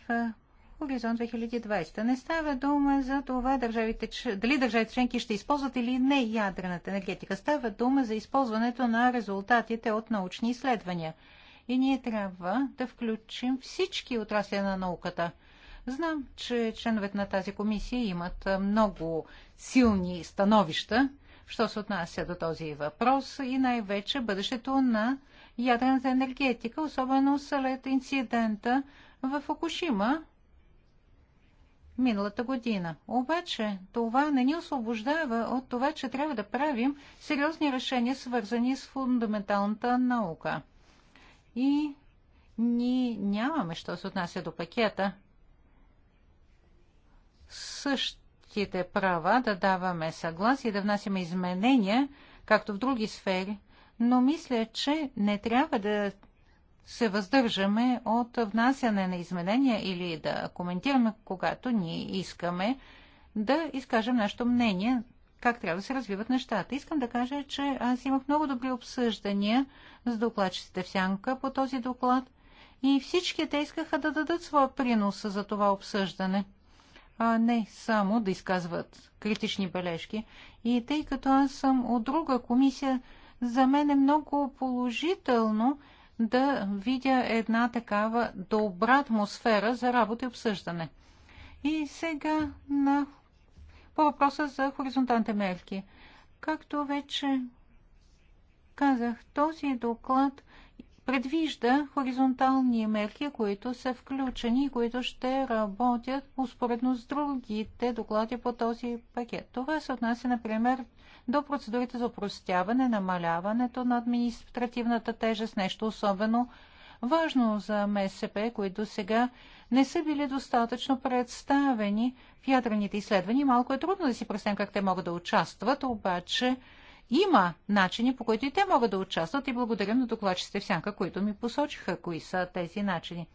Хоризонт 2020. Не става дума за това държавите, дали държавите членки ще използват или не ядрената енергетика. Става дума за използването на резултатите от научни изследвания. И ние трябва да включим всички отрасли на науката. Знам, че членовете на тази комисия имат много силни становища, що се отнася до този въпрос и най-вече бъдещето на ядрената енергетика, особено след инцидента в Фукушима, миналата година. Обаче това не ни освобождава от това, че трябва да правим сериозни решения, свързани с фундаменталната наука. И ние нямаме, що се отнася до пакета, същите права да даваме съгласие, да внасяме изменения, както в други сфери, но мисля, че не трябва да се въздържаме от внасяне на изменения или да коментираме, когато ние искаме да изкажем нашето мнение как трябва да се развиват нещата. Искам да кажа, че аз имах много добри обсъждания с докладчиците в Сянка по този доклад и всички те искаха да дадат своя принос за това обсъждане, а не само да изказват критични бележки. И тъй като аз съм от друга комисия, за мен е много положително, да видя една такава добра атмосфера за работа и обсъждане. И сега на... по въпроса за хоризонталните мерки. Както вече казах, този доклад предвижда хоризонтални мерки, които са включени и които ще работят успоредно с другите доклади по този пакет. Това се отнася, например, до процедурите за упростяване, намаляването на административната тежест, нещо особено важно за МСП, които сега не са били достатъчно представени в ядрените изследвания. Малко е трудно да си представим как те могат да участват, обаче има начини, по които и те могат да участват и благодаря на докладчите всяка, които ми посочиха кои са тези начини.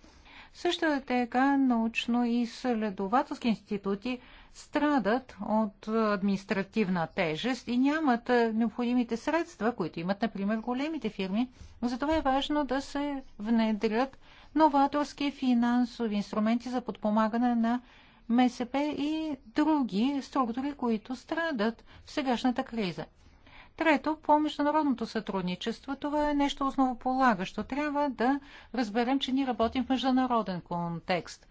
Също е така научно и следователски институти страдат от е, административна тежест и нямат е, необходимите средства, които имат, например, големите фирми. затова е важно да се внедрят новаторски финансови инструменти за подпомагане на МСП и други структури, които страдат в сегашната криза. Трето, по международното сътрудничество, това е нещо основополагащо. Трябва да разберем, че ние работим в международен контекст.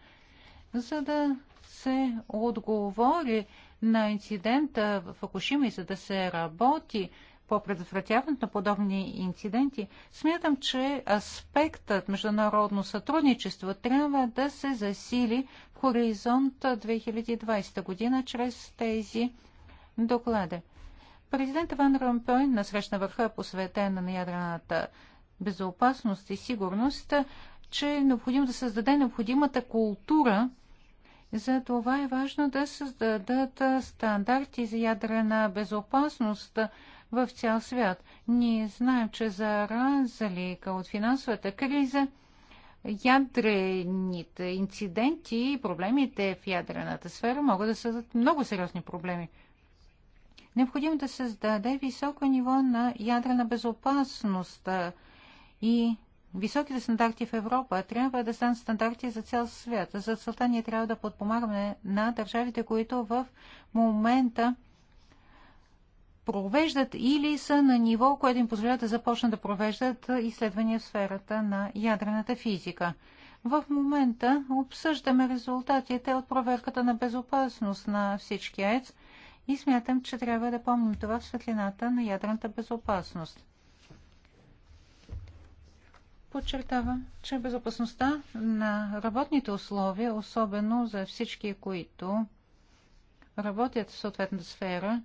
За да се отговори на инцидента в Фукушима и за да се работи по предотвратяването на подобни инциденти, смятам, че аспектът международно сътрудничество трябва да се засили в хоризонт 2020 година чрез тези доклади. Президент Ван Ромпой на срещна върха, посветена на ядрената безопасност и сигурност, че е необходимо да създаде необходимата култура за това е важно да създадат стандарти за ядрена безопасност в цял свят. Ние знаем, че за разлика от финансовата криза, ядрените инциденти и проблемите в ядрената сфера могат да създадат много сериозни проблеми. Необходимо да създаде високо ниво на ядрена безопасност и Високите стандарти в Европа трябва да станат стандарти за цял свят. За целта ние трябва да подпомагаме на държавите, които в момента провеждат или са на ниво, което им позволява да започнат да провеждат изследвания в сферата на ядрената физика. В момента обсъждаме резултатите от проверката на безопасност на всички АЕЦ и смятам, че трябва да помним това в светлината на ядрената безопасност подчертава, че безопасността на работните условия, особено за всички, които работят в съответната сфера,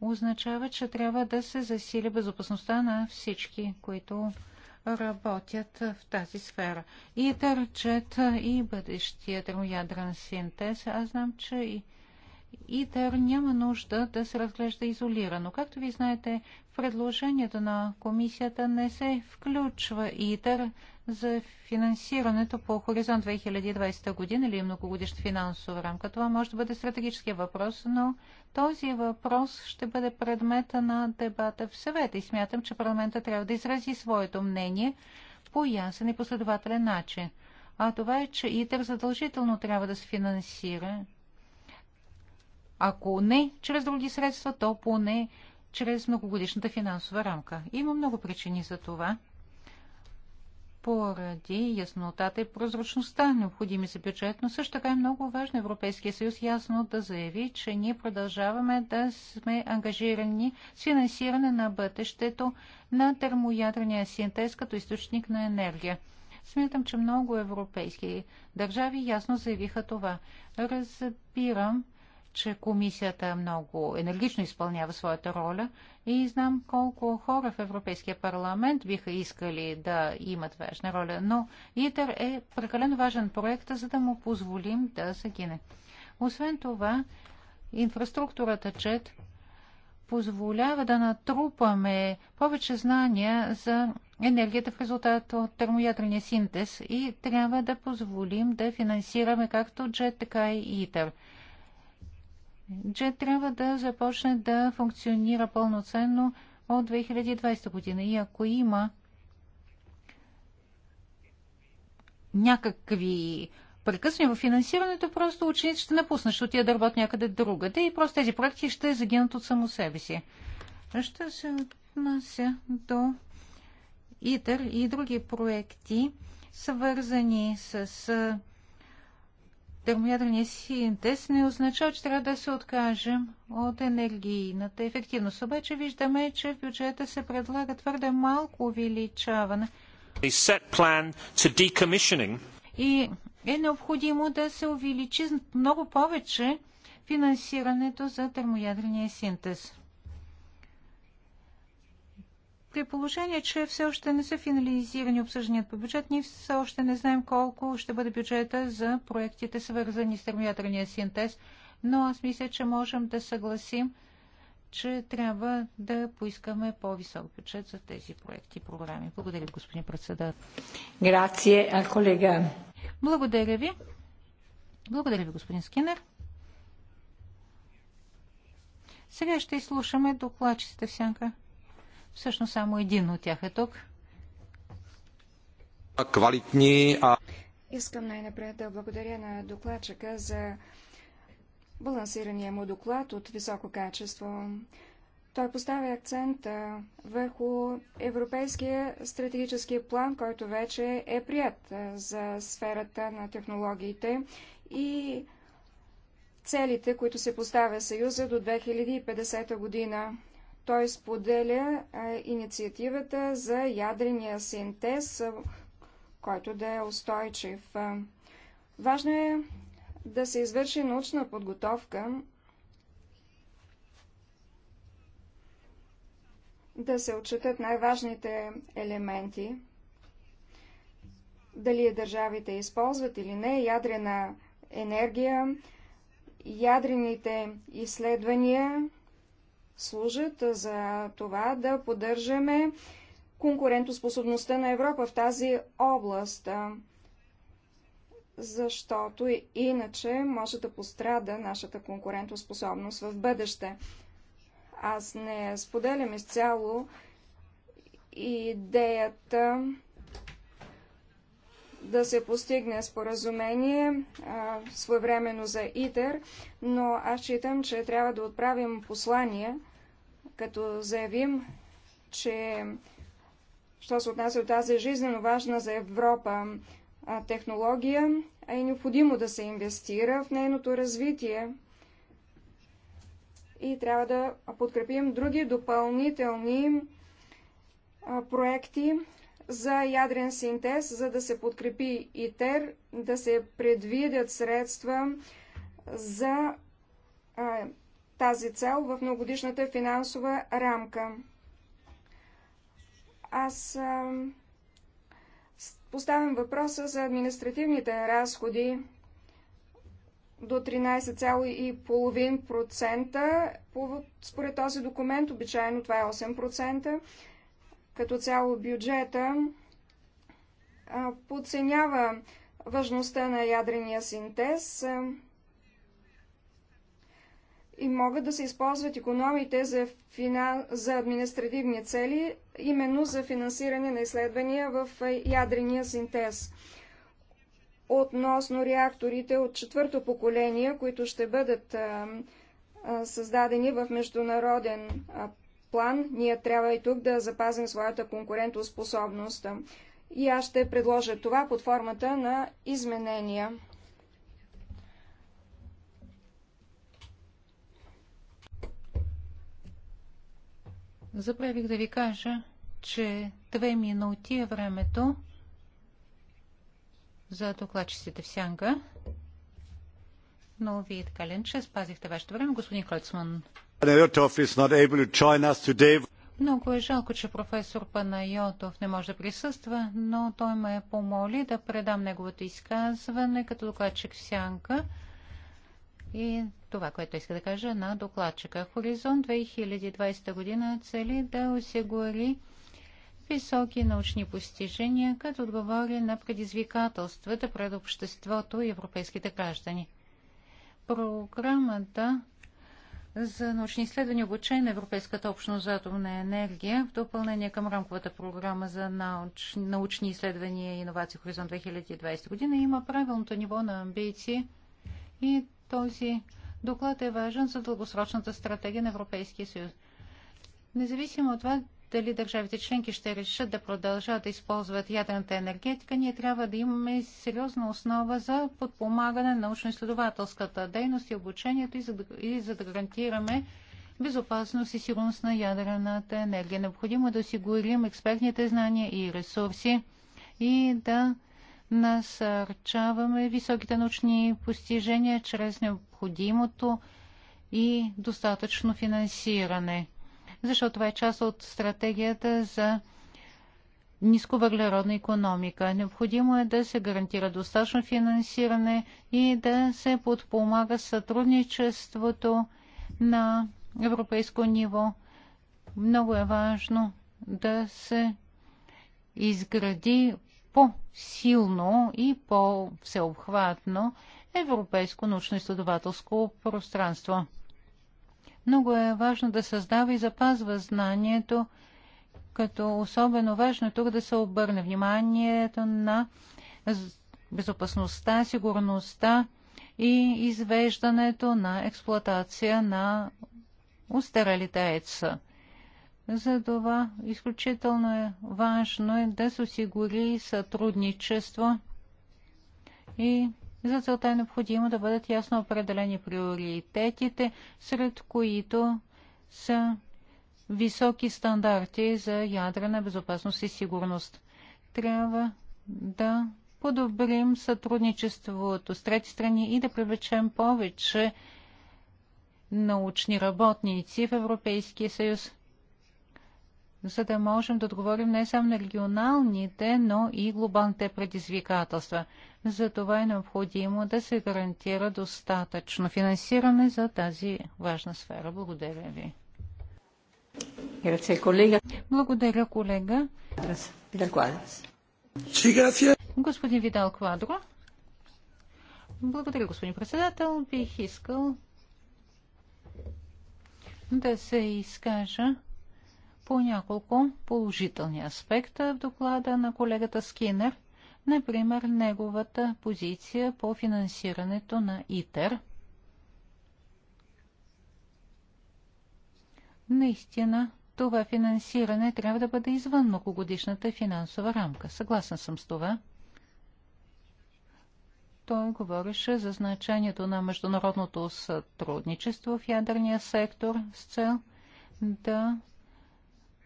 означава, че трябва да се засили безопасността на всички, които работят в тази сфера. И търчет и бъдещия термоядрен синтез. Аз знам, че и ИТЕР няма нужда да се разглежда изолирано. Както ви знаете, предложението на комисията не се включва ИТЕР за финансирането по Хоризонт 2020 година или многогодишна финансова рамка. Това може да бъде стратегически въпрос, но този въпрос ще бъде предмета на дебата в съвета и смятам, че парламента трябва да изрази своето мнение по ясен и последователен начин. А това е, че ИТЕР задължително трябва да се финансира. Ако не чрез други средства, то поне чрез многогодишната финансова рамка. Има много причини за това. Поради яснотата и прозрачността, необходими за бюджет, но също така е много важно Европейския съюз ясно да заяви, че ние продължаваме да сме ангажирани с финансиране на бъдещето на термоядрения синтез като източник на енергия. Смятам, че много европейски държави ясно заявиха това. Разбирам, че комисията много енергично изпълнява своята роля и знам колко хора в Европейския парламент биха искали да имат важна роля, но ИТЕР е прекалено важен проект, за да му позволим да загине. Освен това, инфраструктурата ЧЕТ позволява да натрупаме повече знания за енергията в резултат от термоядрения синтез и трябва да позволим да финансираме както JET, така и ИТЕР че трябва да започне да функционира пълноценно от 2020 година. И ако има някакви прекъсни в финансирането, просто учениците ще напуснат, ще отидат да работят някъде другаде и просто тези проекти ще загинат от само себе си. Ще се отнася до ИТЕР и други проекти, свързани с термоядрения синтез не означава, че трябва да се откажем от енергийната ефективност. Обаче виждаме, че в бюджета се предлага твърде малко увеличаване. И е необходимо да се увеличи много повече финансирането за термоядрения синтез при положение, че все още не са финализирани обсъжданият по бюджет, ние все още не знаем колко ще бъде бюджета за проектите, свързани с термоядрения синтез, но аз мисля, че можем да съгласим, че трябва да поискаме по-висок бюджет за тези проекти и програми. Благодаря, господин председател. Грация, колега. Благодаря ви. Благодаря ви, господин Скинер. Сега ще изслушаме докладчиците в сянка. Всъщност само един от тях е тук. Квалитни. А... Искам най-напред да благодаря на докладчика за балансирания му доклад от високо качество. Той поставя акцент върху европейския стратегически план, който вече е прият за сферата на технологиите и целите, които се поставя Съюза до 2050 година. Той споделя инициативата за ядрения синтез, който да е устойчив. Важно е да се извърши научна подготовка, да се отчитат най-важните елементи, дали е държавите използват или не ядрена енергия, ядрените изследвания служат за това да поддържаме конкурентоспособността на Европа в тази област, защото иначе може да пострада нашата конкурентоспособност в бъдеще. Аз не споделям изцяло идеята да се постигне споразумение а, своевременно за ИТЕР, но аз считам, че трябва да отправим послание като заявим, че що се отнася от тази жизненно важна за Европа технология, е необходимо да се инвестира в нейното развитие и трябва да подкрепим други допълнителни проекти за ядрен синтез, за да се подкрепи ИТЕР, да се предвидят средства за тази цел в многодишната финансова рамка. Аз а, поставям въпроса за административните разходи до 13,5% според този документ, обичайно това е 8%. Като цяло бюджета подценява важността на ядрения синтез и могат да се използват економиите за, финал, за административни цели, именно за финансиране на изследвания в ядрения синтез. Относно реакторите от четвърто поколение, които ще бъдат а, а, създадени в международен а, план, ние трябва и тук да запазим своята конкурентоспособност. И аз ще предложа това под формата на изменения. Забравих да ви кажа, че две минути е времето за докладчиците в сянга. Но вие така ленче спазихте вашето време, господин Кройцман. Много е жалко, че професор Панайотов не може да присъства, но той ме помоли да предам неговото изказване като докладчик в сянка и това, което иска да кажа на докладчика. Хоризонт 2020 година цели да осигури високи научни постижения, като отговори на предизвикателствата пред обществото и европейските граждани. Програмата за научни изследвания обучение на Европейската общност за атомна енергия в допълнение към рамковата програма за науч... научни изследвания и иновации Хоризонт 2020 година има правилното ниво на амбиции и този Докладът е важен за дългосрочната стратегия на Европейския съюз. Независимо от това, дали държавите членки ще решат да продължат да използват ядрената енергетика, ние трябва да имаме сериозна основа за подпомагане на научно-изследователската дейност и обучението и за, да, и за да гарантираме безопасност и сигурност на ядрената енергия. Необходимо е да осигурим експертните знания и ресурси и да насърчаваме високите научни постижения чрез необходимото и достатъчно финансиране. Защото това е част от стратегията за нисковъглеродна економика. Необходимо е да се гарантира достатъчно финансиране и да се подпомага сътрудничеството на европейско ниво. Много е важно да се изгради по-силно и по-всеобхватно европейско научно-изследователско пространство. Много е важно да създава и запазва знанието, като особено важно е тук да се обърне вниманието на безопасността, сигурността и извеждането на експлуатация на устарелите яйца. Затова изключително е важно е да се осигури сътрудничество и за целта е необходимо да бъдат ясно определени приоритетите, сред които са високи стандарти за ядрена безопасност и сигурност. Трябва да подобрим сътрудничеството с трети страни и да привлечем повече научни работници в Европейския съюз за да можем да отговорим не само на регионалните, но и глобалните предизвикателства. За това е необходимо да се гарантира достатъчно финансиране за тази важна сфера. Благодаря ви. Благодаря, колега. Господин Видал Квадро. Благодаря, господин председател. Бих искал да се изкажа по няколко положителни аспекта в доклада на колегата Скинер, например неговата позиция по финансирането на ИТЕР. Наистина, това финансиране трябва да бъде извън многогодишната финансова рамка. Съгласен съм с това. Той говореше за значението на международното сътрудничество в ядерния сектор с цел да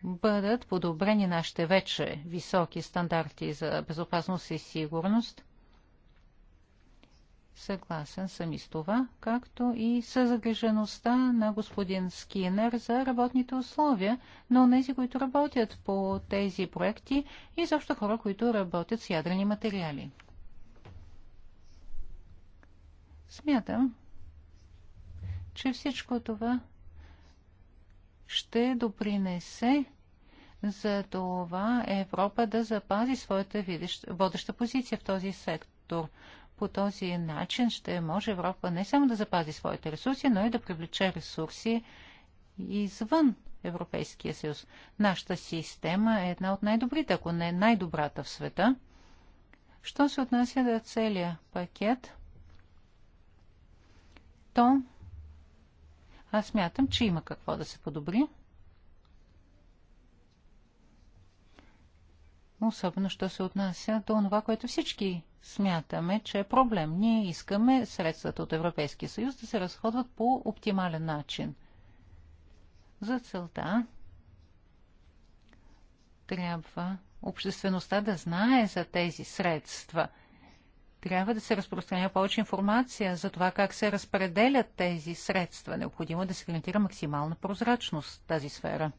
бъдат подобрени нашите вече високи стандарти за безопасност и сигурност. Съгласен съм и с това, както и с загрижеността на господин Скинер за работните условия, но тези, които работят по тези проекти и също хора, които работят с ядрени материали. Смятам, че всичко това ще допринесе за това Европа да запази своята водеща позиция в този сектор. По този начин ще може Европа не само да запази своите ресурси, но и да привлече ресурси извън Европейския съюз. Нашата система е една от най-добрите, ако не най-добрата в света. Що се отнася до целия пакет, то аз мятам, че има какво да се подобри. особено що се отнася до това, което всички смятаме, че е проблем. Ние искаме средствата от Европейския съюз да се разходват по оптимален начин. За целта трябва обществеността да знае за тези средства. Трябва да се разпространя повече информация за това как се разпределят тези средства. Необходимо е да се гарантира максимална прозрачност в тази сфера.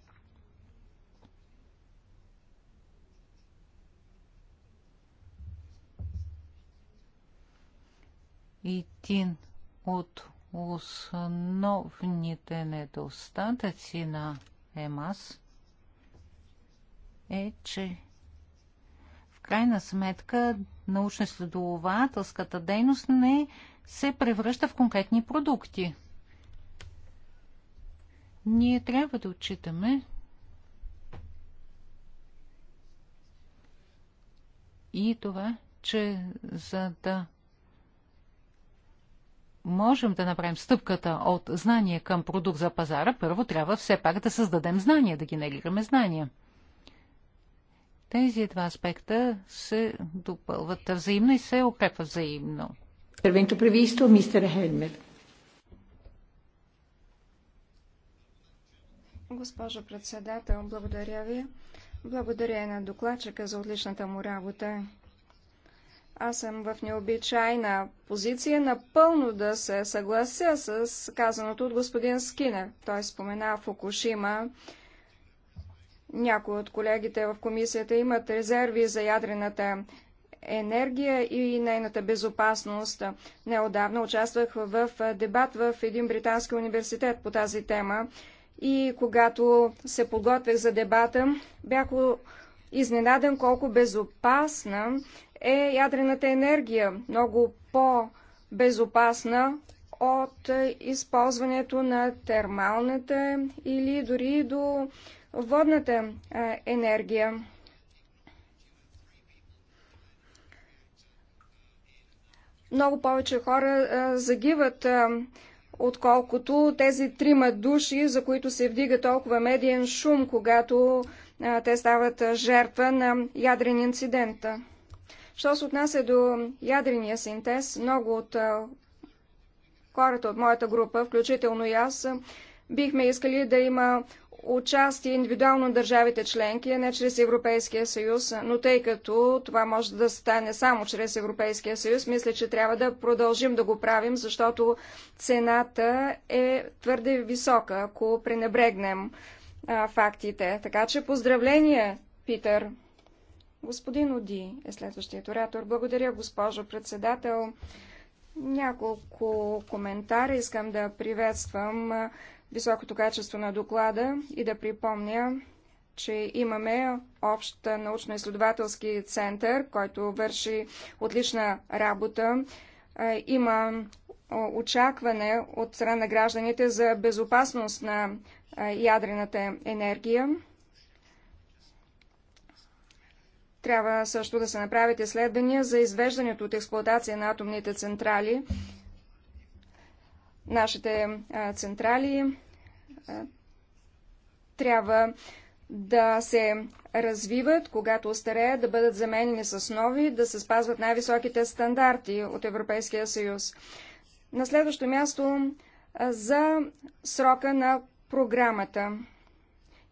един от основните недостатъци на ЕМАС е, че в крайна сметка научно следователската дейност не се превръща в конкретни продукти. Ние трябва да отчитаме и това, че за да можем да направим стъпката от знание към продукт за пазара, първо трябва все пак да създадем знания, да генерираме знания. Тези два аспекта се допълват взаимно и се укрепват взаимно. Интервенто превисто, мистер Хелмер. Госпожо председател, благодаря ви. Благодаря на докладчика за отличната му работа аз съм в необичайна позиция напълно да се съглася с казаното от господин Скинер. Той спомена Фукушима. Някои от колегите в комисията имат резерви за ядрената енергия и нейната безопасност. Неодавна участвах в дебат в един британски университет по тази тема и когато се подготвях за дебата, бях изненадан колко безопасна е ядрената енергия, много по-безопасна от използването на термалната или дори до водната енергия. Много повече хора загиват, отколкото тези трима души, за които се вдига толкова медиен шум, когато те стават жертва на ядрен инцидента. Що се отнася до ядрения синтез, много от хората от моята група, включително и аз, бихме искали да има участие индивидуално държавите членки, а не чрез Европейския съюз, но тъй като това може да стане само чрез Европейския съюз, мисля, че трябва да продължим да го правим, защото цената е твърде висока, ако пренебрегнем а, фактите. Така че поздравления, Питър! Господин Оди е следващият оратор. Благодаря, госпожо председател. Няколко коментара. Искам да приветствам високото качество на доклада и да припомня, че имаме общ научно-изследователски център, който върши отлична работа. Има очакване от страна на гражданите за безопасност на ядрената енергия. Трябва също да се направят изследвания за извеждането от експлуатация на атомните централи. Нашите централи трябва да се развиват, когато остареят, да бъдат заменени с нови, да се спазват най-високите стандарти от Европейския съюз. На следващо място за срока на програмата.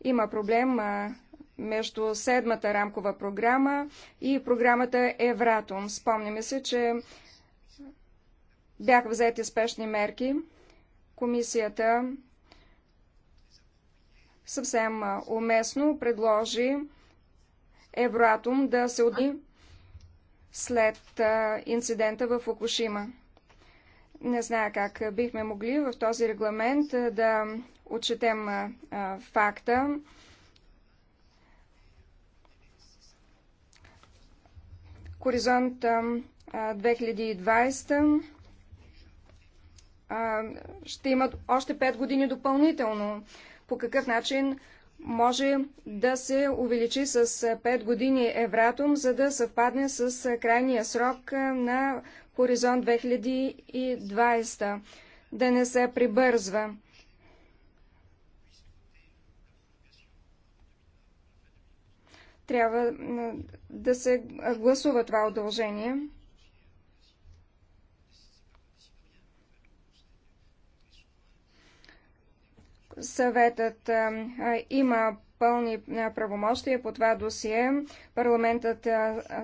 Има проблем а, между седмата рамкова програма и програмата Евратум. Спомняме се, че бяха взети спешни мерки. Комисията съвсем уместно предложи Евратум да се отни след инцидента в Окушима. Не зная как бихме могли в този регламент да отчетем факта, Хоризонт 2020 ще имат още 5 години допълнително. По какъв начин може да се увеличи с 5 години Евратум, за да съвпадне с крайния срок на Хоризонт 2020, да не се прибързва. Трябва да се гласува това удължение. Съветът има пълни правомощия по това досие. Парламентът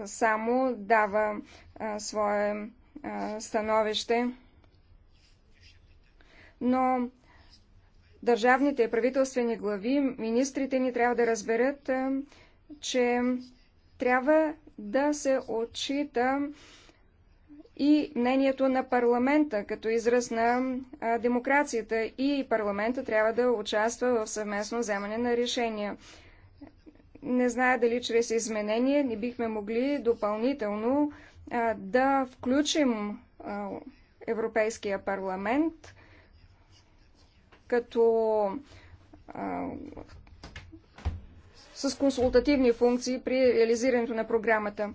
само дава свое становище. Но държавните и правителствени глави, министрите ни трябва да разберат, че трябва да се отчита и мнението на парламента като израз на демокрацията и парламента трябва да участва в съвместно вземане на решения. Не зная дали чрез изменение не бихме могли допълнително да включим Европейския парламент като с консултативни функции при реализирането на програмата.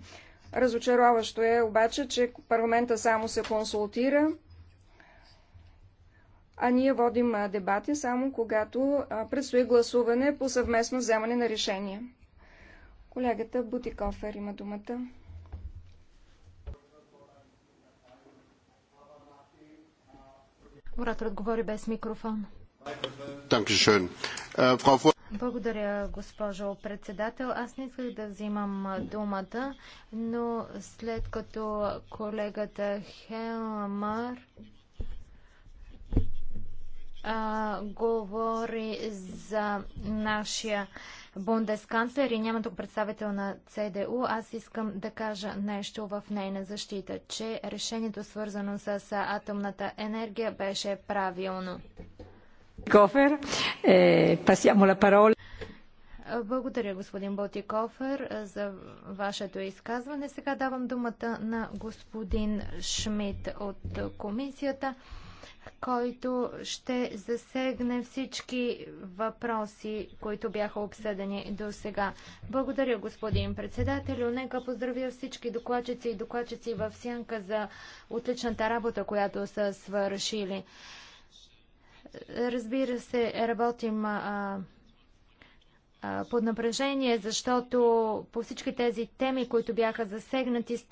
Разочароващо е обаче, че парламента само се консултира, а ние водим дебати само когато предстои гласуване по съвместно вземане на решение. Колегата Бутикофер има думата. Ораторът говори без микрофон. Äh, Благодаря, госпожо председател. Аз не исках да взимам думата, но след като колегата Хелмар а, говори за нашия бундесканцлер и няма тук представител на ЦДУ, аз искам да кажа нещо в нейна защита, че решението свързано с атомната енергия беше правилно. Кофер, е, пасямо ла парола. Благодаря, господин Ботикофер, за вашето изказване. Сега давам думата на господин Шмидт от комисията, който ще засегне всички въпроси, които бяха обсъдени до сега. Благодаря, господин председател, Нека поздравя всички докладчици и докладчици в сянка за отличната работа, която са свършили. Разбира се, работим а, а, под напрежение, защото по всички тези теми, които бяха засегнати,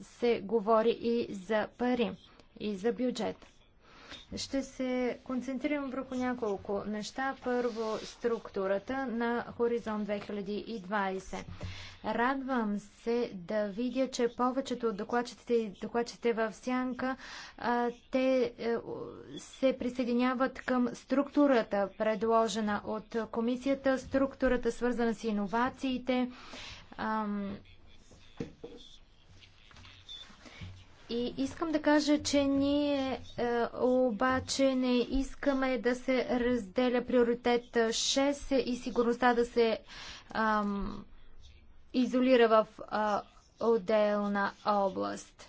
се говори и за пари, и за бюджет. Ще се концентрирам върху няколко неща. Първо, структурата на Хоризонт 2020. Радвам се да видя, че повечето от докладчите и докладчите в Сянка те е, се присъединяват към структурата, предложена от комисията, структурата свързана с иновациите. И искам да кажа, че ние е, обаче не искаме да се разделя приоритет 6 и сигурността да се изолира в а, отделна област.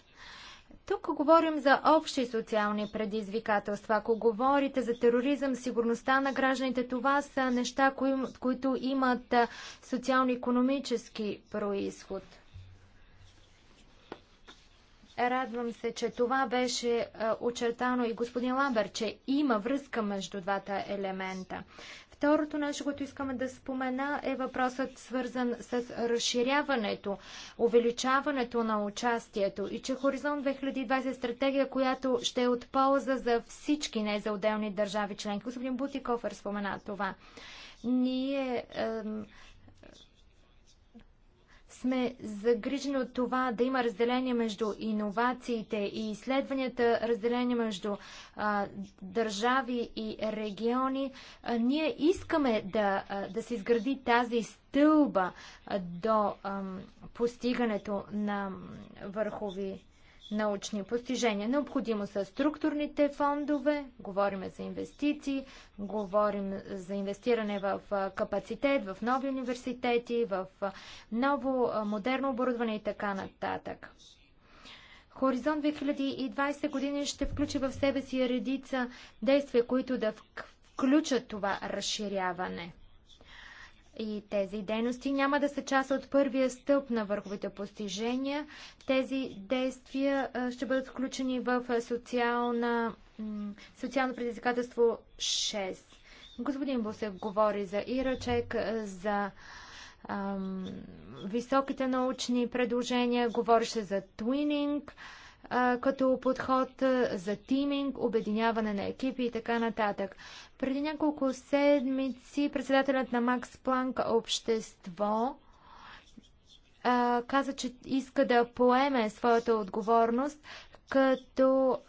Тук говорим за общи социални предизвикателства. Ако говорите за тероризъм, сигурността на гражданите, това са неща, кои, които имат социално-економически происход. Радвам се, че това беше очертано и господин Ламбер, че има връзка между двата елемента. Второто нещо, което искаме да спомена е въпросът свързан с разширяването, увеличаването на участието и че Хоризонт 2020 е стратегия, която ще е от полза за всички, не за отделни държави членки. Господин Бутиков е спомена това. Ние сме загрижени от това да има разделение между иновациите и изследванията, разделение между а, държави и региони. А, ние искаме да, а, да се изгради тази стълба а, до а, постигането на върхови научни постижения. Необходимо са структурните фондове, говорим за инвестиции, говорим за инвестиране в капацитет, в нови университети, в ново модерно оборудване и така нататък. Хоризонт 2020 години ще включи в себе си редица действия, които да включат това разширяване. И тези дейности няма да са част от първия стъп на върховите постижения. Тези действия ще бъдат включени в социална, социално предизвикателство 6. Господин Бусев говори за Ирачек, за ам, високите научни предложения, говореше за твининг като подход за тиминг, обединяване на екипи и така нататък. Преди няколко седмици председателят на Макс Планк общество каза, че иска да поеме своята отговорност като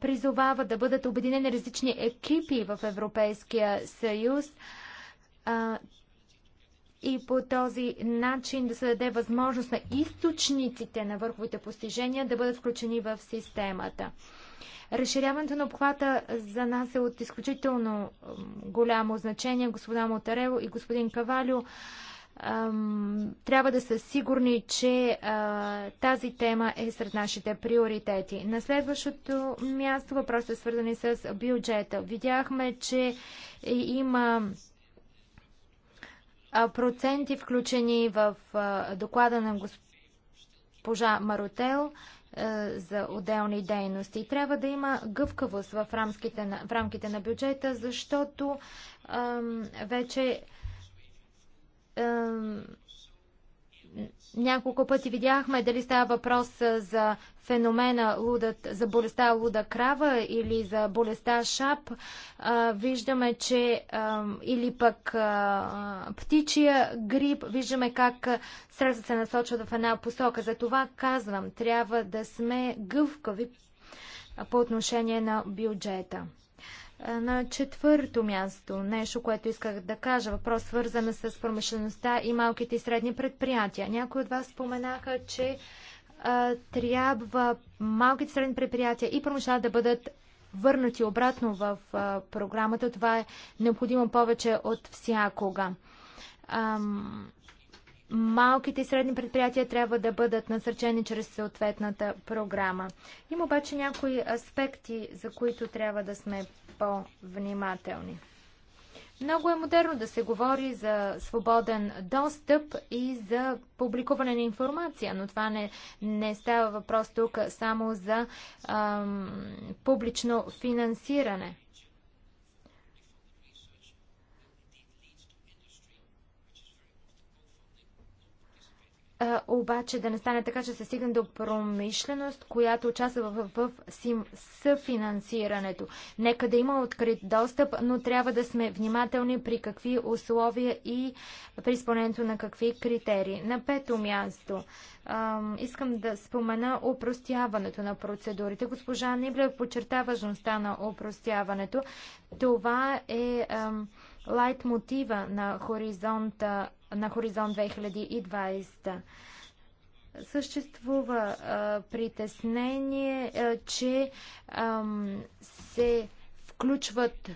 призовава да бъдат обединени различни екипи в Европейския съюз и по този начин да се даде възможност на източниците на върховите постижения да бъдат включени в системата. Разширяването на обхвата за нас е от изключително голямо значение. Господа Мотарево и господин Кавалю, трябва да са сигурни, че тази тема е сред нашите приоритети. На следващото място въпросът е свързани с бюджета. Видяхме, че е, има проценти, включени в доклада на госпожа Маротел за отделни дейности. Трябва да има гъвкавост в рамките на, в рамките на бюджета, защото ам, вече ам, няколко пъти видяхме дали става въпрос за феномена лудът, за болестта луда крава или за болестта шап. А, виждаме, че а, или пък а, птичия грип, виждаме как средства се насочват в една посока. За това казвам, трябва да сме гъвкави по отношение на бюджета. На четвърто място, нещо, което исках да кажа, въпрос свързан с промишлеността и малките и средни предприятия. Някои от вас споменаха, че а, трябва малките и средни предприятия и промишлеността да бъдат върнати обратно в а, програмата. Това е необходимо повече от всякога. Ам, малките и средни предприятия трябва да бъдат насърчени чрез съответната програма. Има обаче някои аспекти, за които трябва да сме по-внимателни. Много е модерно да се говори за свободен достъп и за публикуване на информация, но това не, не става въпрос тук само за ам, публично финансиране. а, обаче да не стане така, че се стигне до промишленост, която участва в, в, в съфинансирането. Нека да има открит достъп, но трябва да сме внимателни при какви условия и при изпълнението на какви критерии. На пето място а, искам да спомена упростяването на процедурите. Госпожа Ниблев подчерта важността на упростяването. Това е лайт мотива на, хоризонта, на Хоризонт 2020. Съществува а, притеснение, а, че а, се включват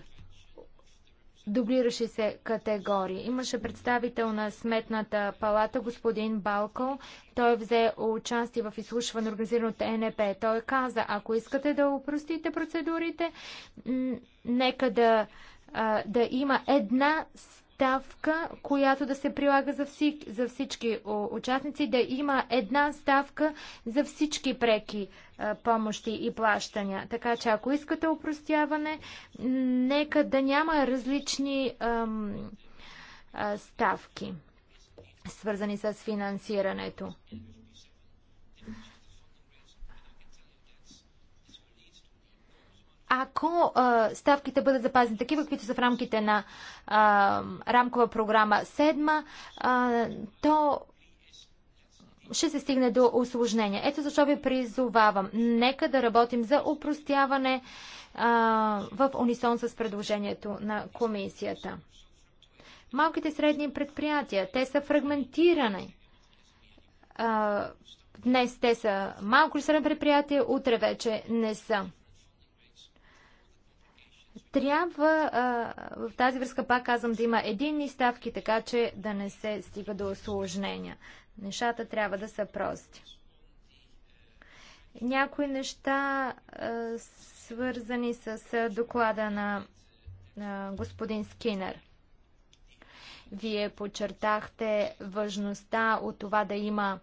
дублиращи се категории. Имаше представител на Сметната палата, господин Балко. Той взе участие в изслушване, организирано от НП. Той каза, ако искате да упростите процедурите, нека да а, да има една ставка, която да се прилага за, всик, за всички участници, да има една ставка за всички преки а, помощи и плащания. Така че ако искате упростяване, нека да няма различни ам, а, ставки, свързани с финансирането. ако а, ставките бъдат запазени такива, каквито са в рамките на а, рамкова програма 7, а, то ще се стигне до осложнения. Ето защо ви призовавам. Нека да работим за упростяване а, в унисон с предложението на комисията. Малките и средни предприятия, те са фрагментирани. А, днес те са малко и средни предприятия, утре вече не са. Трябва а, в тази връзка, пак казвам, да има единни ставки, така че да не се стига до осложнения. Нещата трябва да са прости. Някои неща, а, свързани с доклада на а, господин Скинер. Вие подчертахте важността от това да има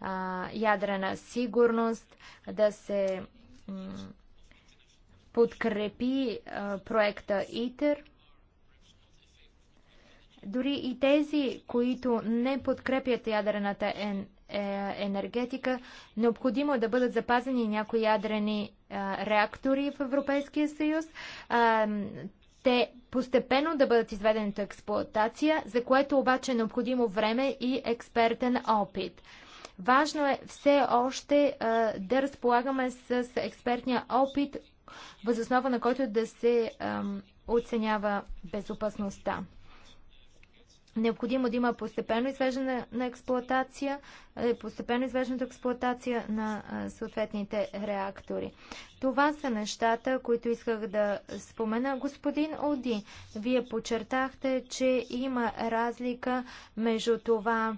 а, ядрена сигурност, да се подкрепи а, проекта ИТЕР. Дори и тези, които не подкрепят ядрената ен, е, енергетика, необходимо е да бъдат запазени някои ядрени а, реактори в Европейския съюз. А, те постепенно да бъдат изведени от експлоатация, за което обаче е необходимо време и експертен опит. Важно е все още а, да разполагаме с експертния опит, възоснова на който да се ам, оценява безопасността. Необходимо да има постепенно извеждане на експлоатация, е, постепенно извеждането експлоатация на съответните реактори. Това са нещата, които исках да спомена. Господин Оди, вие подчертахте, че има разлика между това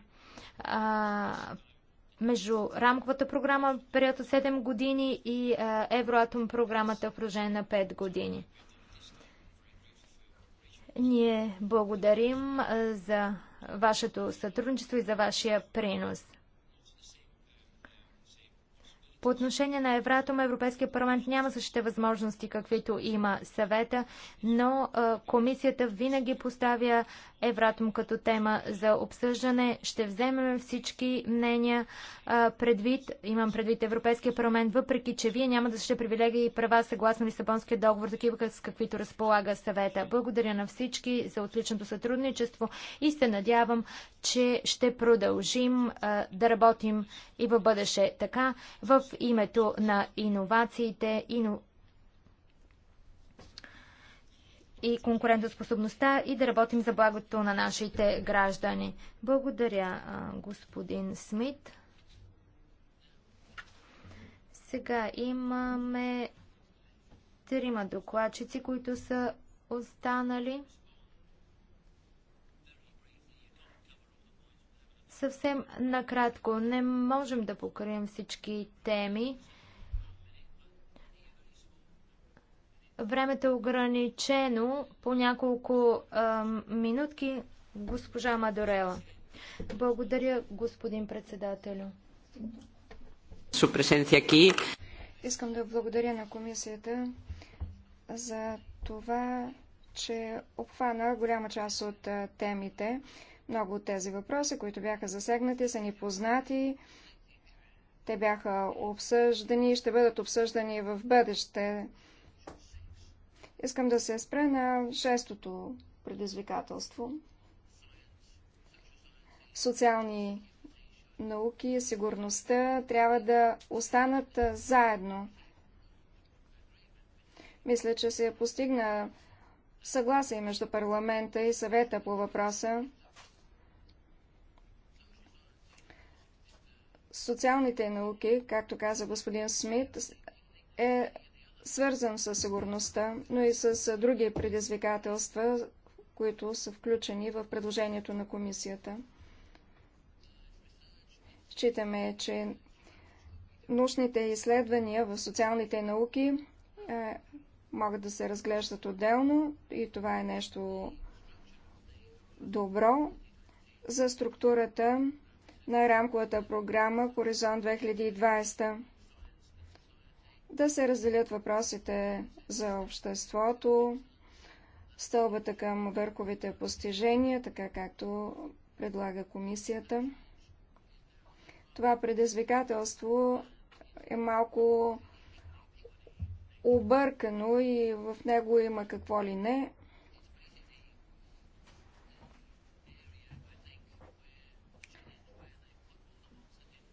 между рамковата програма период от 7 години и Евроатом програмата в продължение на 5 години. Ние благодарим за вашето сътрудничество и за вашия принос. По отношение на Евратом, Европейския парламент няма същите възможности, каквито има съвета, но комисията винаги поставя Евратом като тема за обсъждане. Ще вземем всички мнения а, предвид, имам предвид Европейския парламент, въпреки че вие няма да ще привилегии и права съгласно Лисабонския договор, такива с каквито разполага съвета. Благодаря на всички за отличното сътрудничество и се надявам, че ще продължим а, да работим и в бъдеще така в името на иновациите, иновациите и конкурентоспособността и да работим за благото на нашите граждани. Благодаря, господин Смит. Сега имаме трима докладчици, които са останали. Съвсем накратко, не можем да покрием всички теми. Времето е ограничено по няколко а, минутки. Госпожа Мадорела. Благодаря, господин председателю. Искам да благодаря на комисията за това, че обхвана голяма част от темите. Много от тези въпроси, които бяха засегнати, са ни познати. Те бяха обсъждани и ще бъдат обсъждани в бъдеще. Искам да се спре на шестото предизвикателство. Социални науки и сигурността трябва да останат заедно. Мисля, че се постигна съгласие между парламента и съвета по въпроса. Социалните науки, както каза господин Смит, е свързан с сигурността, но и с други предизвикателства, които са включени в предложението на комисията. Считаме, че научните изследвания в социалните науки е, могат да се разглеждат отделно и това е нещо добро за структурата на рамковата програма Хоризонт 2020 да се разделят въпросите за обществото, стълбата към върховите постижения, така както предлага комисията. Това предизвикателство е малко объркано и в него има какво ли не.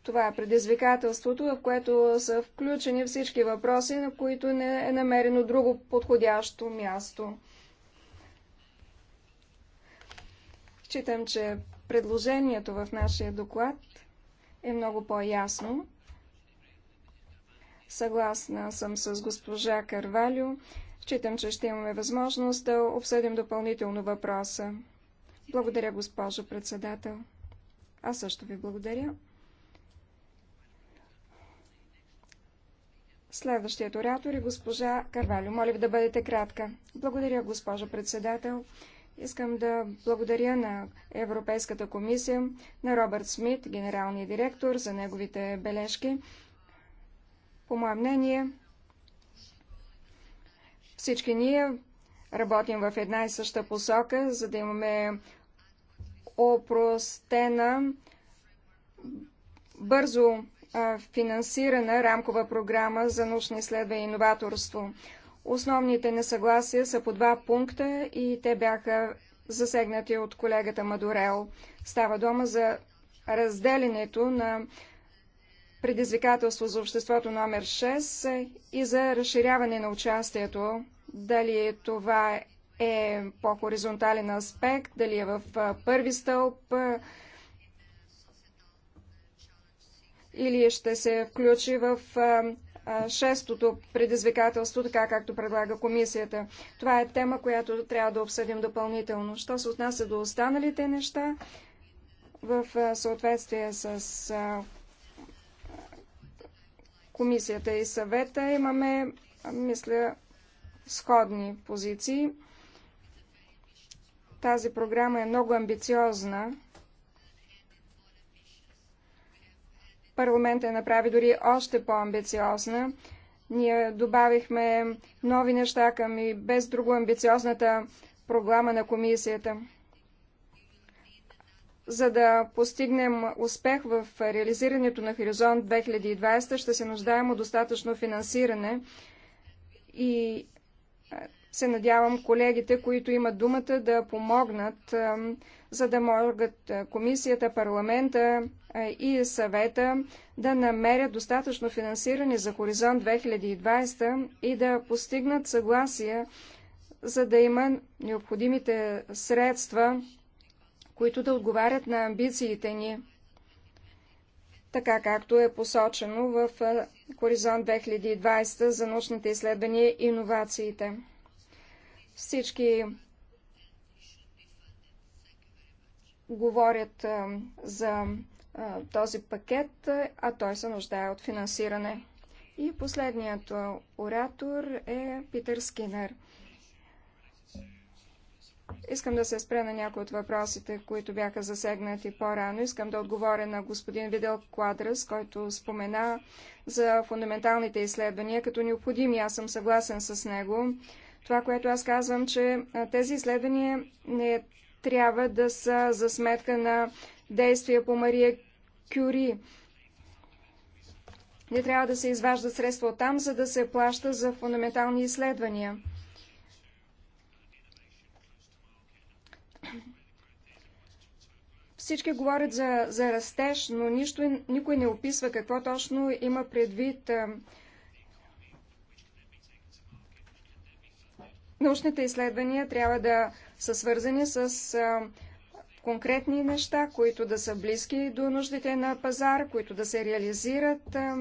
Това е предизвикателството, в което са включени всички въпроси, на които не е намерено друго подходящо място. Считам, че предложението в нашия доклад е много по-ясно. Съгласна съм с госпожа Карвалю. Считам, че ще имаме възможност да обсъдим допълнително въпроса. Благодаря, госпожо председател. Аз също ви благодаря. Следващият оратор е госпожа Карвалю. Моля ви да бъдете кратка. Благодаря, госпожо председател. Искам да благодаря на Европейската комисия, на Робърт Смит, генералния директор, за неговите бележки. По мое мнение, всички ние работим в една и съща посока, за да имаме опростена, бързо финансирана рамкова програма за научни изследвания и иноваторство. Основните несъгласия са по два пункта и те бяха засегнати от колегата Мадорел. Става дума за разделенето на предизвикателство за обществото номер 6 и за разширяване на участието. Дали това е по-хоризонтален аспект, дали е в първи стълб, или ще се включи в шестото предизвикателство, така както предлага комисията. Това е тема, която трябва да обсъдим допълнително. Що се отнася до останалите неща, в съответствие с комисията и съвета имаме, мисля, сходни позиции. Тази програма е много амбициозна Парламентът я направи дори още по-амбициозна. Ние добавихме нови неща към и без друго амбициозната програма на комисията. За да постигнем успех в реализирането на Хоризонт 2020, ще се нуждаем от достатъчно финансиране и се надявам колегите, които имат думата, да помогнат, за да могат комисията, парламента и съвета да намерят достатъчно финансиране за Хоризонт 2020 и да постигнат съгласие, за да има необходимите средства, които да отговарят на амбициите ни, така както е посочено в Хоризонт 2020 за научните изследвания и иновациите. Всички говорят за този пакет, а той се нуждае от финансиране. И последният оратор е Питър Скинер. Искам да се спре на някои от въпросите, които бяха засегнати по-рано. Искам да отговоря на господин Видел Квадрас, който спомена за фундаменталните изследвания като необходими. Аз съм съгласен с него. Това, което аз казвам, че тези изследвания не трябва да са за сметка на действия по Мария Кюри. Не трябва да се изважда средства от там, за да се плаща за фундаментални изследвания. Всички говорят за, за растеж, но нищо, никой не описва какво точно има предвид научните изследвания трябва да са свързани с а, конкретни неща, които да са близки до нуждите на пазар, които да се реализират. А,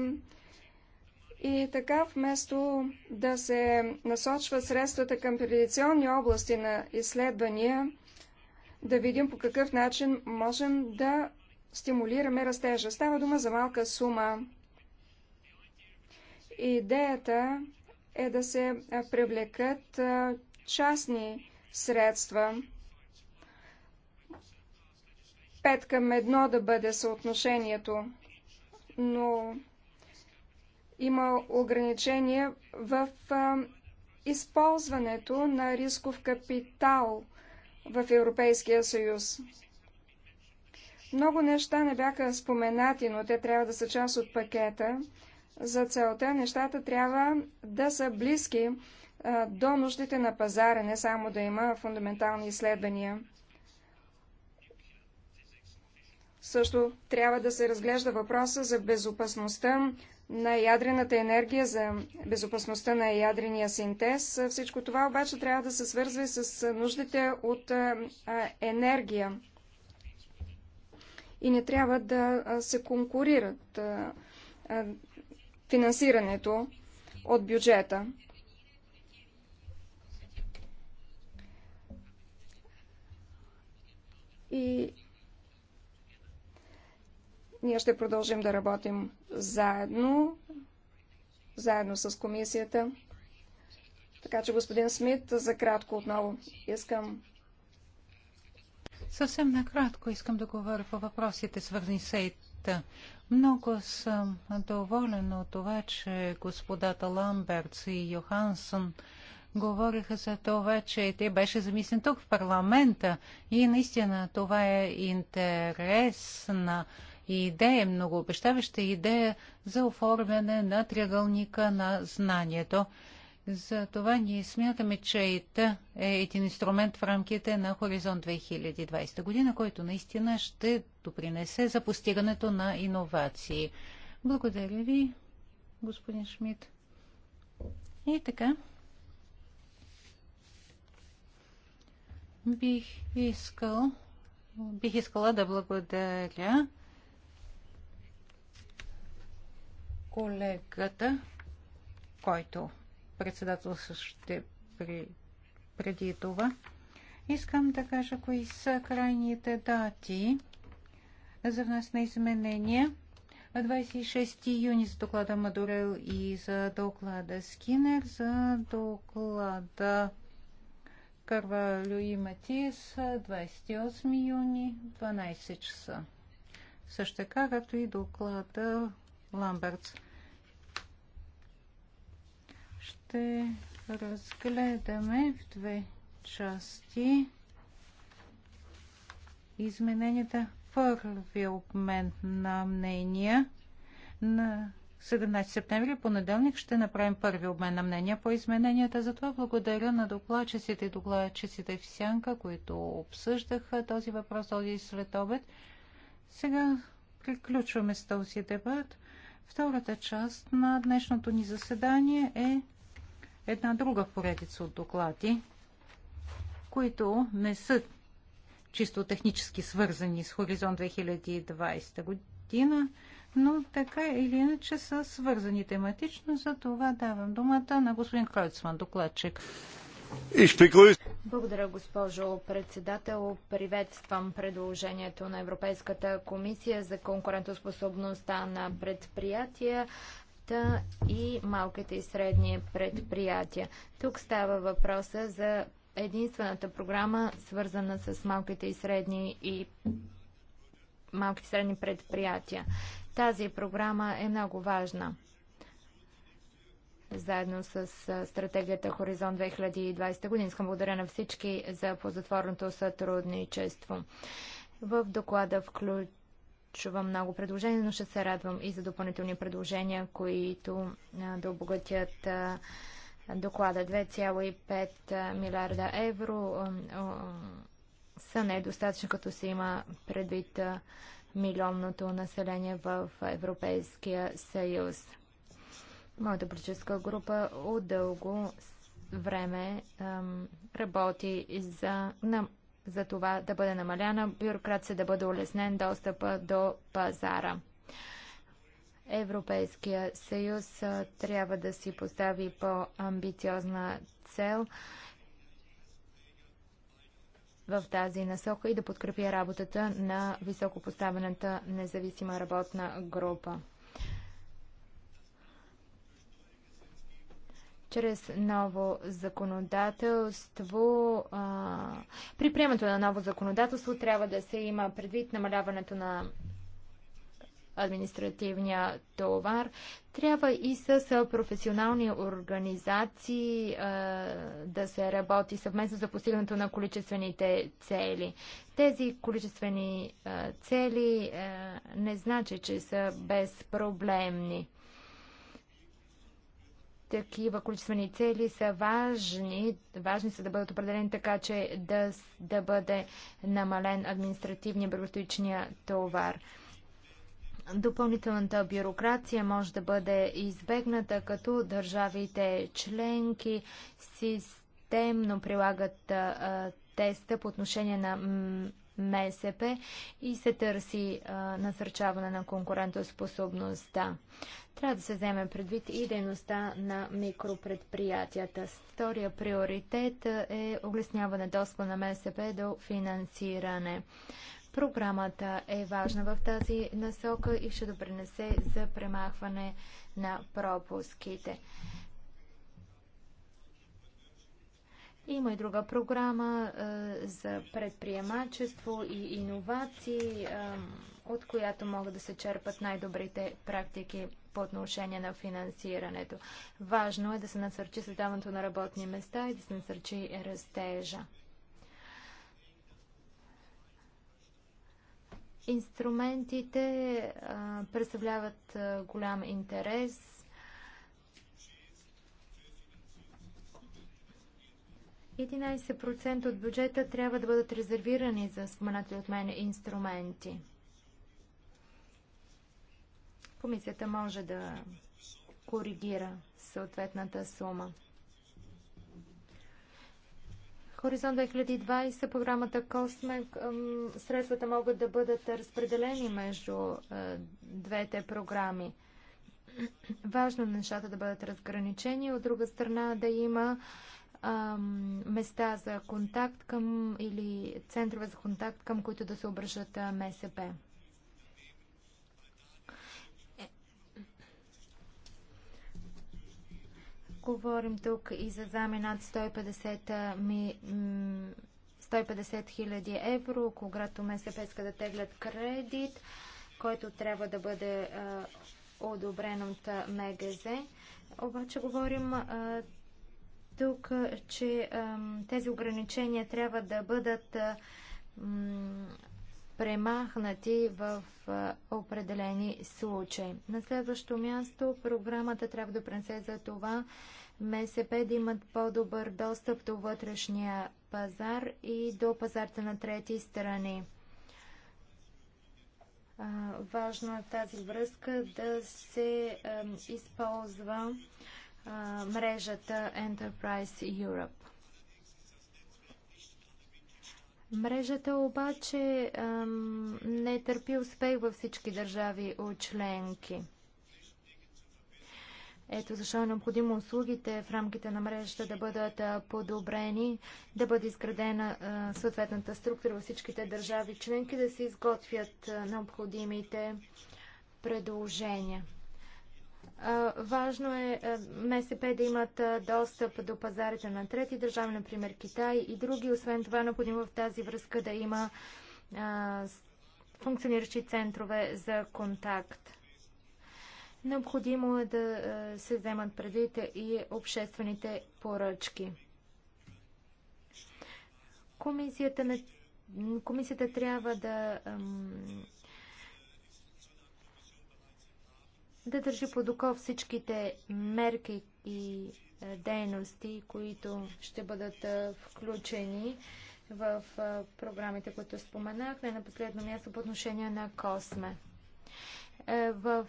и така, вместо да се насочват средствата към традиционни области на изследвания, да видим по какъв начин можем да стимулираме растежа. Става дума за малка сума. Идеята е да се привлекат частни средства. 5 към 1 да бъде съотношението, но има ограничение в използването на рисков капитал в Европейския съюз. Много неща не бяха споменати, но те трябва да са част от пакета. За целта нещата трябва да са близки а, до нуждите на пазара, не само да има фундаментални изследвания. Също трябва да се разглежда въпроса за безопасността на ядрената енергия, за безопасността на ядрения синтез. Всичко това обаче трябва да се свързва и с нуждите от а, а, енергия. И не трябва да се конкурират финансирането от бюджета. И ние ще продължим да работим заедно, заедно с комисията. Така че, господин Смит, за кратко отново искам. Съвсем накратко искам да говоря по въпросите, свързани с Та, много съм доволен от това, че господата Ламбертс и Йохансън говориха за това, че те беше замислен тук в парламента и наистина това е интересна идея, много обещаваща идея за оформяне на триъгълника на знанието. За това ние смятаме, че ИТА е един инструмент в рамките на Хоризонт 2020 година, който наистина ще допринесе за постигането на иновации. Благодаря ви, господин Шмидт. И така. Бих искал бих искала да благодаря колегата, който председателстващите при, преди това. Искам да кажа кои са крайните дати за внес на изменения. 26 юни за доклада Мадурел и за доклада Скинер, за доклада Карва Люи Матис 28 юни 12 часа. Също така, както и доклада Ламбертс ще разгледаме в две части измененията. Първи обмен на мнения на 17 септември, понеделник, ще направим първи обмен на мнения по измененията. Затова благодаря на докладчиците и докладчиците в Сянка, които обсъждаха този въпрос този след обед. Сега приключваме с този дебат. Втората част на днешното ни заседание е една друга поредица от доклади, които не са чисто технически свързани с Хоризонт 2020 година, но така или иначе са свързани тематично. За това давам думата на господин Кройцман, докладчик. Благодаря, госпожо председател. Приветствам предложението на Европейската комисия за конкурентоспособността на предприятия заетостта и малките и средни предприятия. Тук става въпроса за единствената програма, свързана с малките и средни и малки и средни предприятия. Тази програма е много важна. Заедно с стратегията Хоризонт 2020 година. Искам благодаря на всички за позатворното сътрудничество. В доклада включ чувам много предложения, но ще се радвам и за допълнителни предложения, които да обогатят доклада 2,5 милиарда евро са недостатъчни, като се има предвид милионното население в Европейския съюз. Моята политическа група от дълго време работи за за това да бъде намаляна, бюрокрация да бъде улеснен достъпа до пазара. Европейския съюз трябва да си постави по-амбициозна цел в тази насока и да подкрепи работата на високопоставената независима работна група. чрез ново законодателство. А, при приемането на ново законодателство трябва да се има предвид намаляването на административния товар. Трябва и с професионални организации а, да се работи съвместно за постигането на количествените цели. Тези количествени а, цели а, не значи, че са безпроблемни такива количествени цели са важни. Важни са да бъдат определени така, че да, да бъде намален административния бюрократичния товар. Допълнителната бюрокрация може да бъде избегната, като държавите членки системно прилагат а, теста по отношение на МСП и се търси а, насърчаване на конкурентоспособността. Трябва да се вземе предвид и дейността на микропредприятията. Втория приоритет е улесняване доска на МСП до финансиране. Програмата е важна в тази насока и ще допринесе за премахване на пропуските. Има и друга програма е, за предприемачество и иновации, е, от която могат да се черпат най-добрите практики по отношение на финансирането. Важно е да се насърчи създаването на работни места и да се насърчи растежа. Инструментите а, е, представляват голям интерес 11% от бюджета трябва да бъдат резервирани за споменати от мен инструменти. Комисията може да коригира съответната сума. Хоризонт 2020, програмата Косме, средствата могат да бъдат разпределени между двете програми. Важно е нещата да бъдат разграничени, от друга страна да има места за контакт към или центрове за контакт, към които да се обръщат МСП. Е, говорим тук и за зами над 150 ми, 150 хиляди евро, когато МСП иска да теглят кредит, който трябва да бъде а, одобрен от МГЗ. Обаче говорим а, тук, че тези ограничения трябва да бъдат премахнати в определени случаи. На следващо място програмата трябва да пренесе за това МСП да имат по-добър достъп до вътрешния пазар и до пазарта на трети страни. Важно е тази връзка да се използва мрежата Enterprise Europe. Мрежата обаче ам, не търпи успех във всички държави членки. Ето защо е необходимо услугите в рамките на мрежата да бъдат подобрени, да бъде изградена а, съответната структура във всичките държави членки, да се изготвят а, необходимите предложения. Важно е МСП да имат достъп до пазарите на трети държави, например Китай и други. Освен това, е необходимо в тази връзка да има функциониращи центрове за контакт. Необходимо е да се вземат предвид и обществените поръчки. Комисията, не, комисията трябва да да държи под око всичките мерки и е, дейности, които ще бъдат е, включени в е, програмите, които споменах, не на последно място по отношение на Косме. В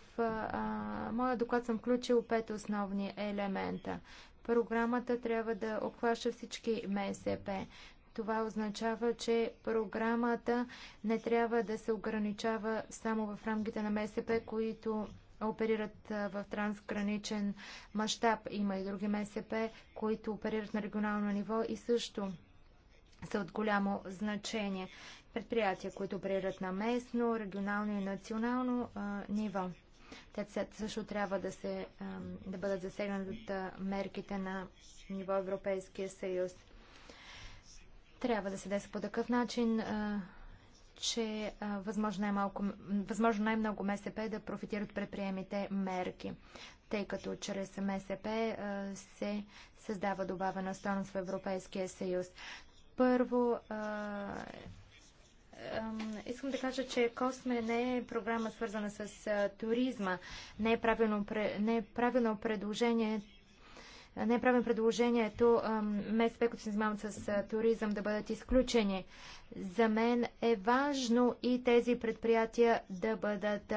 моя доклад съм включил пет основни елемента. Програмата трябва да обхваща всички МСП. Това означава, че програмата не трябва да се ограничава само в рамките на МСП, които оперират в трансграничен мащаб. Има и други МСП, които оперират на регионално ниво и също са от голямо значение. Предприятия, които оперират на местно, регионално и национално а, ниво. Те също трябва да, се, а, да бъдат засегнати от а, мерките на ниво Европейския съюз. Трябва да се действа по такъв начин, а, че възможно, най-малко, възможно най-много МСП да профитират предприемите мерки, тъй като чрез МСП се създава добавена стойност в Европейския съюз. Първо, Искам да кажа, че Косме не е програма свързана с туризма. Не е правилно, не е правилно предложение не правим предложението МСП, които се занимават с туризъм, да бъдат изключени. За мен е важно и тези предприятия да бъдат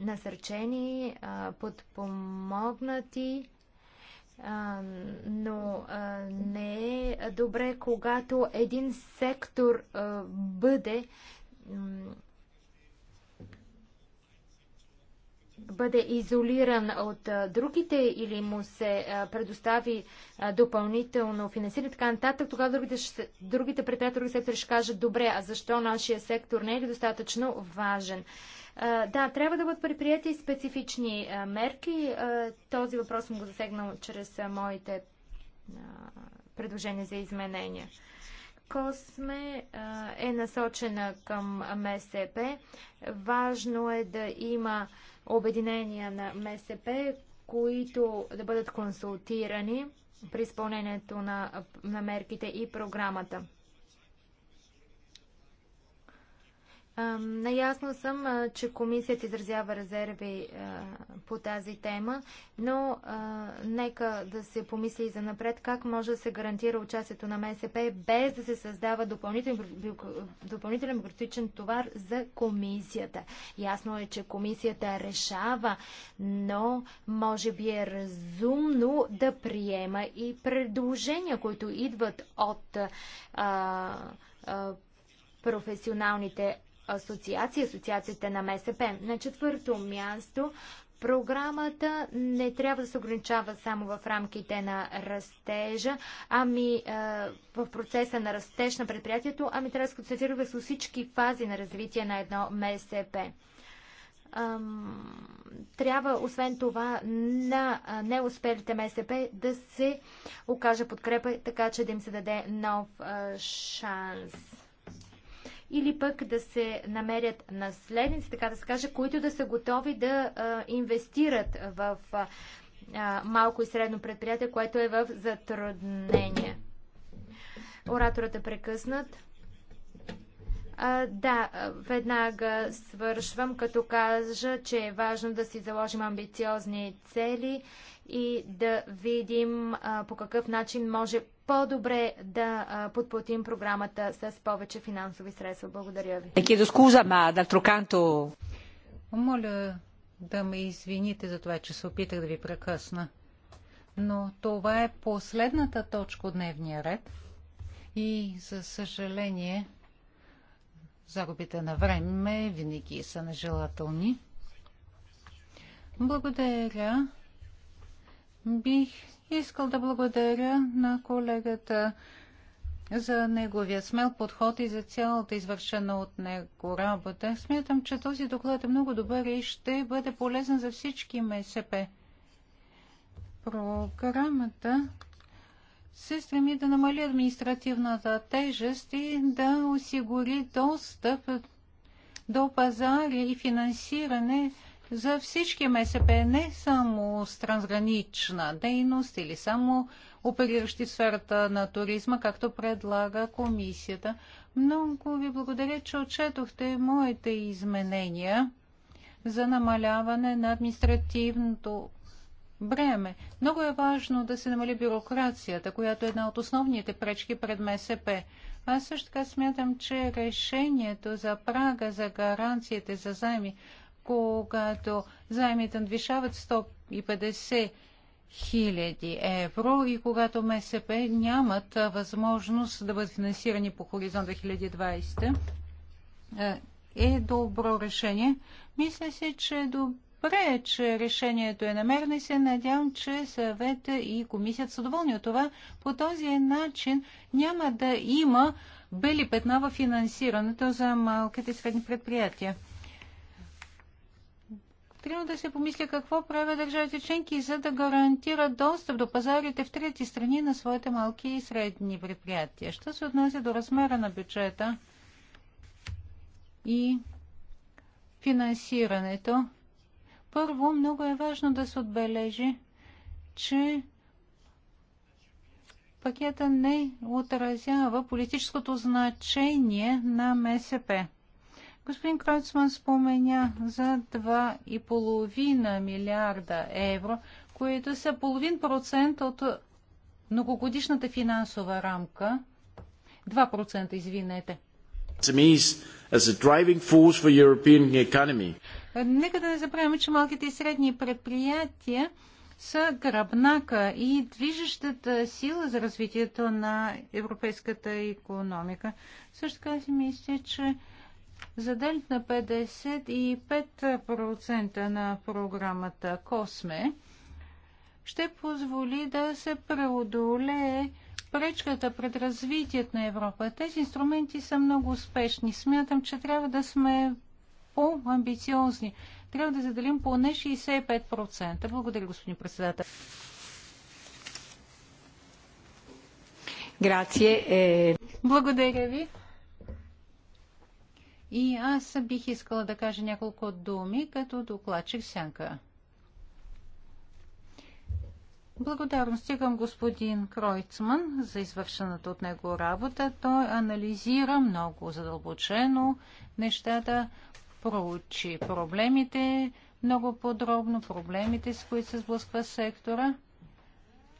насърчени, подпомогнати но не е добре, когато един сектор бъде бъде изолиран от другите или му се предостави допълнително финансиране, така нататък, тогава другите, другите предприятия, други сектори ще кажат, добре, а защо нашия сектор не е ли достатъчно важен? Да, трябва да бъдат предприяти специфични мерки. Този въпрос съм го засегнал чрез моите предложения за изменения. Косме е насочена към МСП. Важно е да има обединения на МСП, които да бъдат консултирани при изпълнението на, на мерките и програмата. Наясно съм, че комисията изразява резерви по тази тема, но нека да се помисли и за напред как може да се гарантира участието на МСП без да се създава допълнителен, бюрократичен товар за комисията. Ясно е, че комисията решава, но може би е разумно да приема и предложения, които идват от професионалните асоциации, асоциациите на МСП. На четвърто място Програмата не трябва да се ограничава само в рамките на растежа, ами е, в процеса на растеж на предприятието, ами трябва да се концентрира с всички фази на развитие на едно МСП. трябва, освен това, на неуспелите МСП да се окаже подкрепа, така че да им се даде нов е, шанс или пък да се намерят наследници, така да се каже, които да са готови да а, инвестират в а, малко и средно предприятие, което е в затруднение. Ораторът е прекъснат. А, да, веднага свършвам, като кажа, че е важно да си заложим амбициозни цели и да видим а, по какъв начин може по-добре да а, подплатим програмата с повече финансови средства. Благодаря ви. Екидо скуза, ма далтро канто. Моля да ме извините за това, че се опитах да ви прекъсна. Но това е последната точка от дневния ред и за съжаление загубите на време винаги са нежелателни. Благодаря Бих искал да благодаря на колегата за неговия смел подход и за цялата извършена от него работа. Смятам, че този доклад е много добър и ще бъде полезен за всички МСП. Програмата се стреми да намали административната тежест и да осигури достъп до пазари и финансиране за всички МСП, не само с трансгранична дейност или само опериращи в сферата на туризма, както предлага комисията. Много ви благодаря, че отчетохте моите изменения за намаляване на административното бреме. Много е важно да се намали бюрокрацията, която е една от основните пречки пред МСП. Аз също така смятам, че решението за прага за гаранциите за заеми когато заемите надвишават 150 хиляди евро и когато МСП нямат възможност да бъдат финансирани по хоризонт 2020 е добро решение. Мисля се, че е добре, че решението е намерено и се надявам, че съвета и комисията са доволни от това. По този начин няма да има бели петна в финансирането за малките и средни предприятия трябва да се помисли какво правят държавите членки, за да гарантират достъп до пазарите в трети страни на своите малки и средни предприятия. Що се отнася до размера на бюджета и финансирането, първо много е важно да се отбележи, че пакета не отразява политическото значение на МСП. Господин Кройцман споменя за 2,5 милиарда евро, които са половин процент от многогодишната финансова рамка. 2% извинете. Е, нека да не забравяме, че малките и средни предприятия са гръбнака и движещата сила за развитието на европейската економика. Също така си мисля, че за ден на 55% на програмата Косме ще позволи да се преодолее пречката пред развитието на Европа. Тези инструменти са много успешни. Смятам, че трябва да сме по-амбициозни. Трябва да заделим поне 65%. Благодаря, господин председател. Е. Благодаря ви. И аз бих искала да кажа няколко думи като докладчик сянка. Благодарности към господин Кройцман за извършената от него работа. Той анализира много задълбочено нещата, проучи проблемите много подробно, проблемите, с които се сблъсква сектора –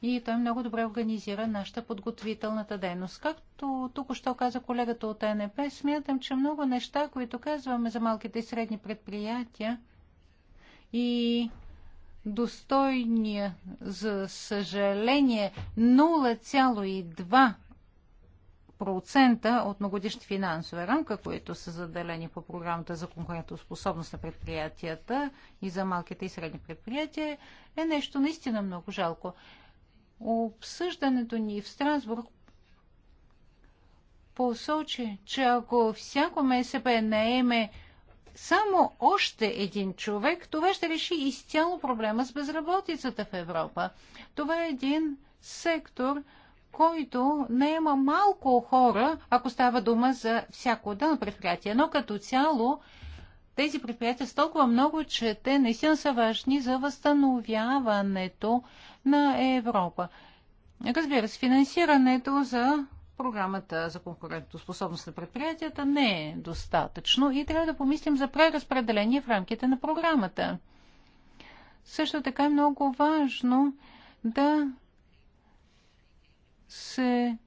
и той много добре организира нашата подготвителната дейност. Както тук що каза колегата от НП, смятам, че много неща, които казваме за малките и средни предприятия и достойния, за съжаление, 0,2 процента от многодишни финансови рамка, които са заделени по програмата за конкурентоспособност на предприятията и за малките и средни предприятия, е нещо наистина много жалко обсъждането ни в Страсбург посочи, че ако всяко МСП наеме само още един човек, това ще реши изцяло проблема с безработицата в Европа. Това е един сектор, който наема малко хора, ако става дума за всяко отделно предприятие. Но като цяло тези предприятия са толкова много, че те наистина са важни за възстановяването на Европа. Разбира се, финансирането за програмата за конкурентоспособност на предприятията не е достатъчно и трябва да помислим за преразпределение в рамките на програмата. Също така е много важно да се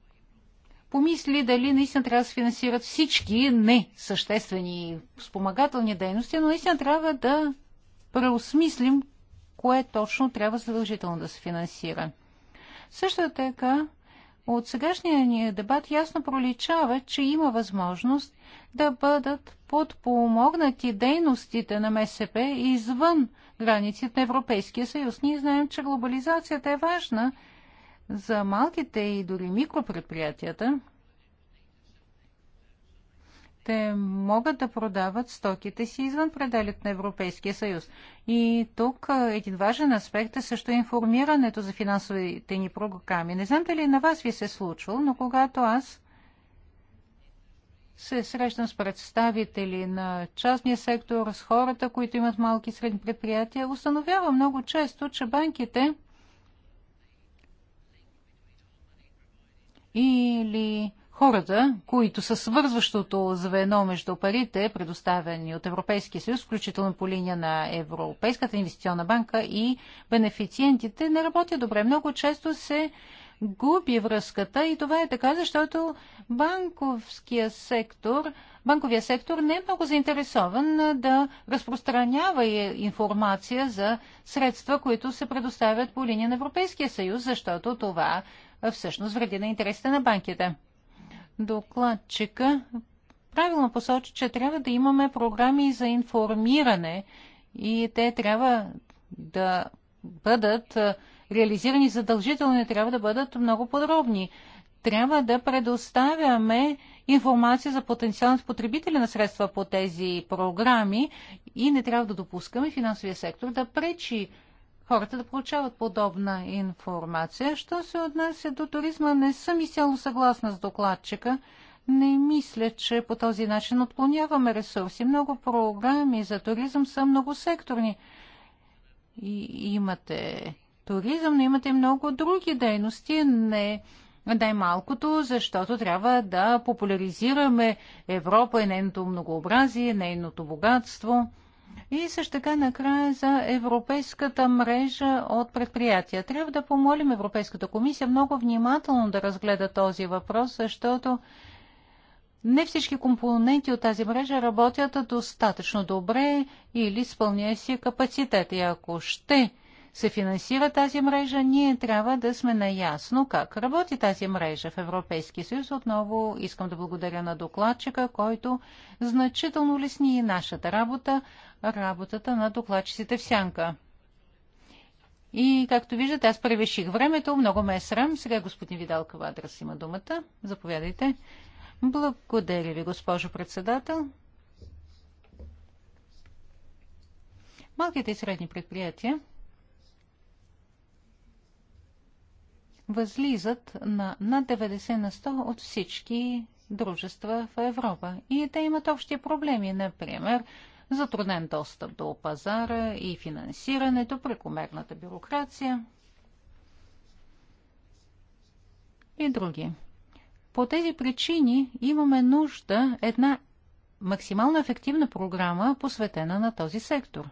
помисли дали наистина трябва да се финансират всички несъществени спомагателни дейности, но наистина трябва да преосмислим кое точно трябва задължително да се финансира. Също така, от сегашния ни дебат ясно проличава, че има възможност да бъдат подпомогнати дейностите на МСП извън границите на Европейския съюз. Ние знаем, че глобализацията е важна за малките и дори микропредприятията, те могат да продават стоките си извън пределят на Европейския съюз. И тук един важен аспект е също информирането за финансовите ни програми. Не знам дали на вас ви се е случва, но когато аз се срещам с представители на частния сектор, с хората, които имат малки и средни предприятия, установявам много често, че банките – или хората, които са свързващото звено между парите, предоставени от Европейския съюз, включително по линия на Европейската инвестиционна банка и бенефициентите, не работят добре. Много често се губи връзката и това е така, защото банковския сектор, банковия сектор не е много заинтересован да разпространява информация за средства, които се предоставят по линия на Европейския съюз, защото това всъщност вреди на интересите на банките. Докладчика правилно посочи, че трябва да имаме програми за информиране и те трябва да бъдат реализирани задължително и трябва да бъдат много подробни. Трябва да предоставяме информация за потенциалните потребители на средства по тези програми и не трябва да допускаме финансовия сектор да пречи хората да получават подобна информация. Що се отнася до туризма, не съм изцяло съгласна с докладчика. Не мисля, че по този начин отклоняваме ресурси. Много програми за туризъм са много секторни. И имате туризъм, но имате много други дейности. Не най-малкото, защото трябва да популяризираме Европа и нейното многообразие, нейното богатство. И също така накрая за европейската мрежа от предприятия. Трябва да помолим Европейската комисия много внимателно да разгледа този въпрос, защото не всички компоненти от тази мрежа работят достатъчно добре или спълняя си капацитет. И ако ще се финансира тази мрежа, ние трябва да сме наясно как работи тази мрежа в Европейския съюз. Отново искам да благодаря на докладчика, който значително лесни нашата работа работата на докладчиците в сянка. И, както виждате, аз превеших времето, много ме е срам. Сега господин Видал Кавадрас има думата. Заповядайте. Благодаря ви, госпожо председател. Малките и средни предприятия възлизат на над 90 на 100 от всички дружества в Европа. И те имат общи проблеми, например, затруднен достъп до пазара и финансирането, прекомерната бюрокрация и други. По тези причини имаме нужда една максимално ефективна програма, посветена на този сектор.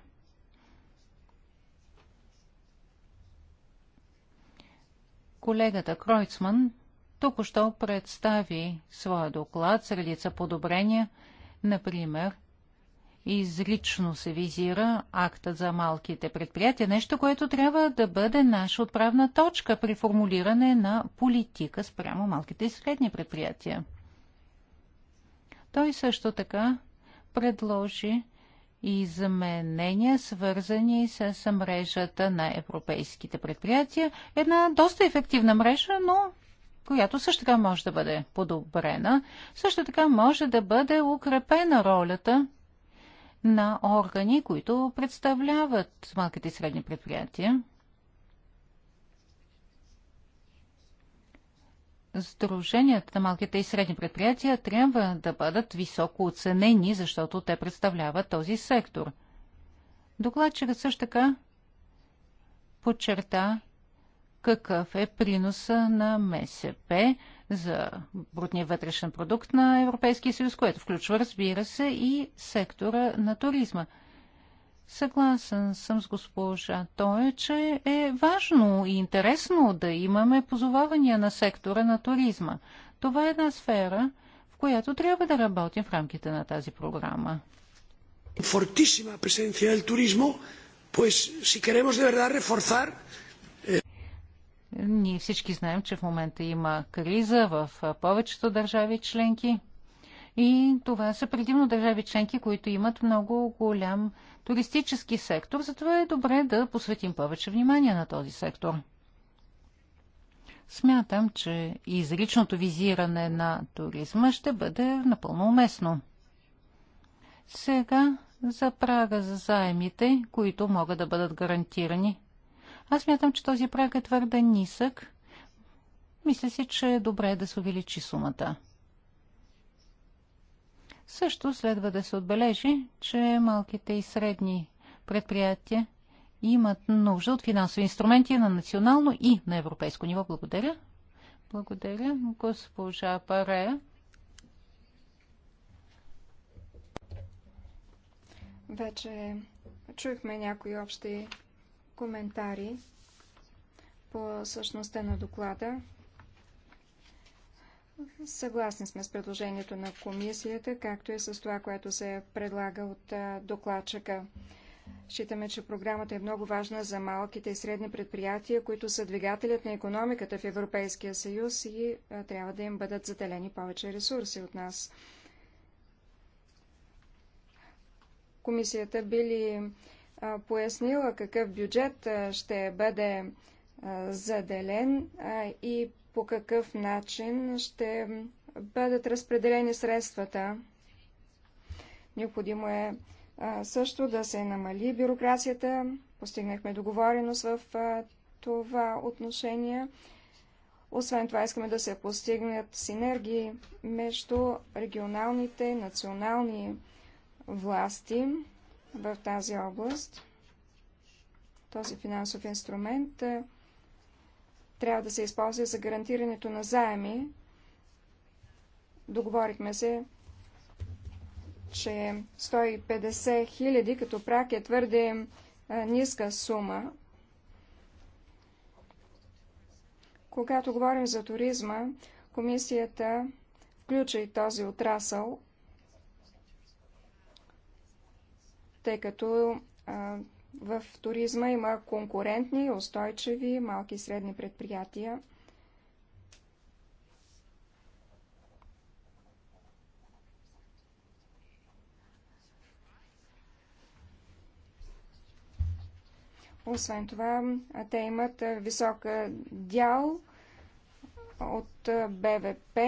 Колегата Кройцман току-що представи своя доклад с редица подобрения, например – изрично се визира актът за малките предприятия, нещо, което трябва да бъде наша отправна точка при формулиране на политика спрямо малките и средни предприятия. Той също така предложи изменения, свързани с мрежата на европейските предприятия. Една доста ефективна мрежа, но която също така може да бъде подобрена. Също така може да бъде укрепена ролята на органи, които представляват малките и средни предприятия. Сдруженията на малките и средни предприятия трябва да бъдат високо оценени, защото те представляват този сектор. Докладчикът също така подчерта какъв е приноса на МСП за брутния вътрешен продукт на Европейския съюз, което включва, разбира се, и сектора на туризма. Съгласен съм с госпожа Той, че е важно и интересно да имаме позовавания на сектора на туризма. Това е една сфера, в която трябва да работим в рамките на тази програма. Фортисима presencia на туризма, pues si queremos de verdad reforzar ние всички знаем, че в момента има криза в повечето държави членки. И това са предимно държави членки, които имат много голям туристически сектор. Затова е добре да посветим повече внимание на този сектор. Смятам, че изричното визиране на туризма ще бъде напълно уместно. Сега за прага за заемите, които могат да бъдат гарантирани аз мятам, че този праг е твърде нисък. Мисля си, че е добре да се увеличи сумата. Също следва да се отбележи, че малките и средни предприятия имат нужда от финансови инструменти на национално и на европейско ниво. Благодаря. Благодаря, госпожа Парея. Вече чухме някои общи коментари по същността на доклада. Съгласни сме с предложението на комисията, както и с това, което се предлага от докладчика. Считаме, че програмата е много важна за малките и средни предприятия, които са двигателят на економиката в Европейския съюз и трябва да им бъдат заделени повече ресурси от нас. Комисията били. ли пояснила какъв бюджет ще бъде заделен и по какъв начин ще бъдат разпределени средствата. Необходимо е също да се намали бюрокрацията. Постигнахме договореност в това отношение. Освен това искаме да се постигнат синергии между регионалните и национални власти в тази област. Този финансов инструмент е, трябва да се използва за гарантирането на заеми. Договорихме се, че 150 хиляди като прак е твърде е, ниска сума. Когато говорим за туризма, комисията включи този отрасъл тъй като а, в туризма има конкурентни, устойчиви, малки и средни предприятия. Освен това, те имат висок дял от БВП.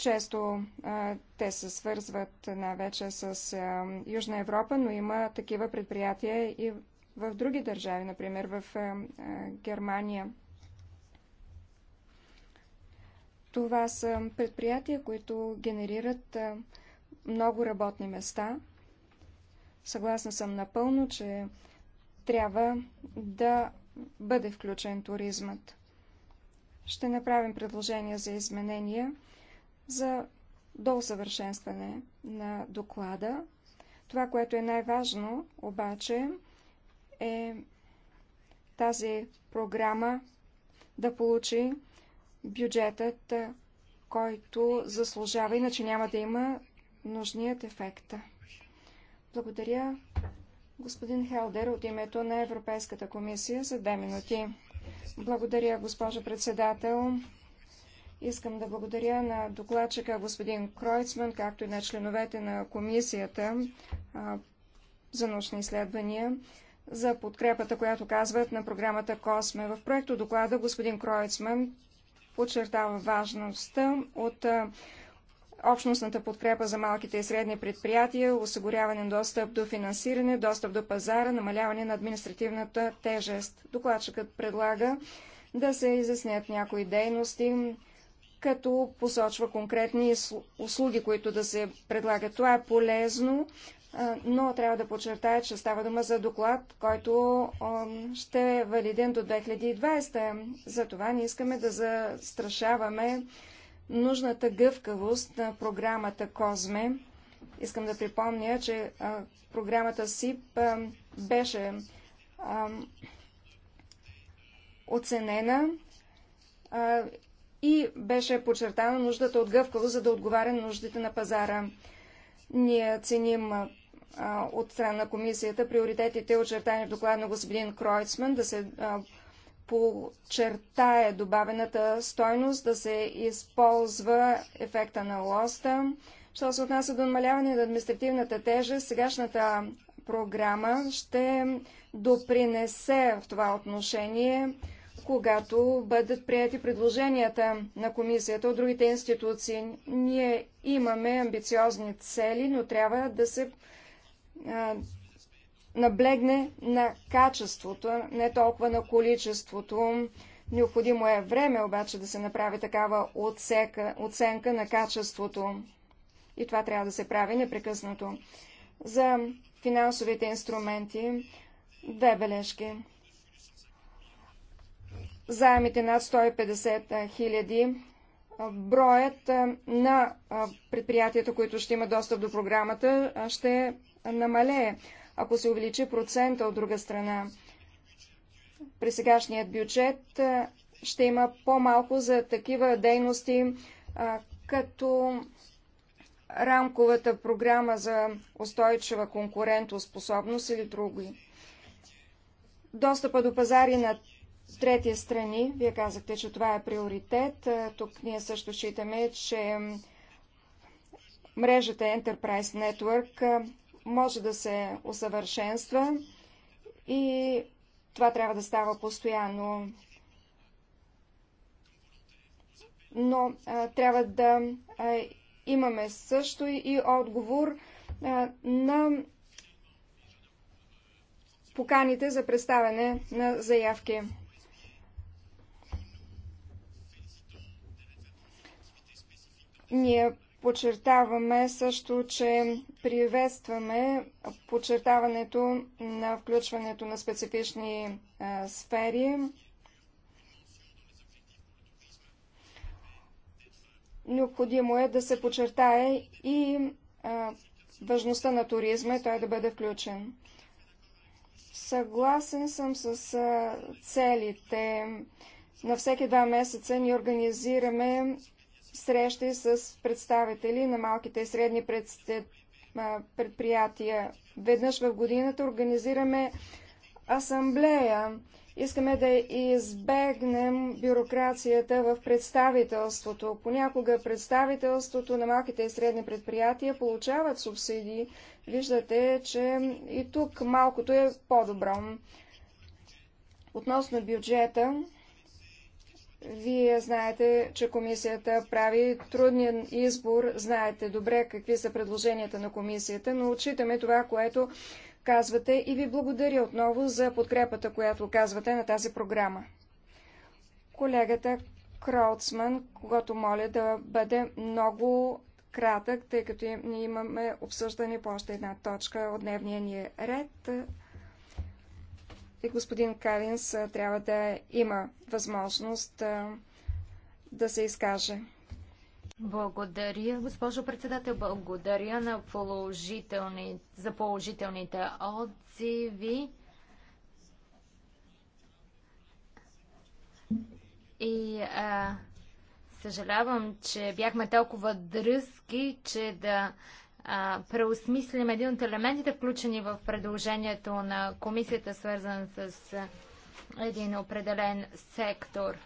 Често а, те се свързват най-вече с а, Южна Европа, но има такива предприятия и в други държави, например в а, Германия. Това са предприятия, които генерират много работни места. Съгласна съм напълно, че трябва да бъде включен туризмът. Ще направим предложения за изменения за доусъвършенстване на доклада. Това, което е най-важно обаче е тази програма да получи бюджетът, който заслужава, иначе няма да има нужният ефект. Благодаря господин Хелдер от името на Европейската комисия за две минути. Благодаря, госпожо председател. Искам да благодаря на докладчика господин Кройцман, както и на членовете на комисията а, за научни изследвания за подкрепата, която казват на програмата Косме. В проекто доклада господин Кройцман подчертава важността от а, общностната подкрепа за малките и средни предприятия, осигуряване на достъп до финансиране, достъп до пазара, намаляване на административната тежест. Докладчикът предлага да се изяснят някои дейности, като посочва конкретни услуги, които да се предлагат. Това е полезно, но трябва да подчертая, че става дума за доклад, който ще е валиден до 2020. Затова не искаме да застрашаваме нужната гъвкавост на програмата Козме. Искам да припомня, че програмата СИП беше оценена и беше подчертана нуждата от гъвкаво, за да отговаря на нуждите на пазара. Ние ценим от страна на комисията приоритетите, очертани в доклад на господин Кройцман, да се почертае добавената стойност, да се използва ефекта на лоста. Що се отнася до намаляване на административната тежест, сегашната програма ще допринесе в това отношение когато бъдат прияти предложенията на комисията от другите институции. Ние имаме амбициозни цели, но трябва да се а, наблегне на качеството, не толкова на количеството. Необходимо е време обаче да се направи такава отсека, оценка на качеството. И това трябва да се прави непрекъснато. За финансовите инструменти две бележки заемите над 150 хиляди, броят на предприятията, които ще имат достъп до програмата, ще намалее, ако се увеличи процента от друга страна. При сегашният бюджет ще има по-малко за такива дейности, като рамковата програма за устойчива конкурентоспособност или други. Достъпа до пазари на третия страни. Вие казахте, че това е приоритет. Тук ние също считаме, че мрежата Enterprise Network може да се усъвършенства и това трябва да става постоянно. Но а, трябва да а, имаме също и отговор а, на поканите за представяне на заявки. Ние подчертаваме също, че приветстваме подчертаването на включването на специфични а, сфери. Необходимо е да се подчертае и а, важността на туризма и той да бъде включен. Съгласен съм с а, целите. На всеки два месеца ни организираме срещи с представители на малките и средни предприятия. Веднъж в годината организираме асамблея. Искаме да избегнем бюрокрацията в представителството. Понякога представителството на малките и средни предприятия получават субсидии. Виждате, че и тук малкото е по-добро. Относно бюджета, вие знаете, че комисията прави труден избор, знаете добре какви са предложенията на комисията, но отчитаме това, което казвате и ви благодаря отново за подкрепата, която казвате на тази програма. Колегата Кроуцман, когато моля да бъде много кратък, тъй като ние имаме обсъждане по още една точка от дневния ни ред и господин Калинс трябва да има възможност да се изкаже. Благодаря, госпожо председател. Благодаря на положителни, за положителните отзиви. И а, съжалявам, че бяхме толкова дръзки, че да преосмислим един от елементите, включени в предложението на комисията, свързан с един определен сектор.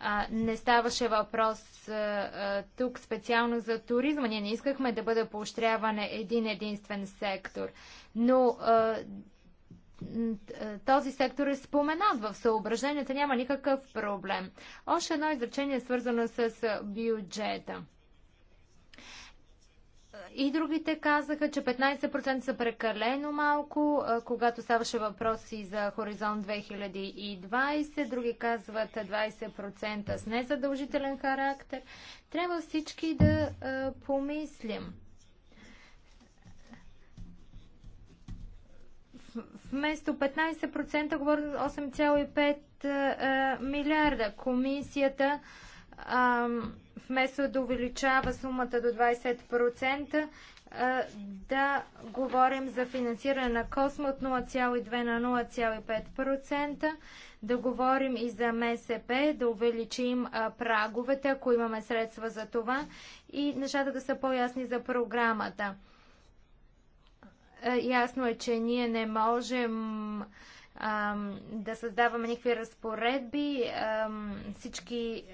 А, не ставаше въпрос а, тук специално за туризма. Ние не искахме да бъде поощряване един единствен сектор. Но този сектор е споменат в съображенията, няма никакъв проблем. Още едно изречение е свързано с бюджета. И другите казаха, че 15% са прекалено малко, когато ставаше въпроси за Хоризонт 2020. Други казват 20% с незадължителен характер. Трябва всички да помислим. Вместо 15% за 8,5 милиарда. Комисията вместо да увеличава сумата до 20%, да говорим за финансиране на Космо от 0,2 на 0,5%, да говорим и за МСП, да увеличим праговете, ако имаме средства за това и нещата да са по-ясни за програмата. Ясно е, че ние не можем да създаваме никакви разпоредби. Всички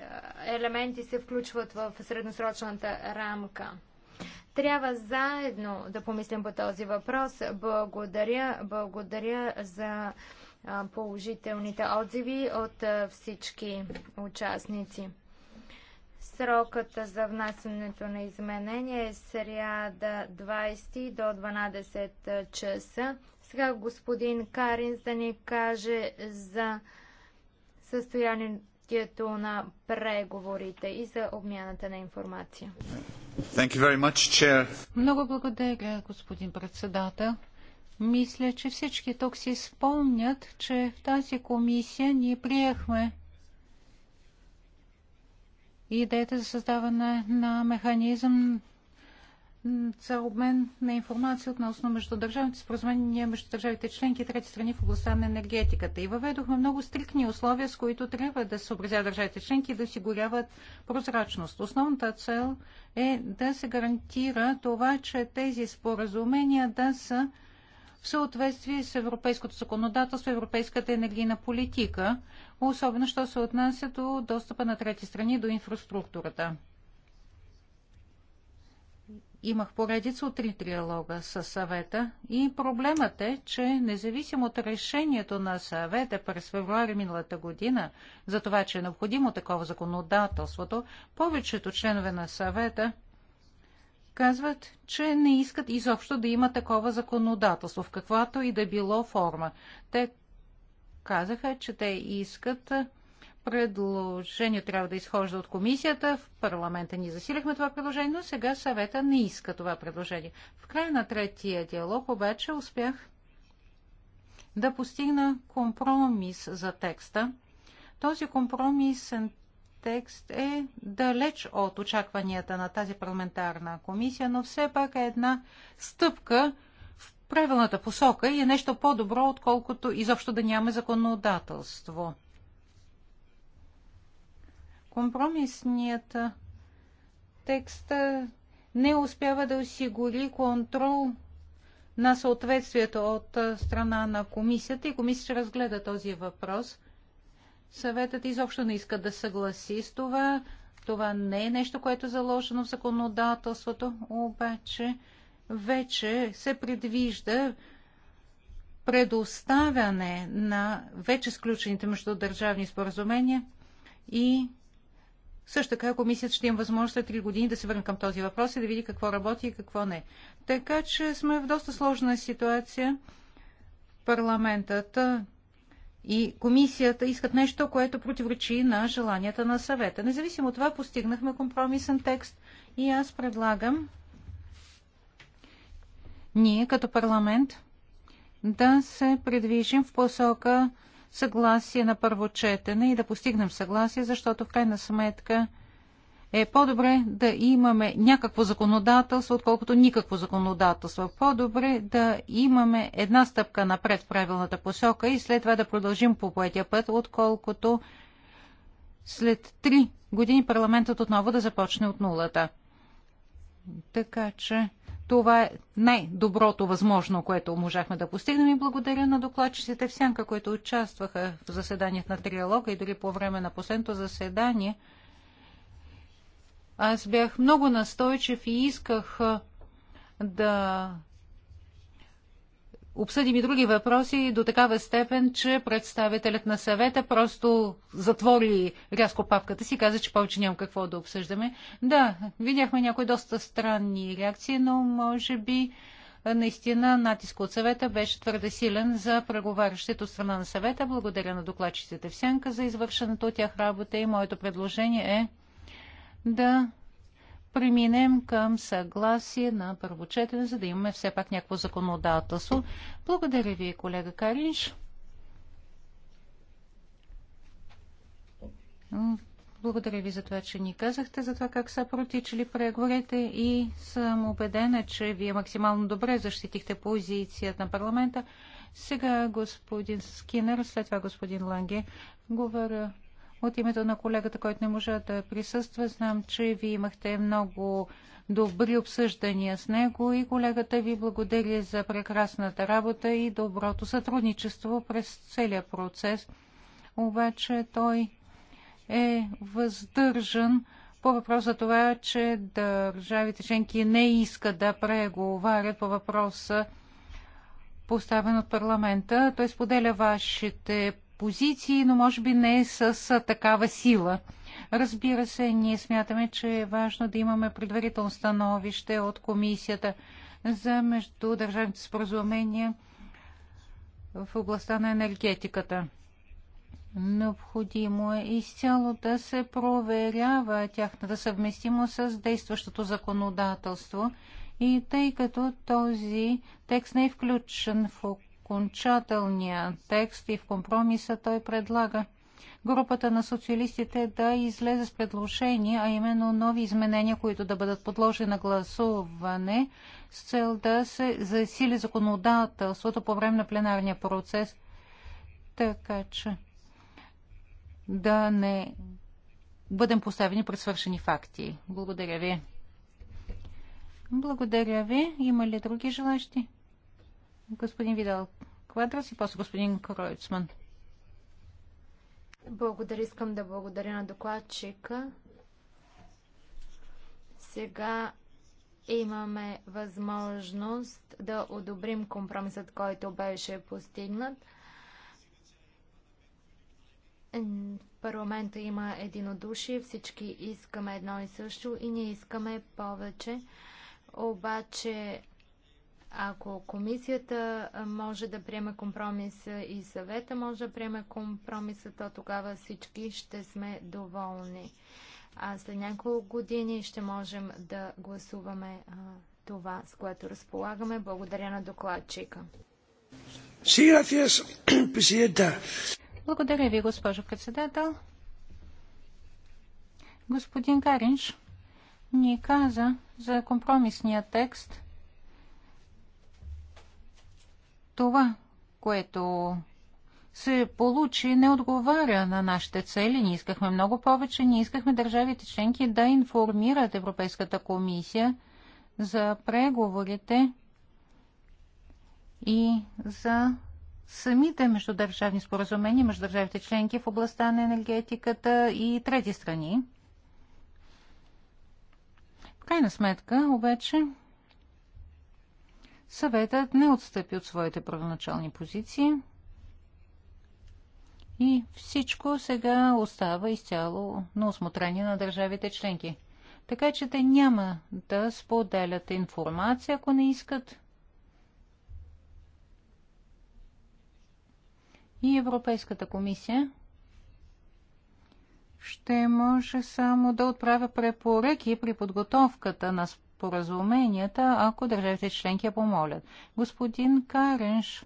елементи се включват в средносрочната рамка. Трябва заедно да помислим по този въпрос. Благодаря, благодаря за положителните отзиви от всички участници. Срокът за внасянето на изменения е сряда 20 до 12 часа. Сега господин Каринс да ни каже за състоянието на преговорите и за обмяната на информация. Thank you very much, chair. Много благодаря, господин председател. Мисля, че всички тук си спомнят, че в тази комисия ние приехме идеята за създаване на механизъм за обмен на информация относно междудържавните споразумения между държавите членки и трети страни в областта на енергетиката. И въведохме много стрикни условия, с които трябва да съобразяват държавите членки и да осигуряват прозрачност. Основната цел е да се гарантира това, че тези споразумения да са в съответствие с европейското законодателство, европейската енергийна политика, особено що се отнася до достъпа на трети страни до инфраструктурата имах поредица от три триалога с съвета и проблемът е, че независимо от решението на съвета през февруари миналата година за това, че е необходимо такова законодателството, повечето членове на съвета казват, че не искат изобщо да има такова законодателство, в каквато и да било форма. Те казаха, че те искат предложение трябва да изхожда от комисията. В парламента ни засилихме това предложение, но сега съвета не иска това предложение. В края на третия диалог обаче успях да постигна компромис за текста. Този компромисен текст е далеч от очакванията на тази парламентарна комисия, но все пак е една стъпка в правилната посока и е нещо по-добро, отколкото изобщо да няма законодателство. Компромисният текст не успява да осигури контрол на съответствието от страна на комисията и комисията ще разгледа този въпрос. Съветът изобщо не иска да съгласи с това. Това не е нещо, което е заложено в законодателството, обаче вече се предвижда предоставяне на вече сключените междудържавни споразумения и също така комисията ще има възможност след 3 години да се върне към този въпрос и да види какво работи и какво не. Така че сме в доста сложна ситуация. Парламентът и комисията искат нещо, което противоречи на желанията на съвета. Независимо от това, постигнахме компромисен текст и аз предлагам ние като парламент да се предвижим в посока съгласие на първо четене и да постигнем съгласие, защото в крайна сметка е по-добре да имаме някакво законодателство, отколкото никакво законодателство. По-добре да имаме една стъпка напред в правилната посока и след това да продължим по поетия път, отколкото след три години парламентът отново да започне от нулата. Така че това е най-доброто възможно, което можахме да постигнем и благодаря на докладчиците в Сянка, които участваха в заседанието на триалога и дори по време на последното заседание. Аз бях много настойчив и исках да обсъдим и други въпроси до такава степен, че представителят на съвета просто затвори рязко папката си и каза, че повече няма какво да обсъждаме. Да, видяхме някои доста странни реакции, но може би наистина натиск от съвета беше твърде силен за преговарящите от страна на съвета. Благодаря на докладчиците в Сянка за извършената от тях работа и моето предложение е да преминем към съгласие на първо четене, за да имаме все пак някакво законодателство. Благодаря ви, колега Каринш. Благодаря ви за това, че ни казахте, за това как са протичали преговорите и съм убедена, че вие максимално добре защитихте позицията на парламента. Сега господин Скинер, след това господин Ланге. Говоря от името на колегата, който не може да присъства, знам, че ви имахте много добри обсъждания с него и колегата ви благодари за прекрасната работа и доброто сътрудничество през целия процес. Обаче той е въздържан по въпрос за това, че държавите членки не искат да преговарят по въпроса поставен от парламента. Той споделя вашите позиции, но може би не с такава сила. Разбира се, ние смятаме, че е важно да имаме предварително становище от комисията за междудържавните споразумения в областта на енергетиката. Необходимо е изцяло да се проверява тяхната съвместимост с действащото законодателство и тъй като този текст не е включен в окончателния текст и в компромиса той предлага групата на социалистите да излезе с предложение, а именно нови изменения, които да бъдат подложени на гласуване с цел да се засили законодателството по време на пленарния процес. Така че да не бъдем поставени пред свършени факти. Благодаря ви. Благодаря ви. Има ли други желащи? господин Видал Квадрас и после господин Кройцман. Благодаря, искам да благодаря на докладчика. Сега имаме възможност да одобрим компромисът, който беше постигнат. Парламента има единодушие, всички искаме едно и също и ние искаме повече. Обаче ако комисията може да приеме компромиса и съвета може да приеме компромиса, то тогава всички ще сме доволни. А след няколко години ще можем да гласуваме а, това, с което разполагаме. Благодаря на докладчика. Благодаря ви, госпожо председател. Господин Каринш ни каза за компромисния текст това, което се получи, не отговаря на нашите цели. Ние искахме много повече. Ние искахме държавите членки да информират Европейската комисия за преговорите и за самите междудържавни споразумения между държавите членки в областта на енергетиката и трети страни. В крайна сметка, обаче, Съветът не отстъпи от своите първоначални позиции и всичко сега остава изцяло на осмотрение на държавите членки. Така че те няма да споделят информация, ако не искат. И Европейската комисия ще може само да отправя препоръки при подготовката на спорта споразуменията, ако държавите членки я помолят. Господин Каренш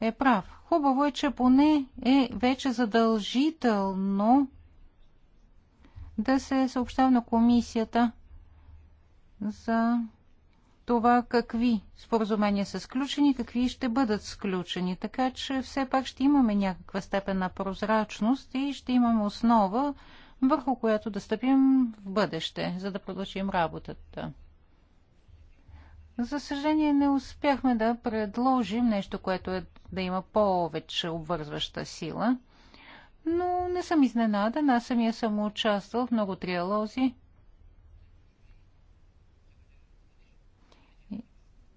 е прав. Хубаво е, че поне е вече задължително да се съобщава на комисията за това какви споразумения са сключени, какви ще бъдат сключени. Така че все пак ще имаме някаква степен на прозрачност и ще имаме основа, върху която да стъпим в бъдеще, за да продължим работата. За съжаление не успяхме да предложим нещо, което е да има повече обвързваща сила. Но не съм изненадан, аз самия съм участвал в много триалози.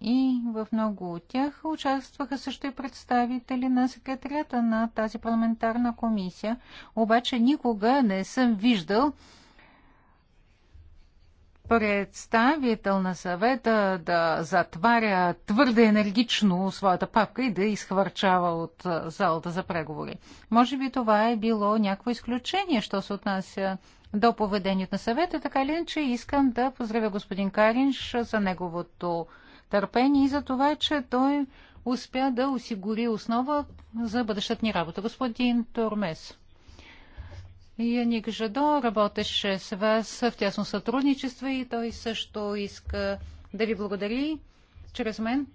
И в много от тях участваха също и представители на секретарията на тази парламентарна комисия. Обаче никога не съм виждал представител на съвета да затваря твърде енергично своята папка и да изхвърчава от залата за преговори. Може би това е било някакво изключение, що се отнася до поведението на съвета. Така ли, че искам да поздравя господин Каринш за неговото търпение и за това, че той успя да осигури основа за бъдещата ни работа. Господин Турмес. Яник Жадо работеше с вас в тясно сътрудничество и той също иска да ви благодари чрез мен.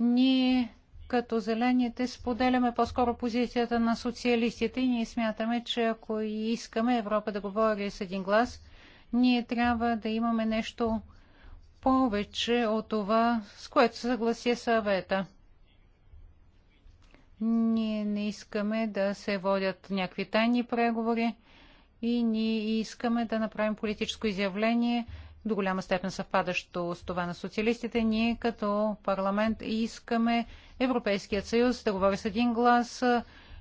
Ние като зелените споделяме по-скоро позицията на социалистите и ние смятаме, че ако искаме Европа да говори с един глас, ние трябва да имаме нещо повече от това, с което се съгласи съвета. Ние не искаме да се водят някакви тайни преговори и ние искаме да направим политическо изявление, до голяма степен съвпадащо с това на социалистите. Ние като парламент искаме Европейският съюз да говори с един глас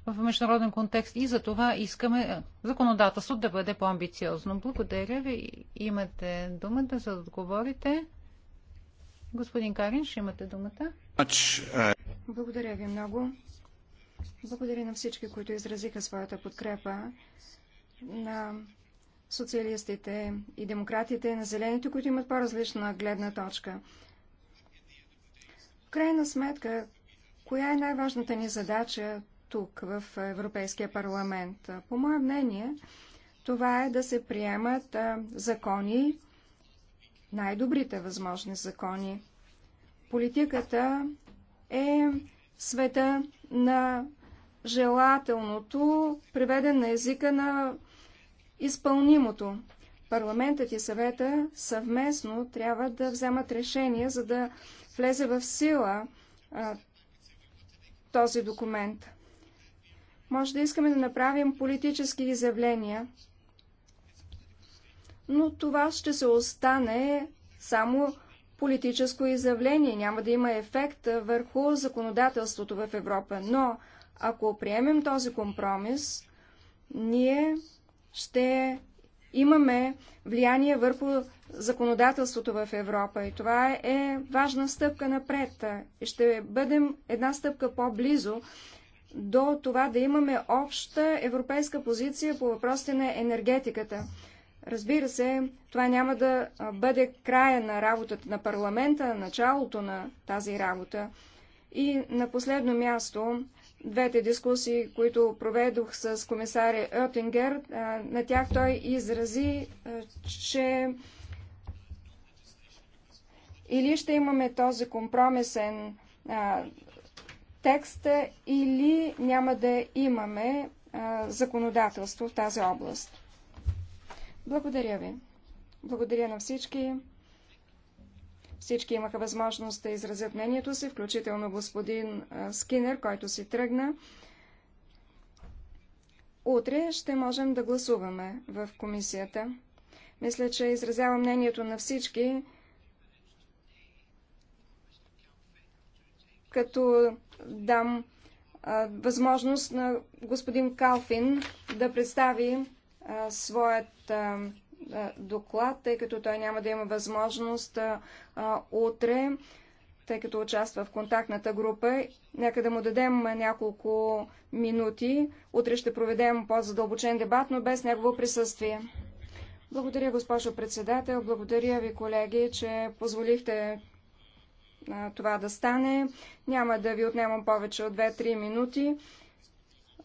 в международен контекст и за това искаме законодателството да бъде по-амбициозно. Благодаря ви. Имате думата за да отговорите. Господин Карин, ще имате думата. Uh, Благодаря ви много. Благодаря на всички, които изразиха своята подкрепа на социалистите и демократите, на зелените, които имат по-различна гледна точка. В крайна сметка, коя е най-важната ни задача тук, в Европейския парламент? По мое мнение, това е да се приемат закони, най-добрите възможни закони. Политиката е света на желателното, приведен на езика на изпълнимото. Парламентът и съвета съвместно трябва да вземат решение, за да влезе в сила а, този документ. Може да искаме да направим политически изявления, но това ще се остане само политическо изявление, няма да има ефект върху законодателството в Европа. Но ако приемем този компромис, ние ще имаме влияние върху законодателството в Европа. И това е важна стъпка напред. И ще бъдем една стъпка по-близо до това да имаме обща европейска позиция по въпросите на енергетиката. Разбира се, това няма да бъде края на работата на парламента, началото на тази работа. И на последно място, двете дискусии, които проведох с комисаря Оттингер, на тях той изрази, че или ще имаме този компромисен текст, или няма да имаме законодателство в тази област. Благодаря ви. Благодаря на всички. Всички имаха възможност да изразят мнението си, включително господин Скинер, който си тръгна. Утре ще можем да гласуваме в комисията. Мисля, че изразявам мнението на всички, като дам а, възможност на господин Калфин да представи своят доклад, тъй като той няма да има възможност утре, тъй като участва в контактната група. Нека да му дадем няколко минути. Утре ще проведем по-задълбочен дебат, но без негово присъствие. Благодаря, госпожо председател. Благодаря ви, колеги, че позволихте това да стане. Няма да ви отнемам повече от 2-3 минути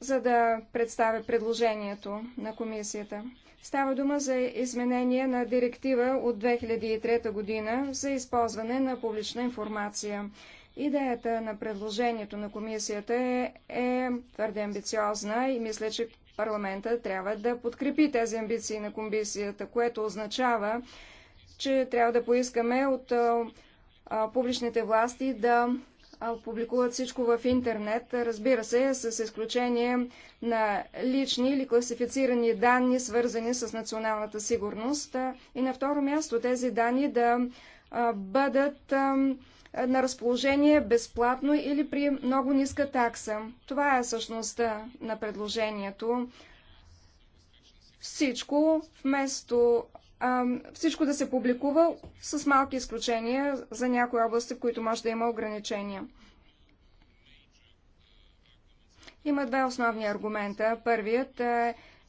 за да представя предложението на комисията. Става дума за изменение на директива от 2003 година за използване на публична информация. Идеята на предложението на комисията е, е твърде амбициозна и мисля, че парламента трябва да подкрепи тези амбиции на комисията, което означава, че трябва да поискаме от а, публичните власти да публикуват всичко в интернет, разбира се, с изключение на лични или класифицирани данни, свързани с националната сигурност. И на второ място тези данни да бъдат на разположение безплатно или при много ниска такса. Това е същността на предложението. Всичко вместо а, всичко да се публикува с малки изключения за някои области, в които може да има ограничения. Има две основни аргумента. Първият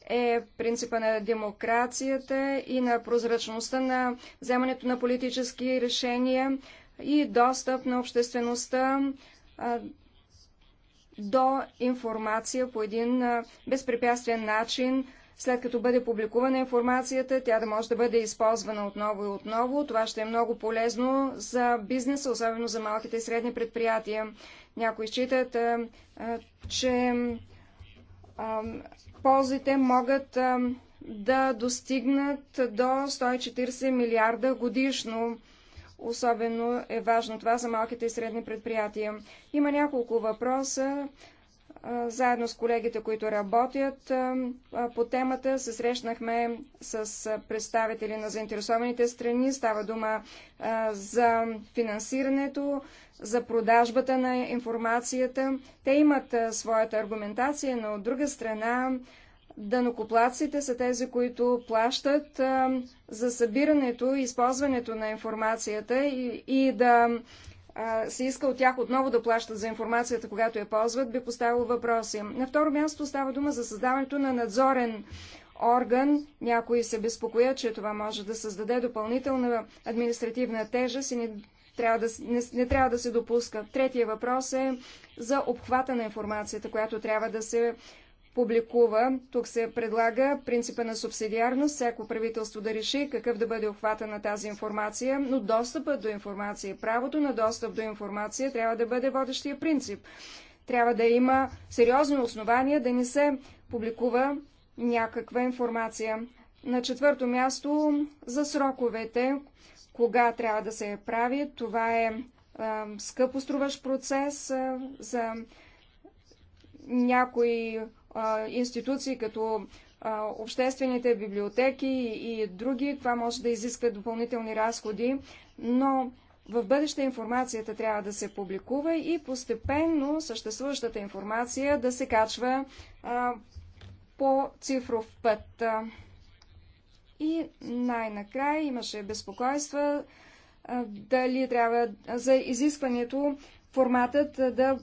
е принципа на демокрацията и на прозрачността на вземането на политически решения и достъп на обществеността а, до информация по един а, безпрепятствен начин след като бъде публикувана информацията, тя да може да бъде използвана отново и отново. Това ще е много полезно за бизнеса, особено за малките и средни предприятия. Някои считат, че ползите могат да достигнат до 140 милиарда годишно. Особено е важно това за малките и средни предприятия. Има няколко въпроса, заедно с колегите, които работят по темата, се срещнахме с представители на заинтересованите страни. Става дума за финансирането, за продажбата на информацията. Те имат своята аргументация, но от друга страна дънокоплаците са тези, които плащат за събирането и използването на информацията и, и да се иска от тях отново да плащат за информацията, когато я ползват, би поставил въпроси. На второ място става дума за създаването на надзорен орган. Някои се безпокоят, че това може да създаде допълнителна административна тежест и не трябва да, не, не трябва да се допуска. Третия въпрос е за обхвата на информацията, която трябва да се публикува. Тук се предлага принципа на субсидиарност, всяко правителство да реши какъв да бъде охвата на тази информация, но достъпът до информация, правото на достъп до информация трябва да бъде водещия принцип. Трябва да има сериозни основания да не се публикува някаква информация. На четвърто място за сроковете, кога трябва да се прави. Това е скъпо скъпоструващ процес за някои институции като обществените библиотеки и други. Това може да изисква допълнителни разходи, но в бъдеще информацията трябва да се публикува и постепенно съществуващата информация да се качва а, по цифров път. И най-накрая имаше безпокойства дали трябва за изискването форматът да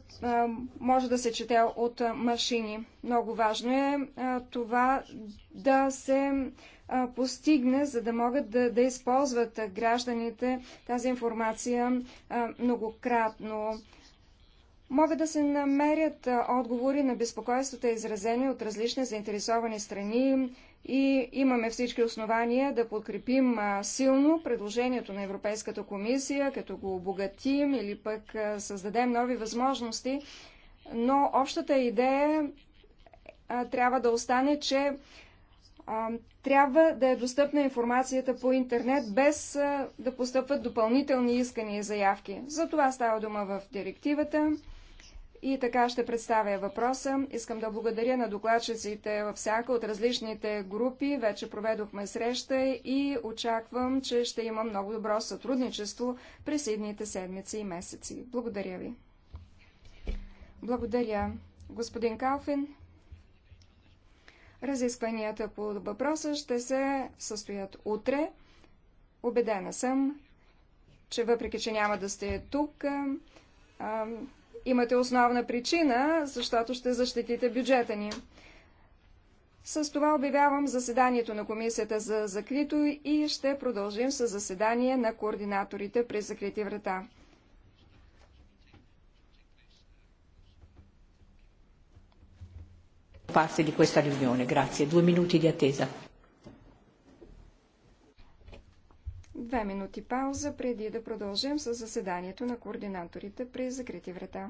може да се чете от машини. Много важно е това да се постигне, за да могат да, да използват гражданите тази информация многократно. Могат да се намерят отговори на безпокойствата, изразени от различни заинтересовани страни, и имаме всички основания да подкрепим силно предложението на Европейската комисия, като го обогатим или пък създадем нови възможности, но общата идея трябва да остане, че трябва да е достъпна информацията по интернет, без да постъпват допълнителни искания и заявки. За това става дума в директивата. И така ще представя въпроса. Искам да благодаря на докладчиците във всяка от различните групи. Вече проведохме среща и очаквам, че ще има много добро сътрудничество през идните седмици и месеци. Благодаря ви. Благодаря. Господин Калфин, разискванията по въпроса ще се състоят утре. Обедена съм, че въпреки, че няма да сте тук, Имате основна причина, защото ще защитите бюджета ни. С това обявявам заседанието на комисията за закрито и ще продължим с заседание на координаторите при закрити врата. parte di questa riunione. Grazie. Due minuti di attesa. Две минути пауза преди да продължим с заседанието на координаторите при закрити врата.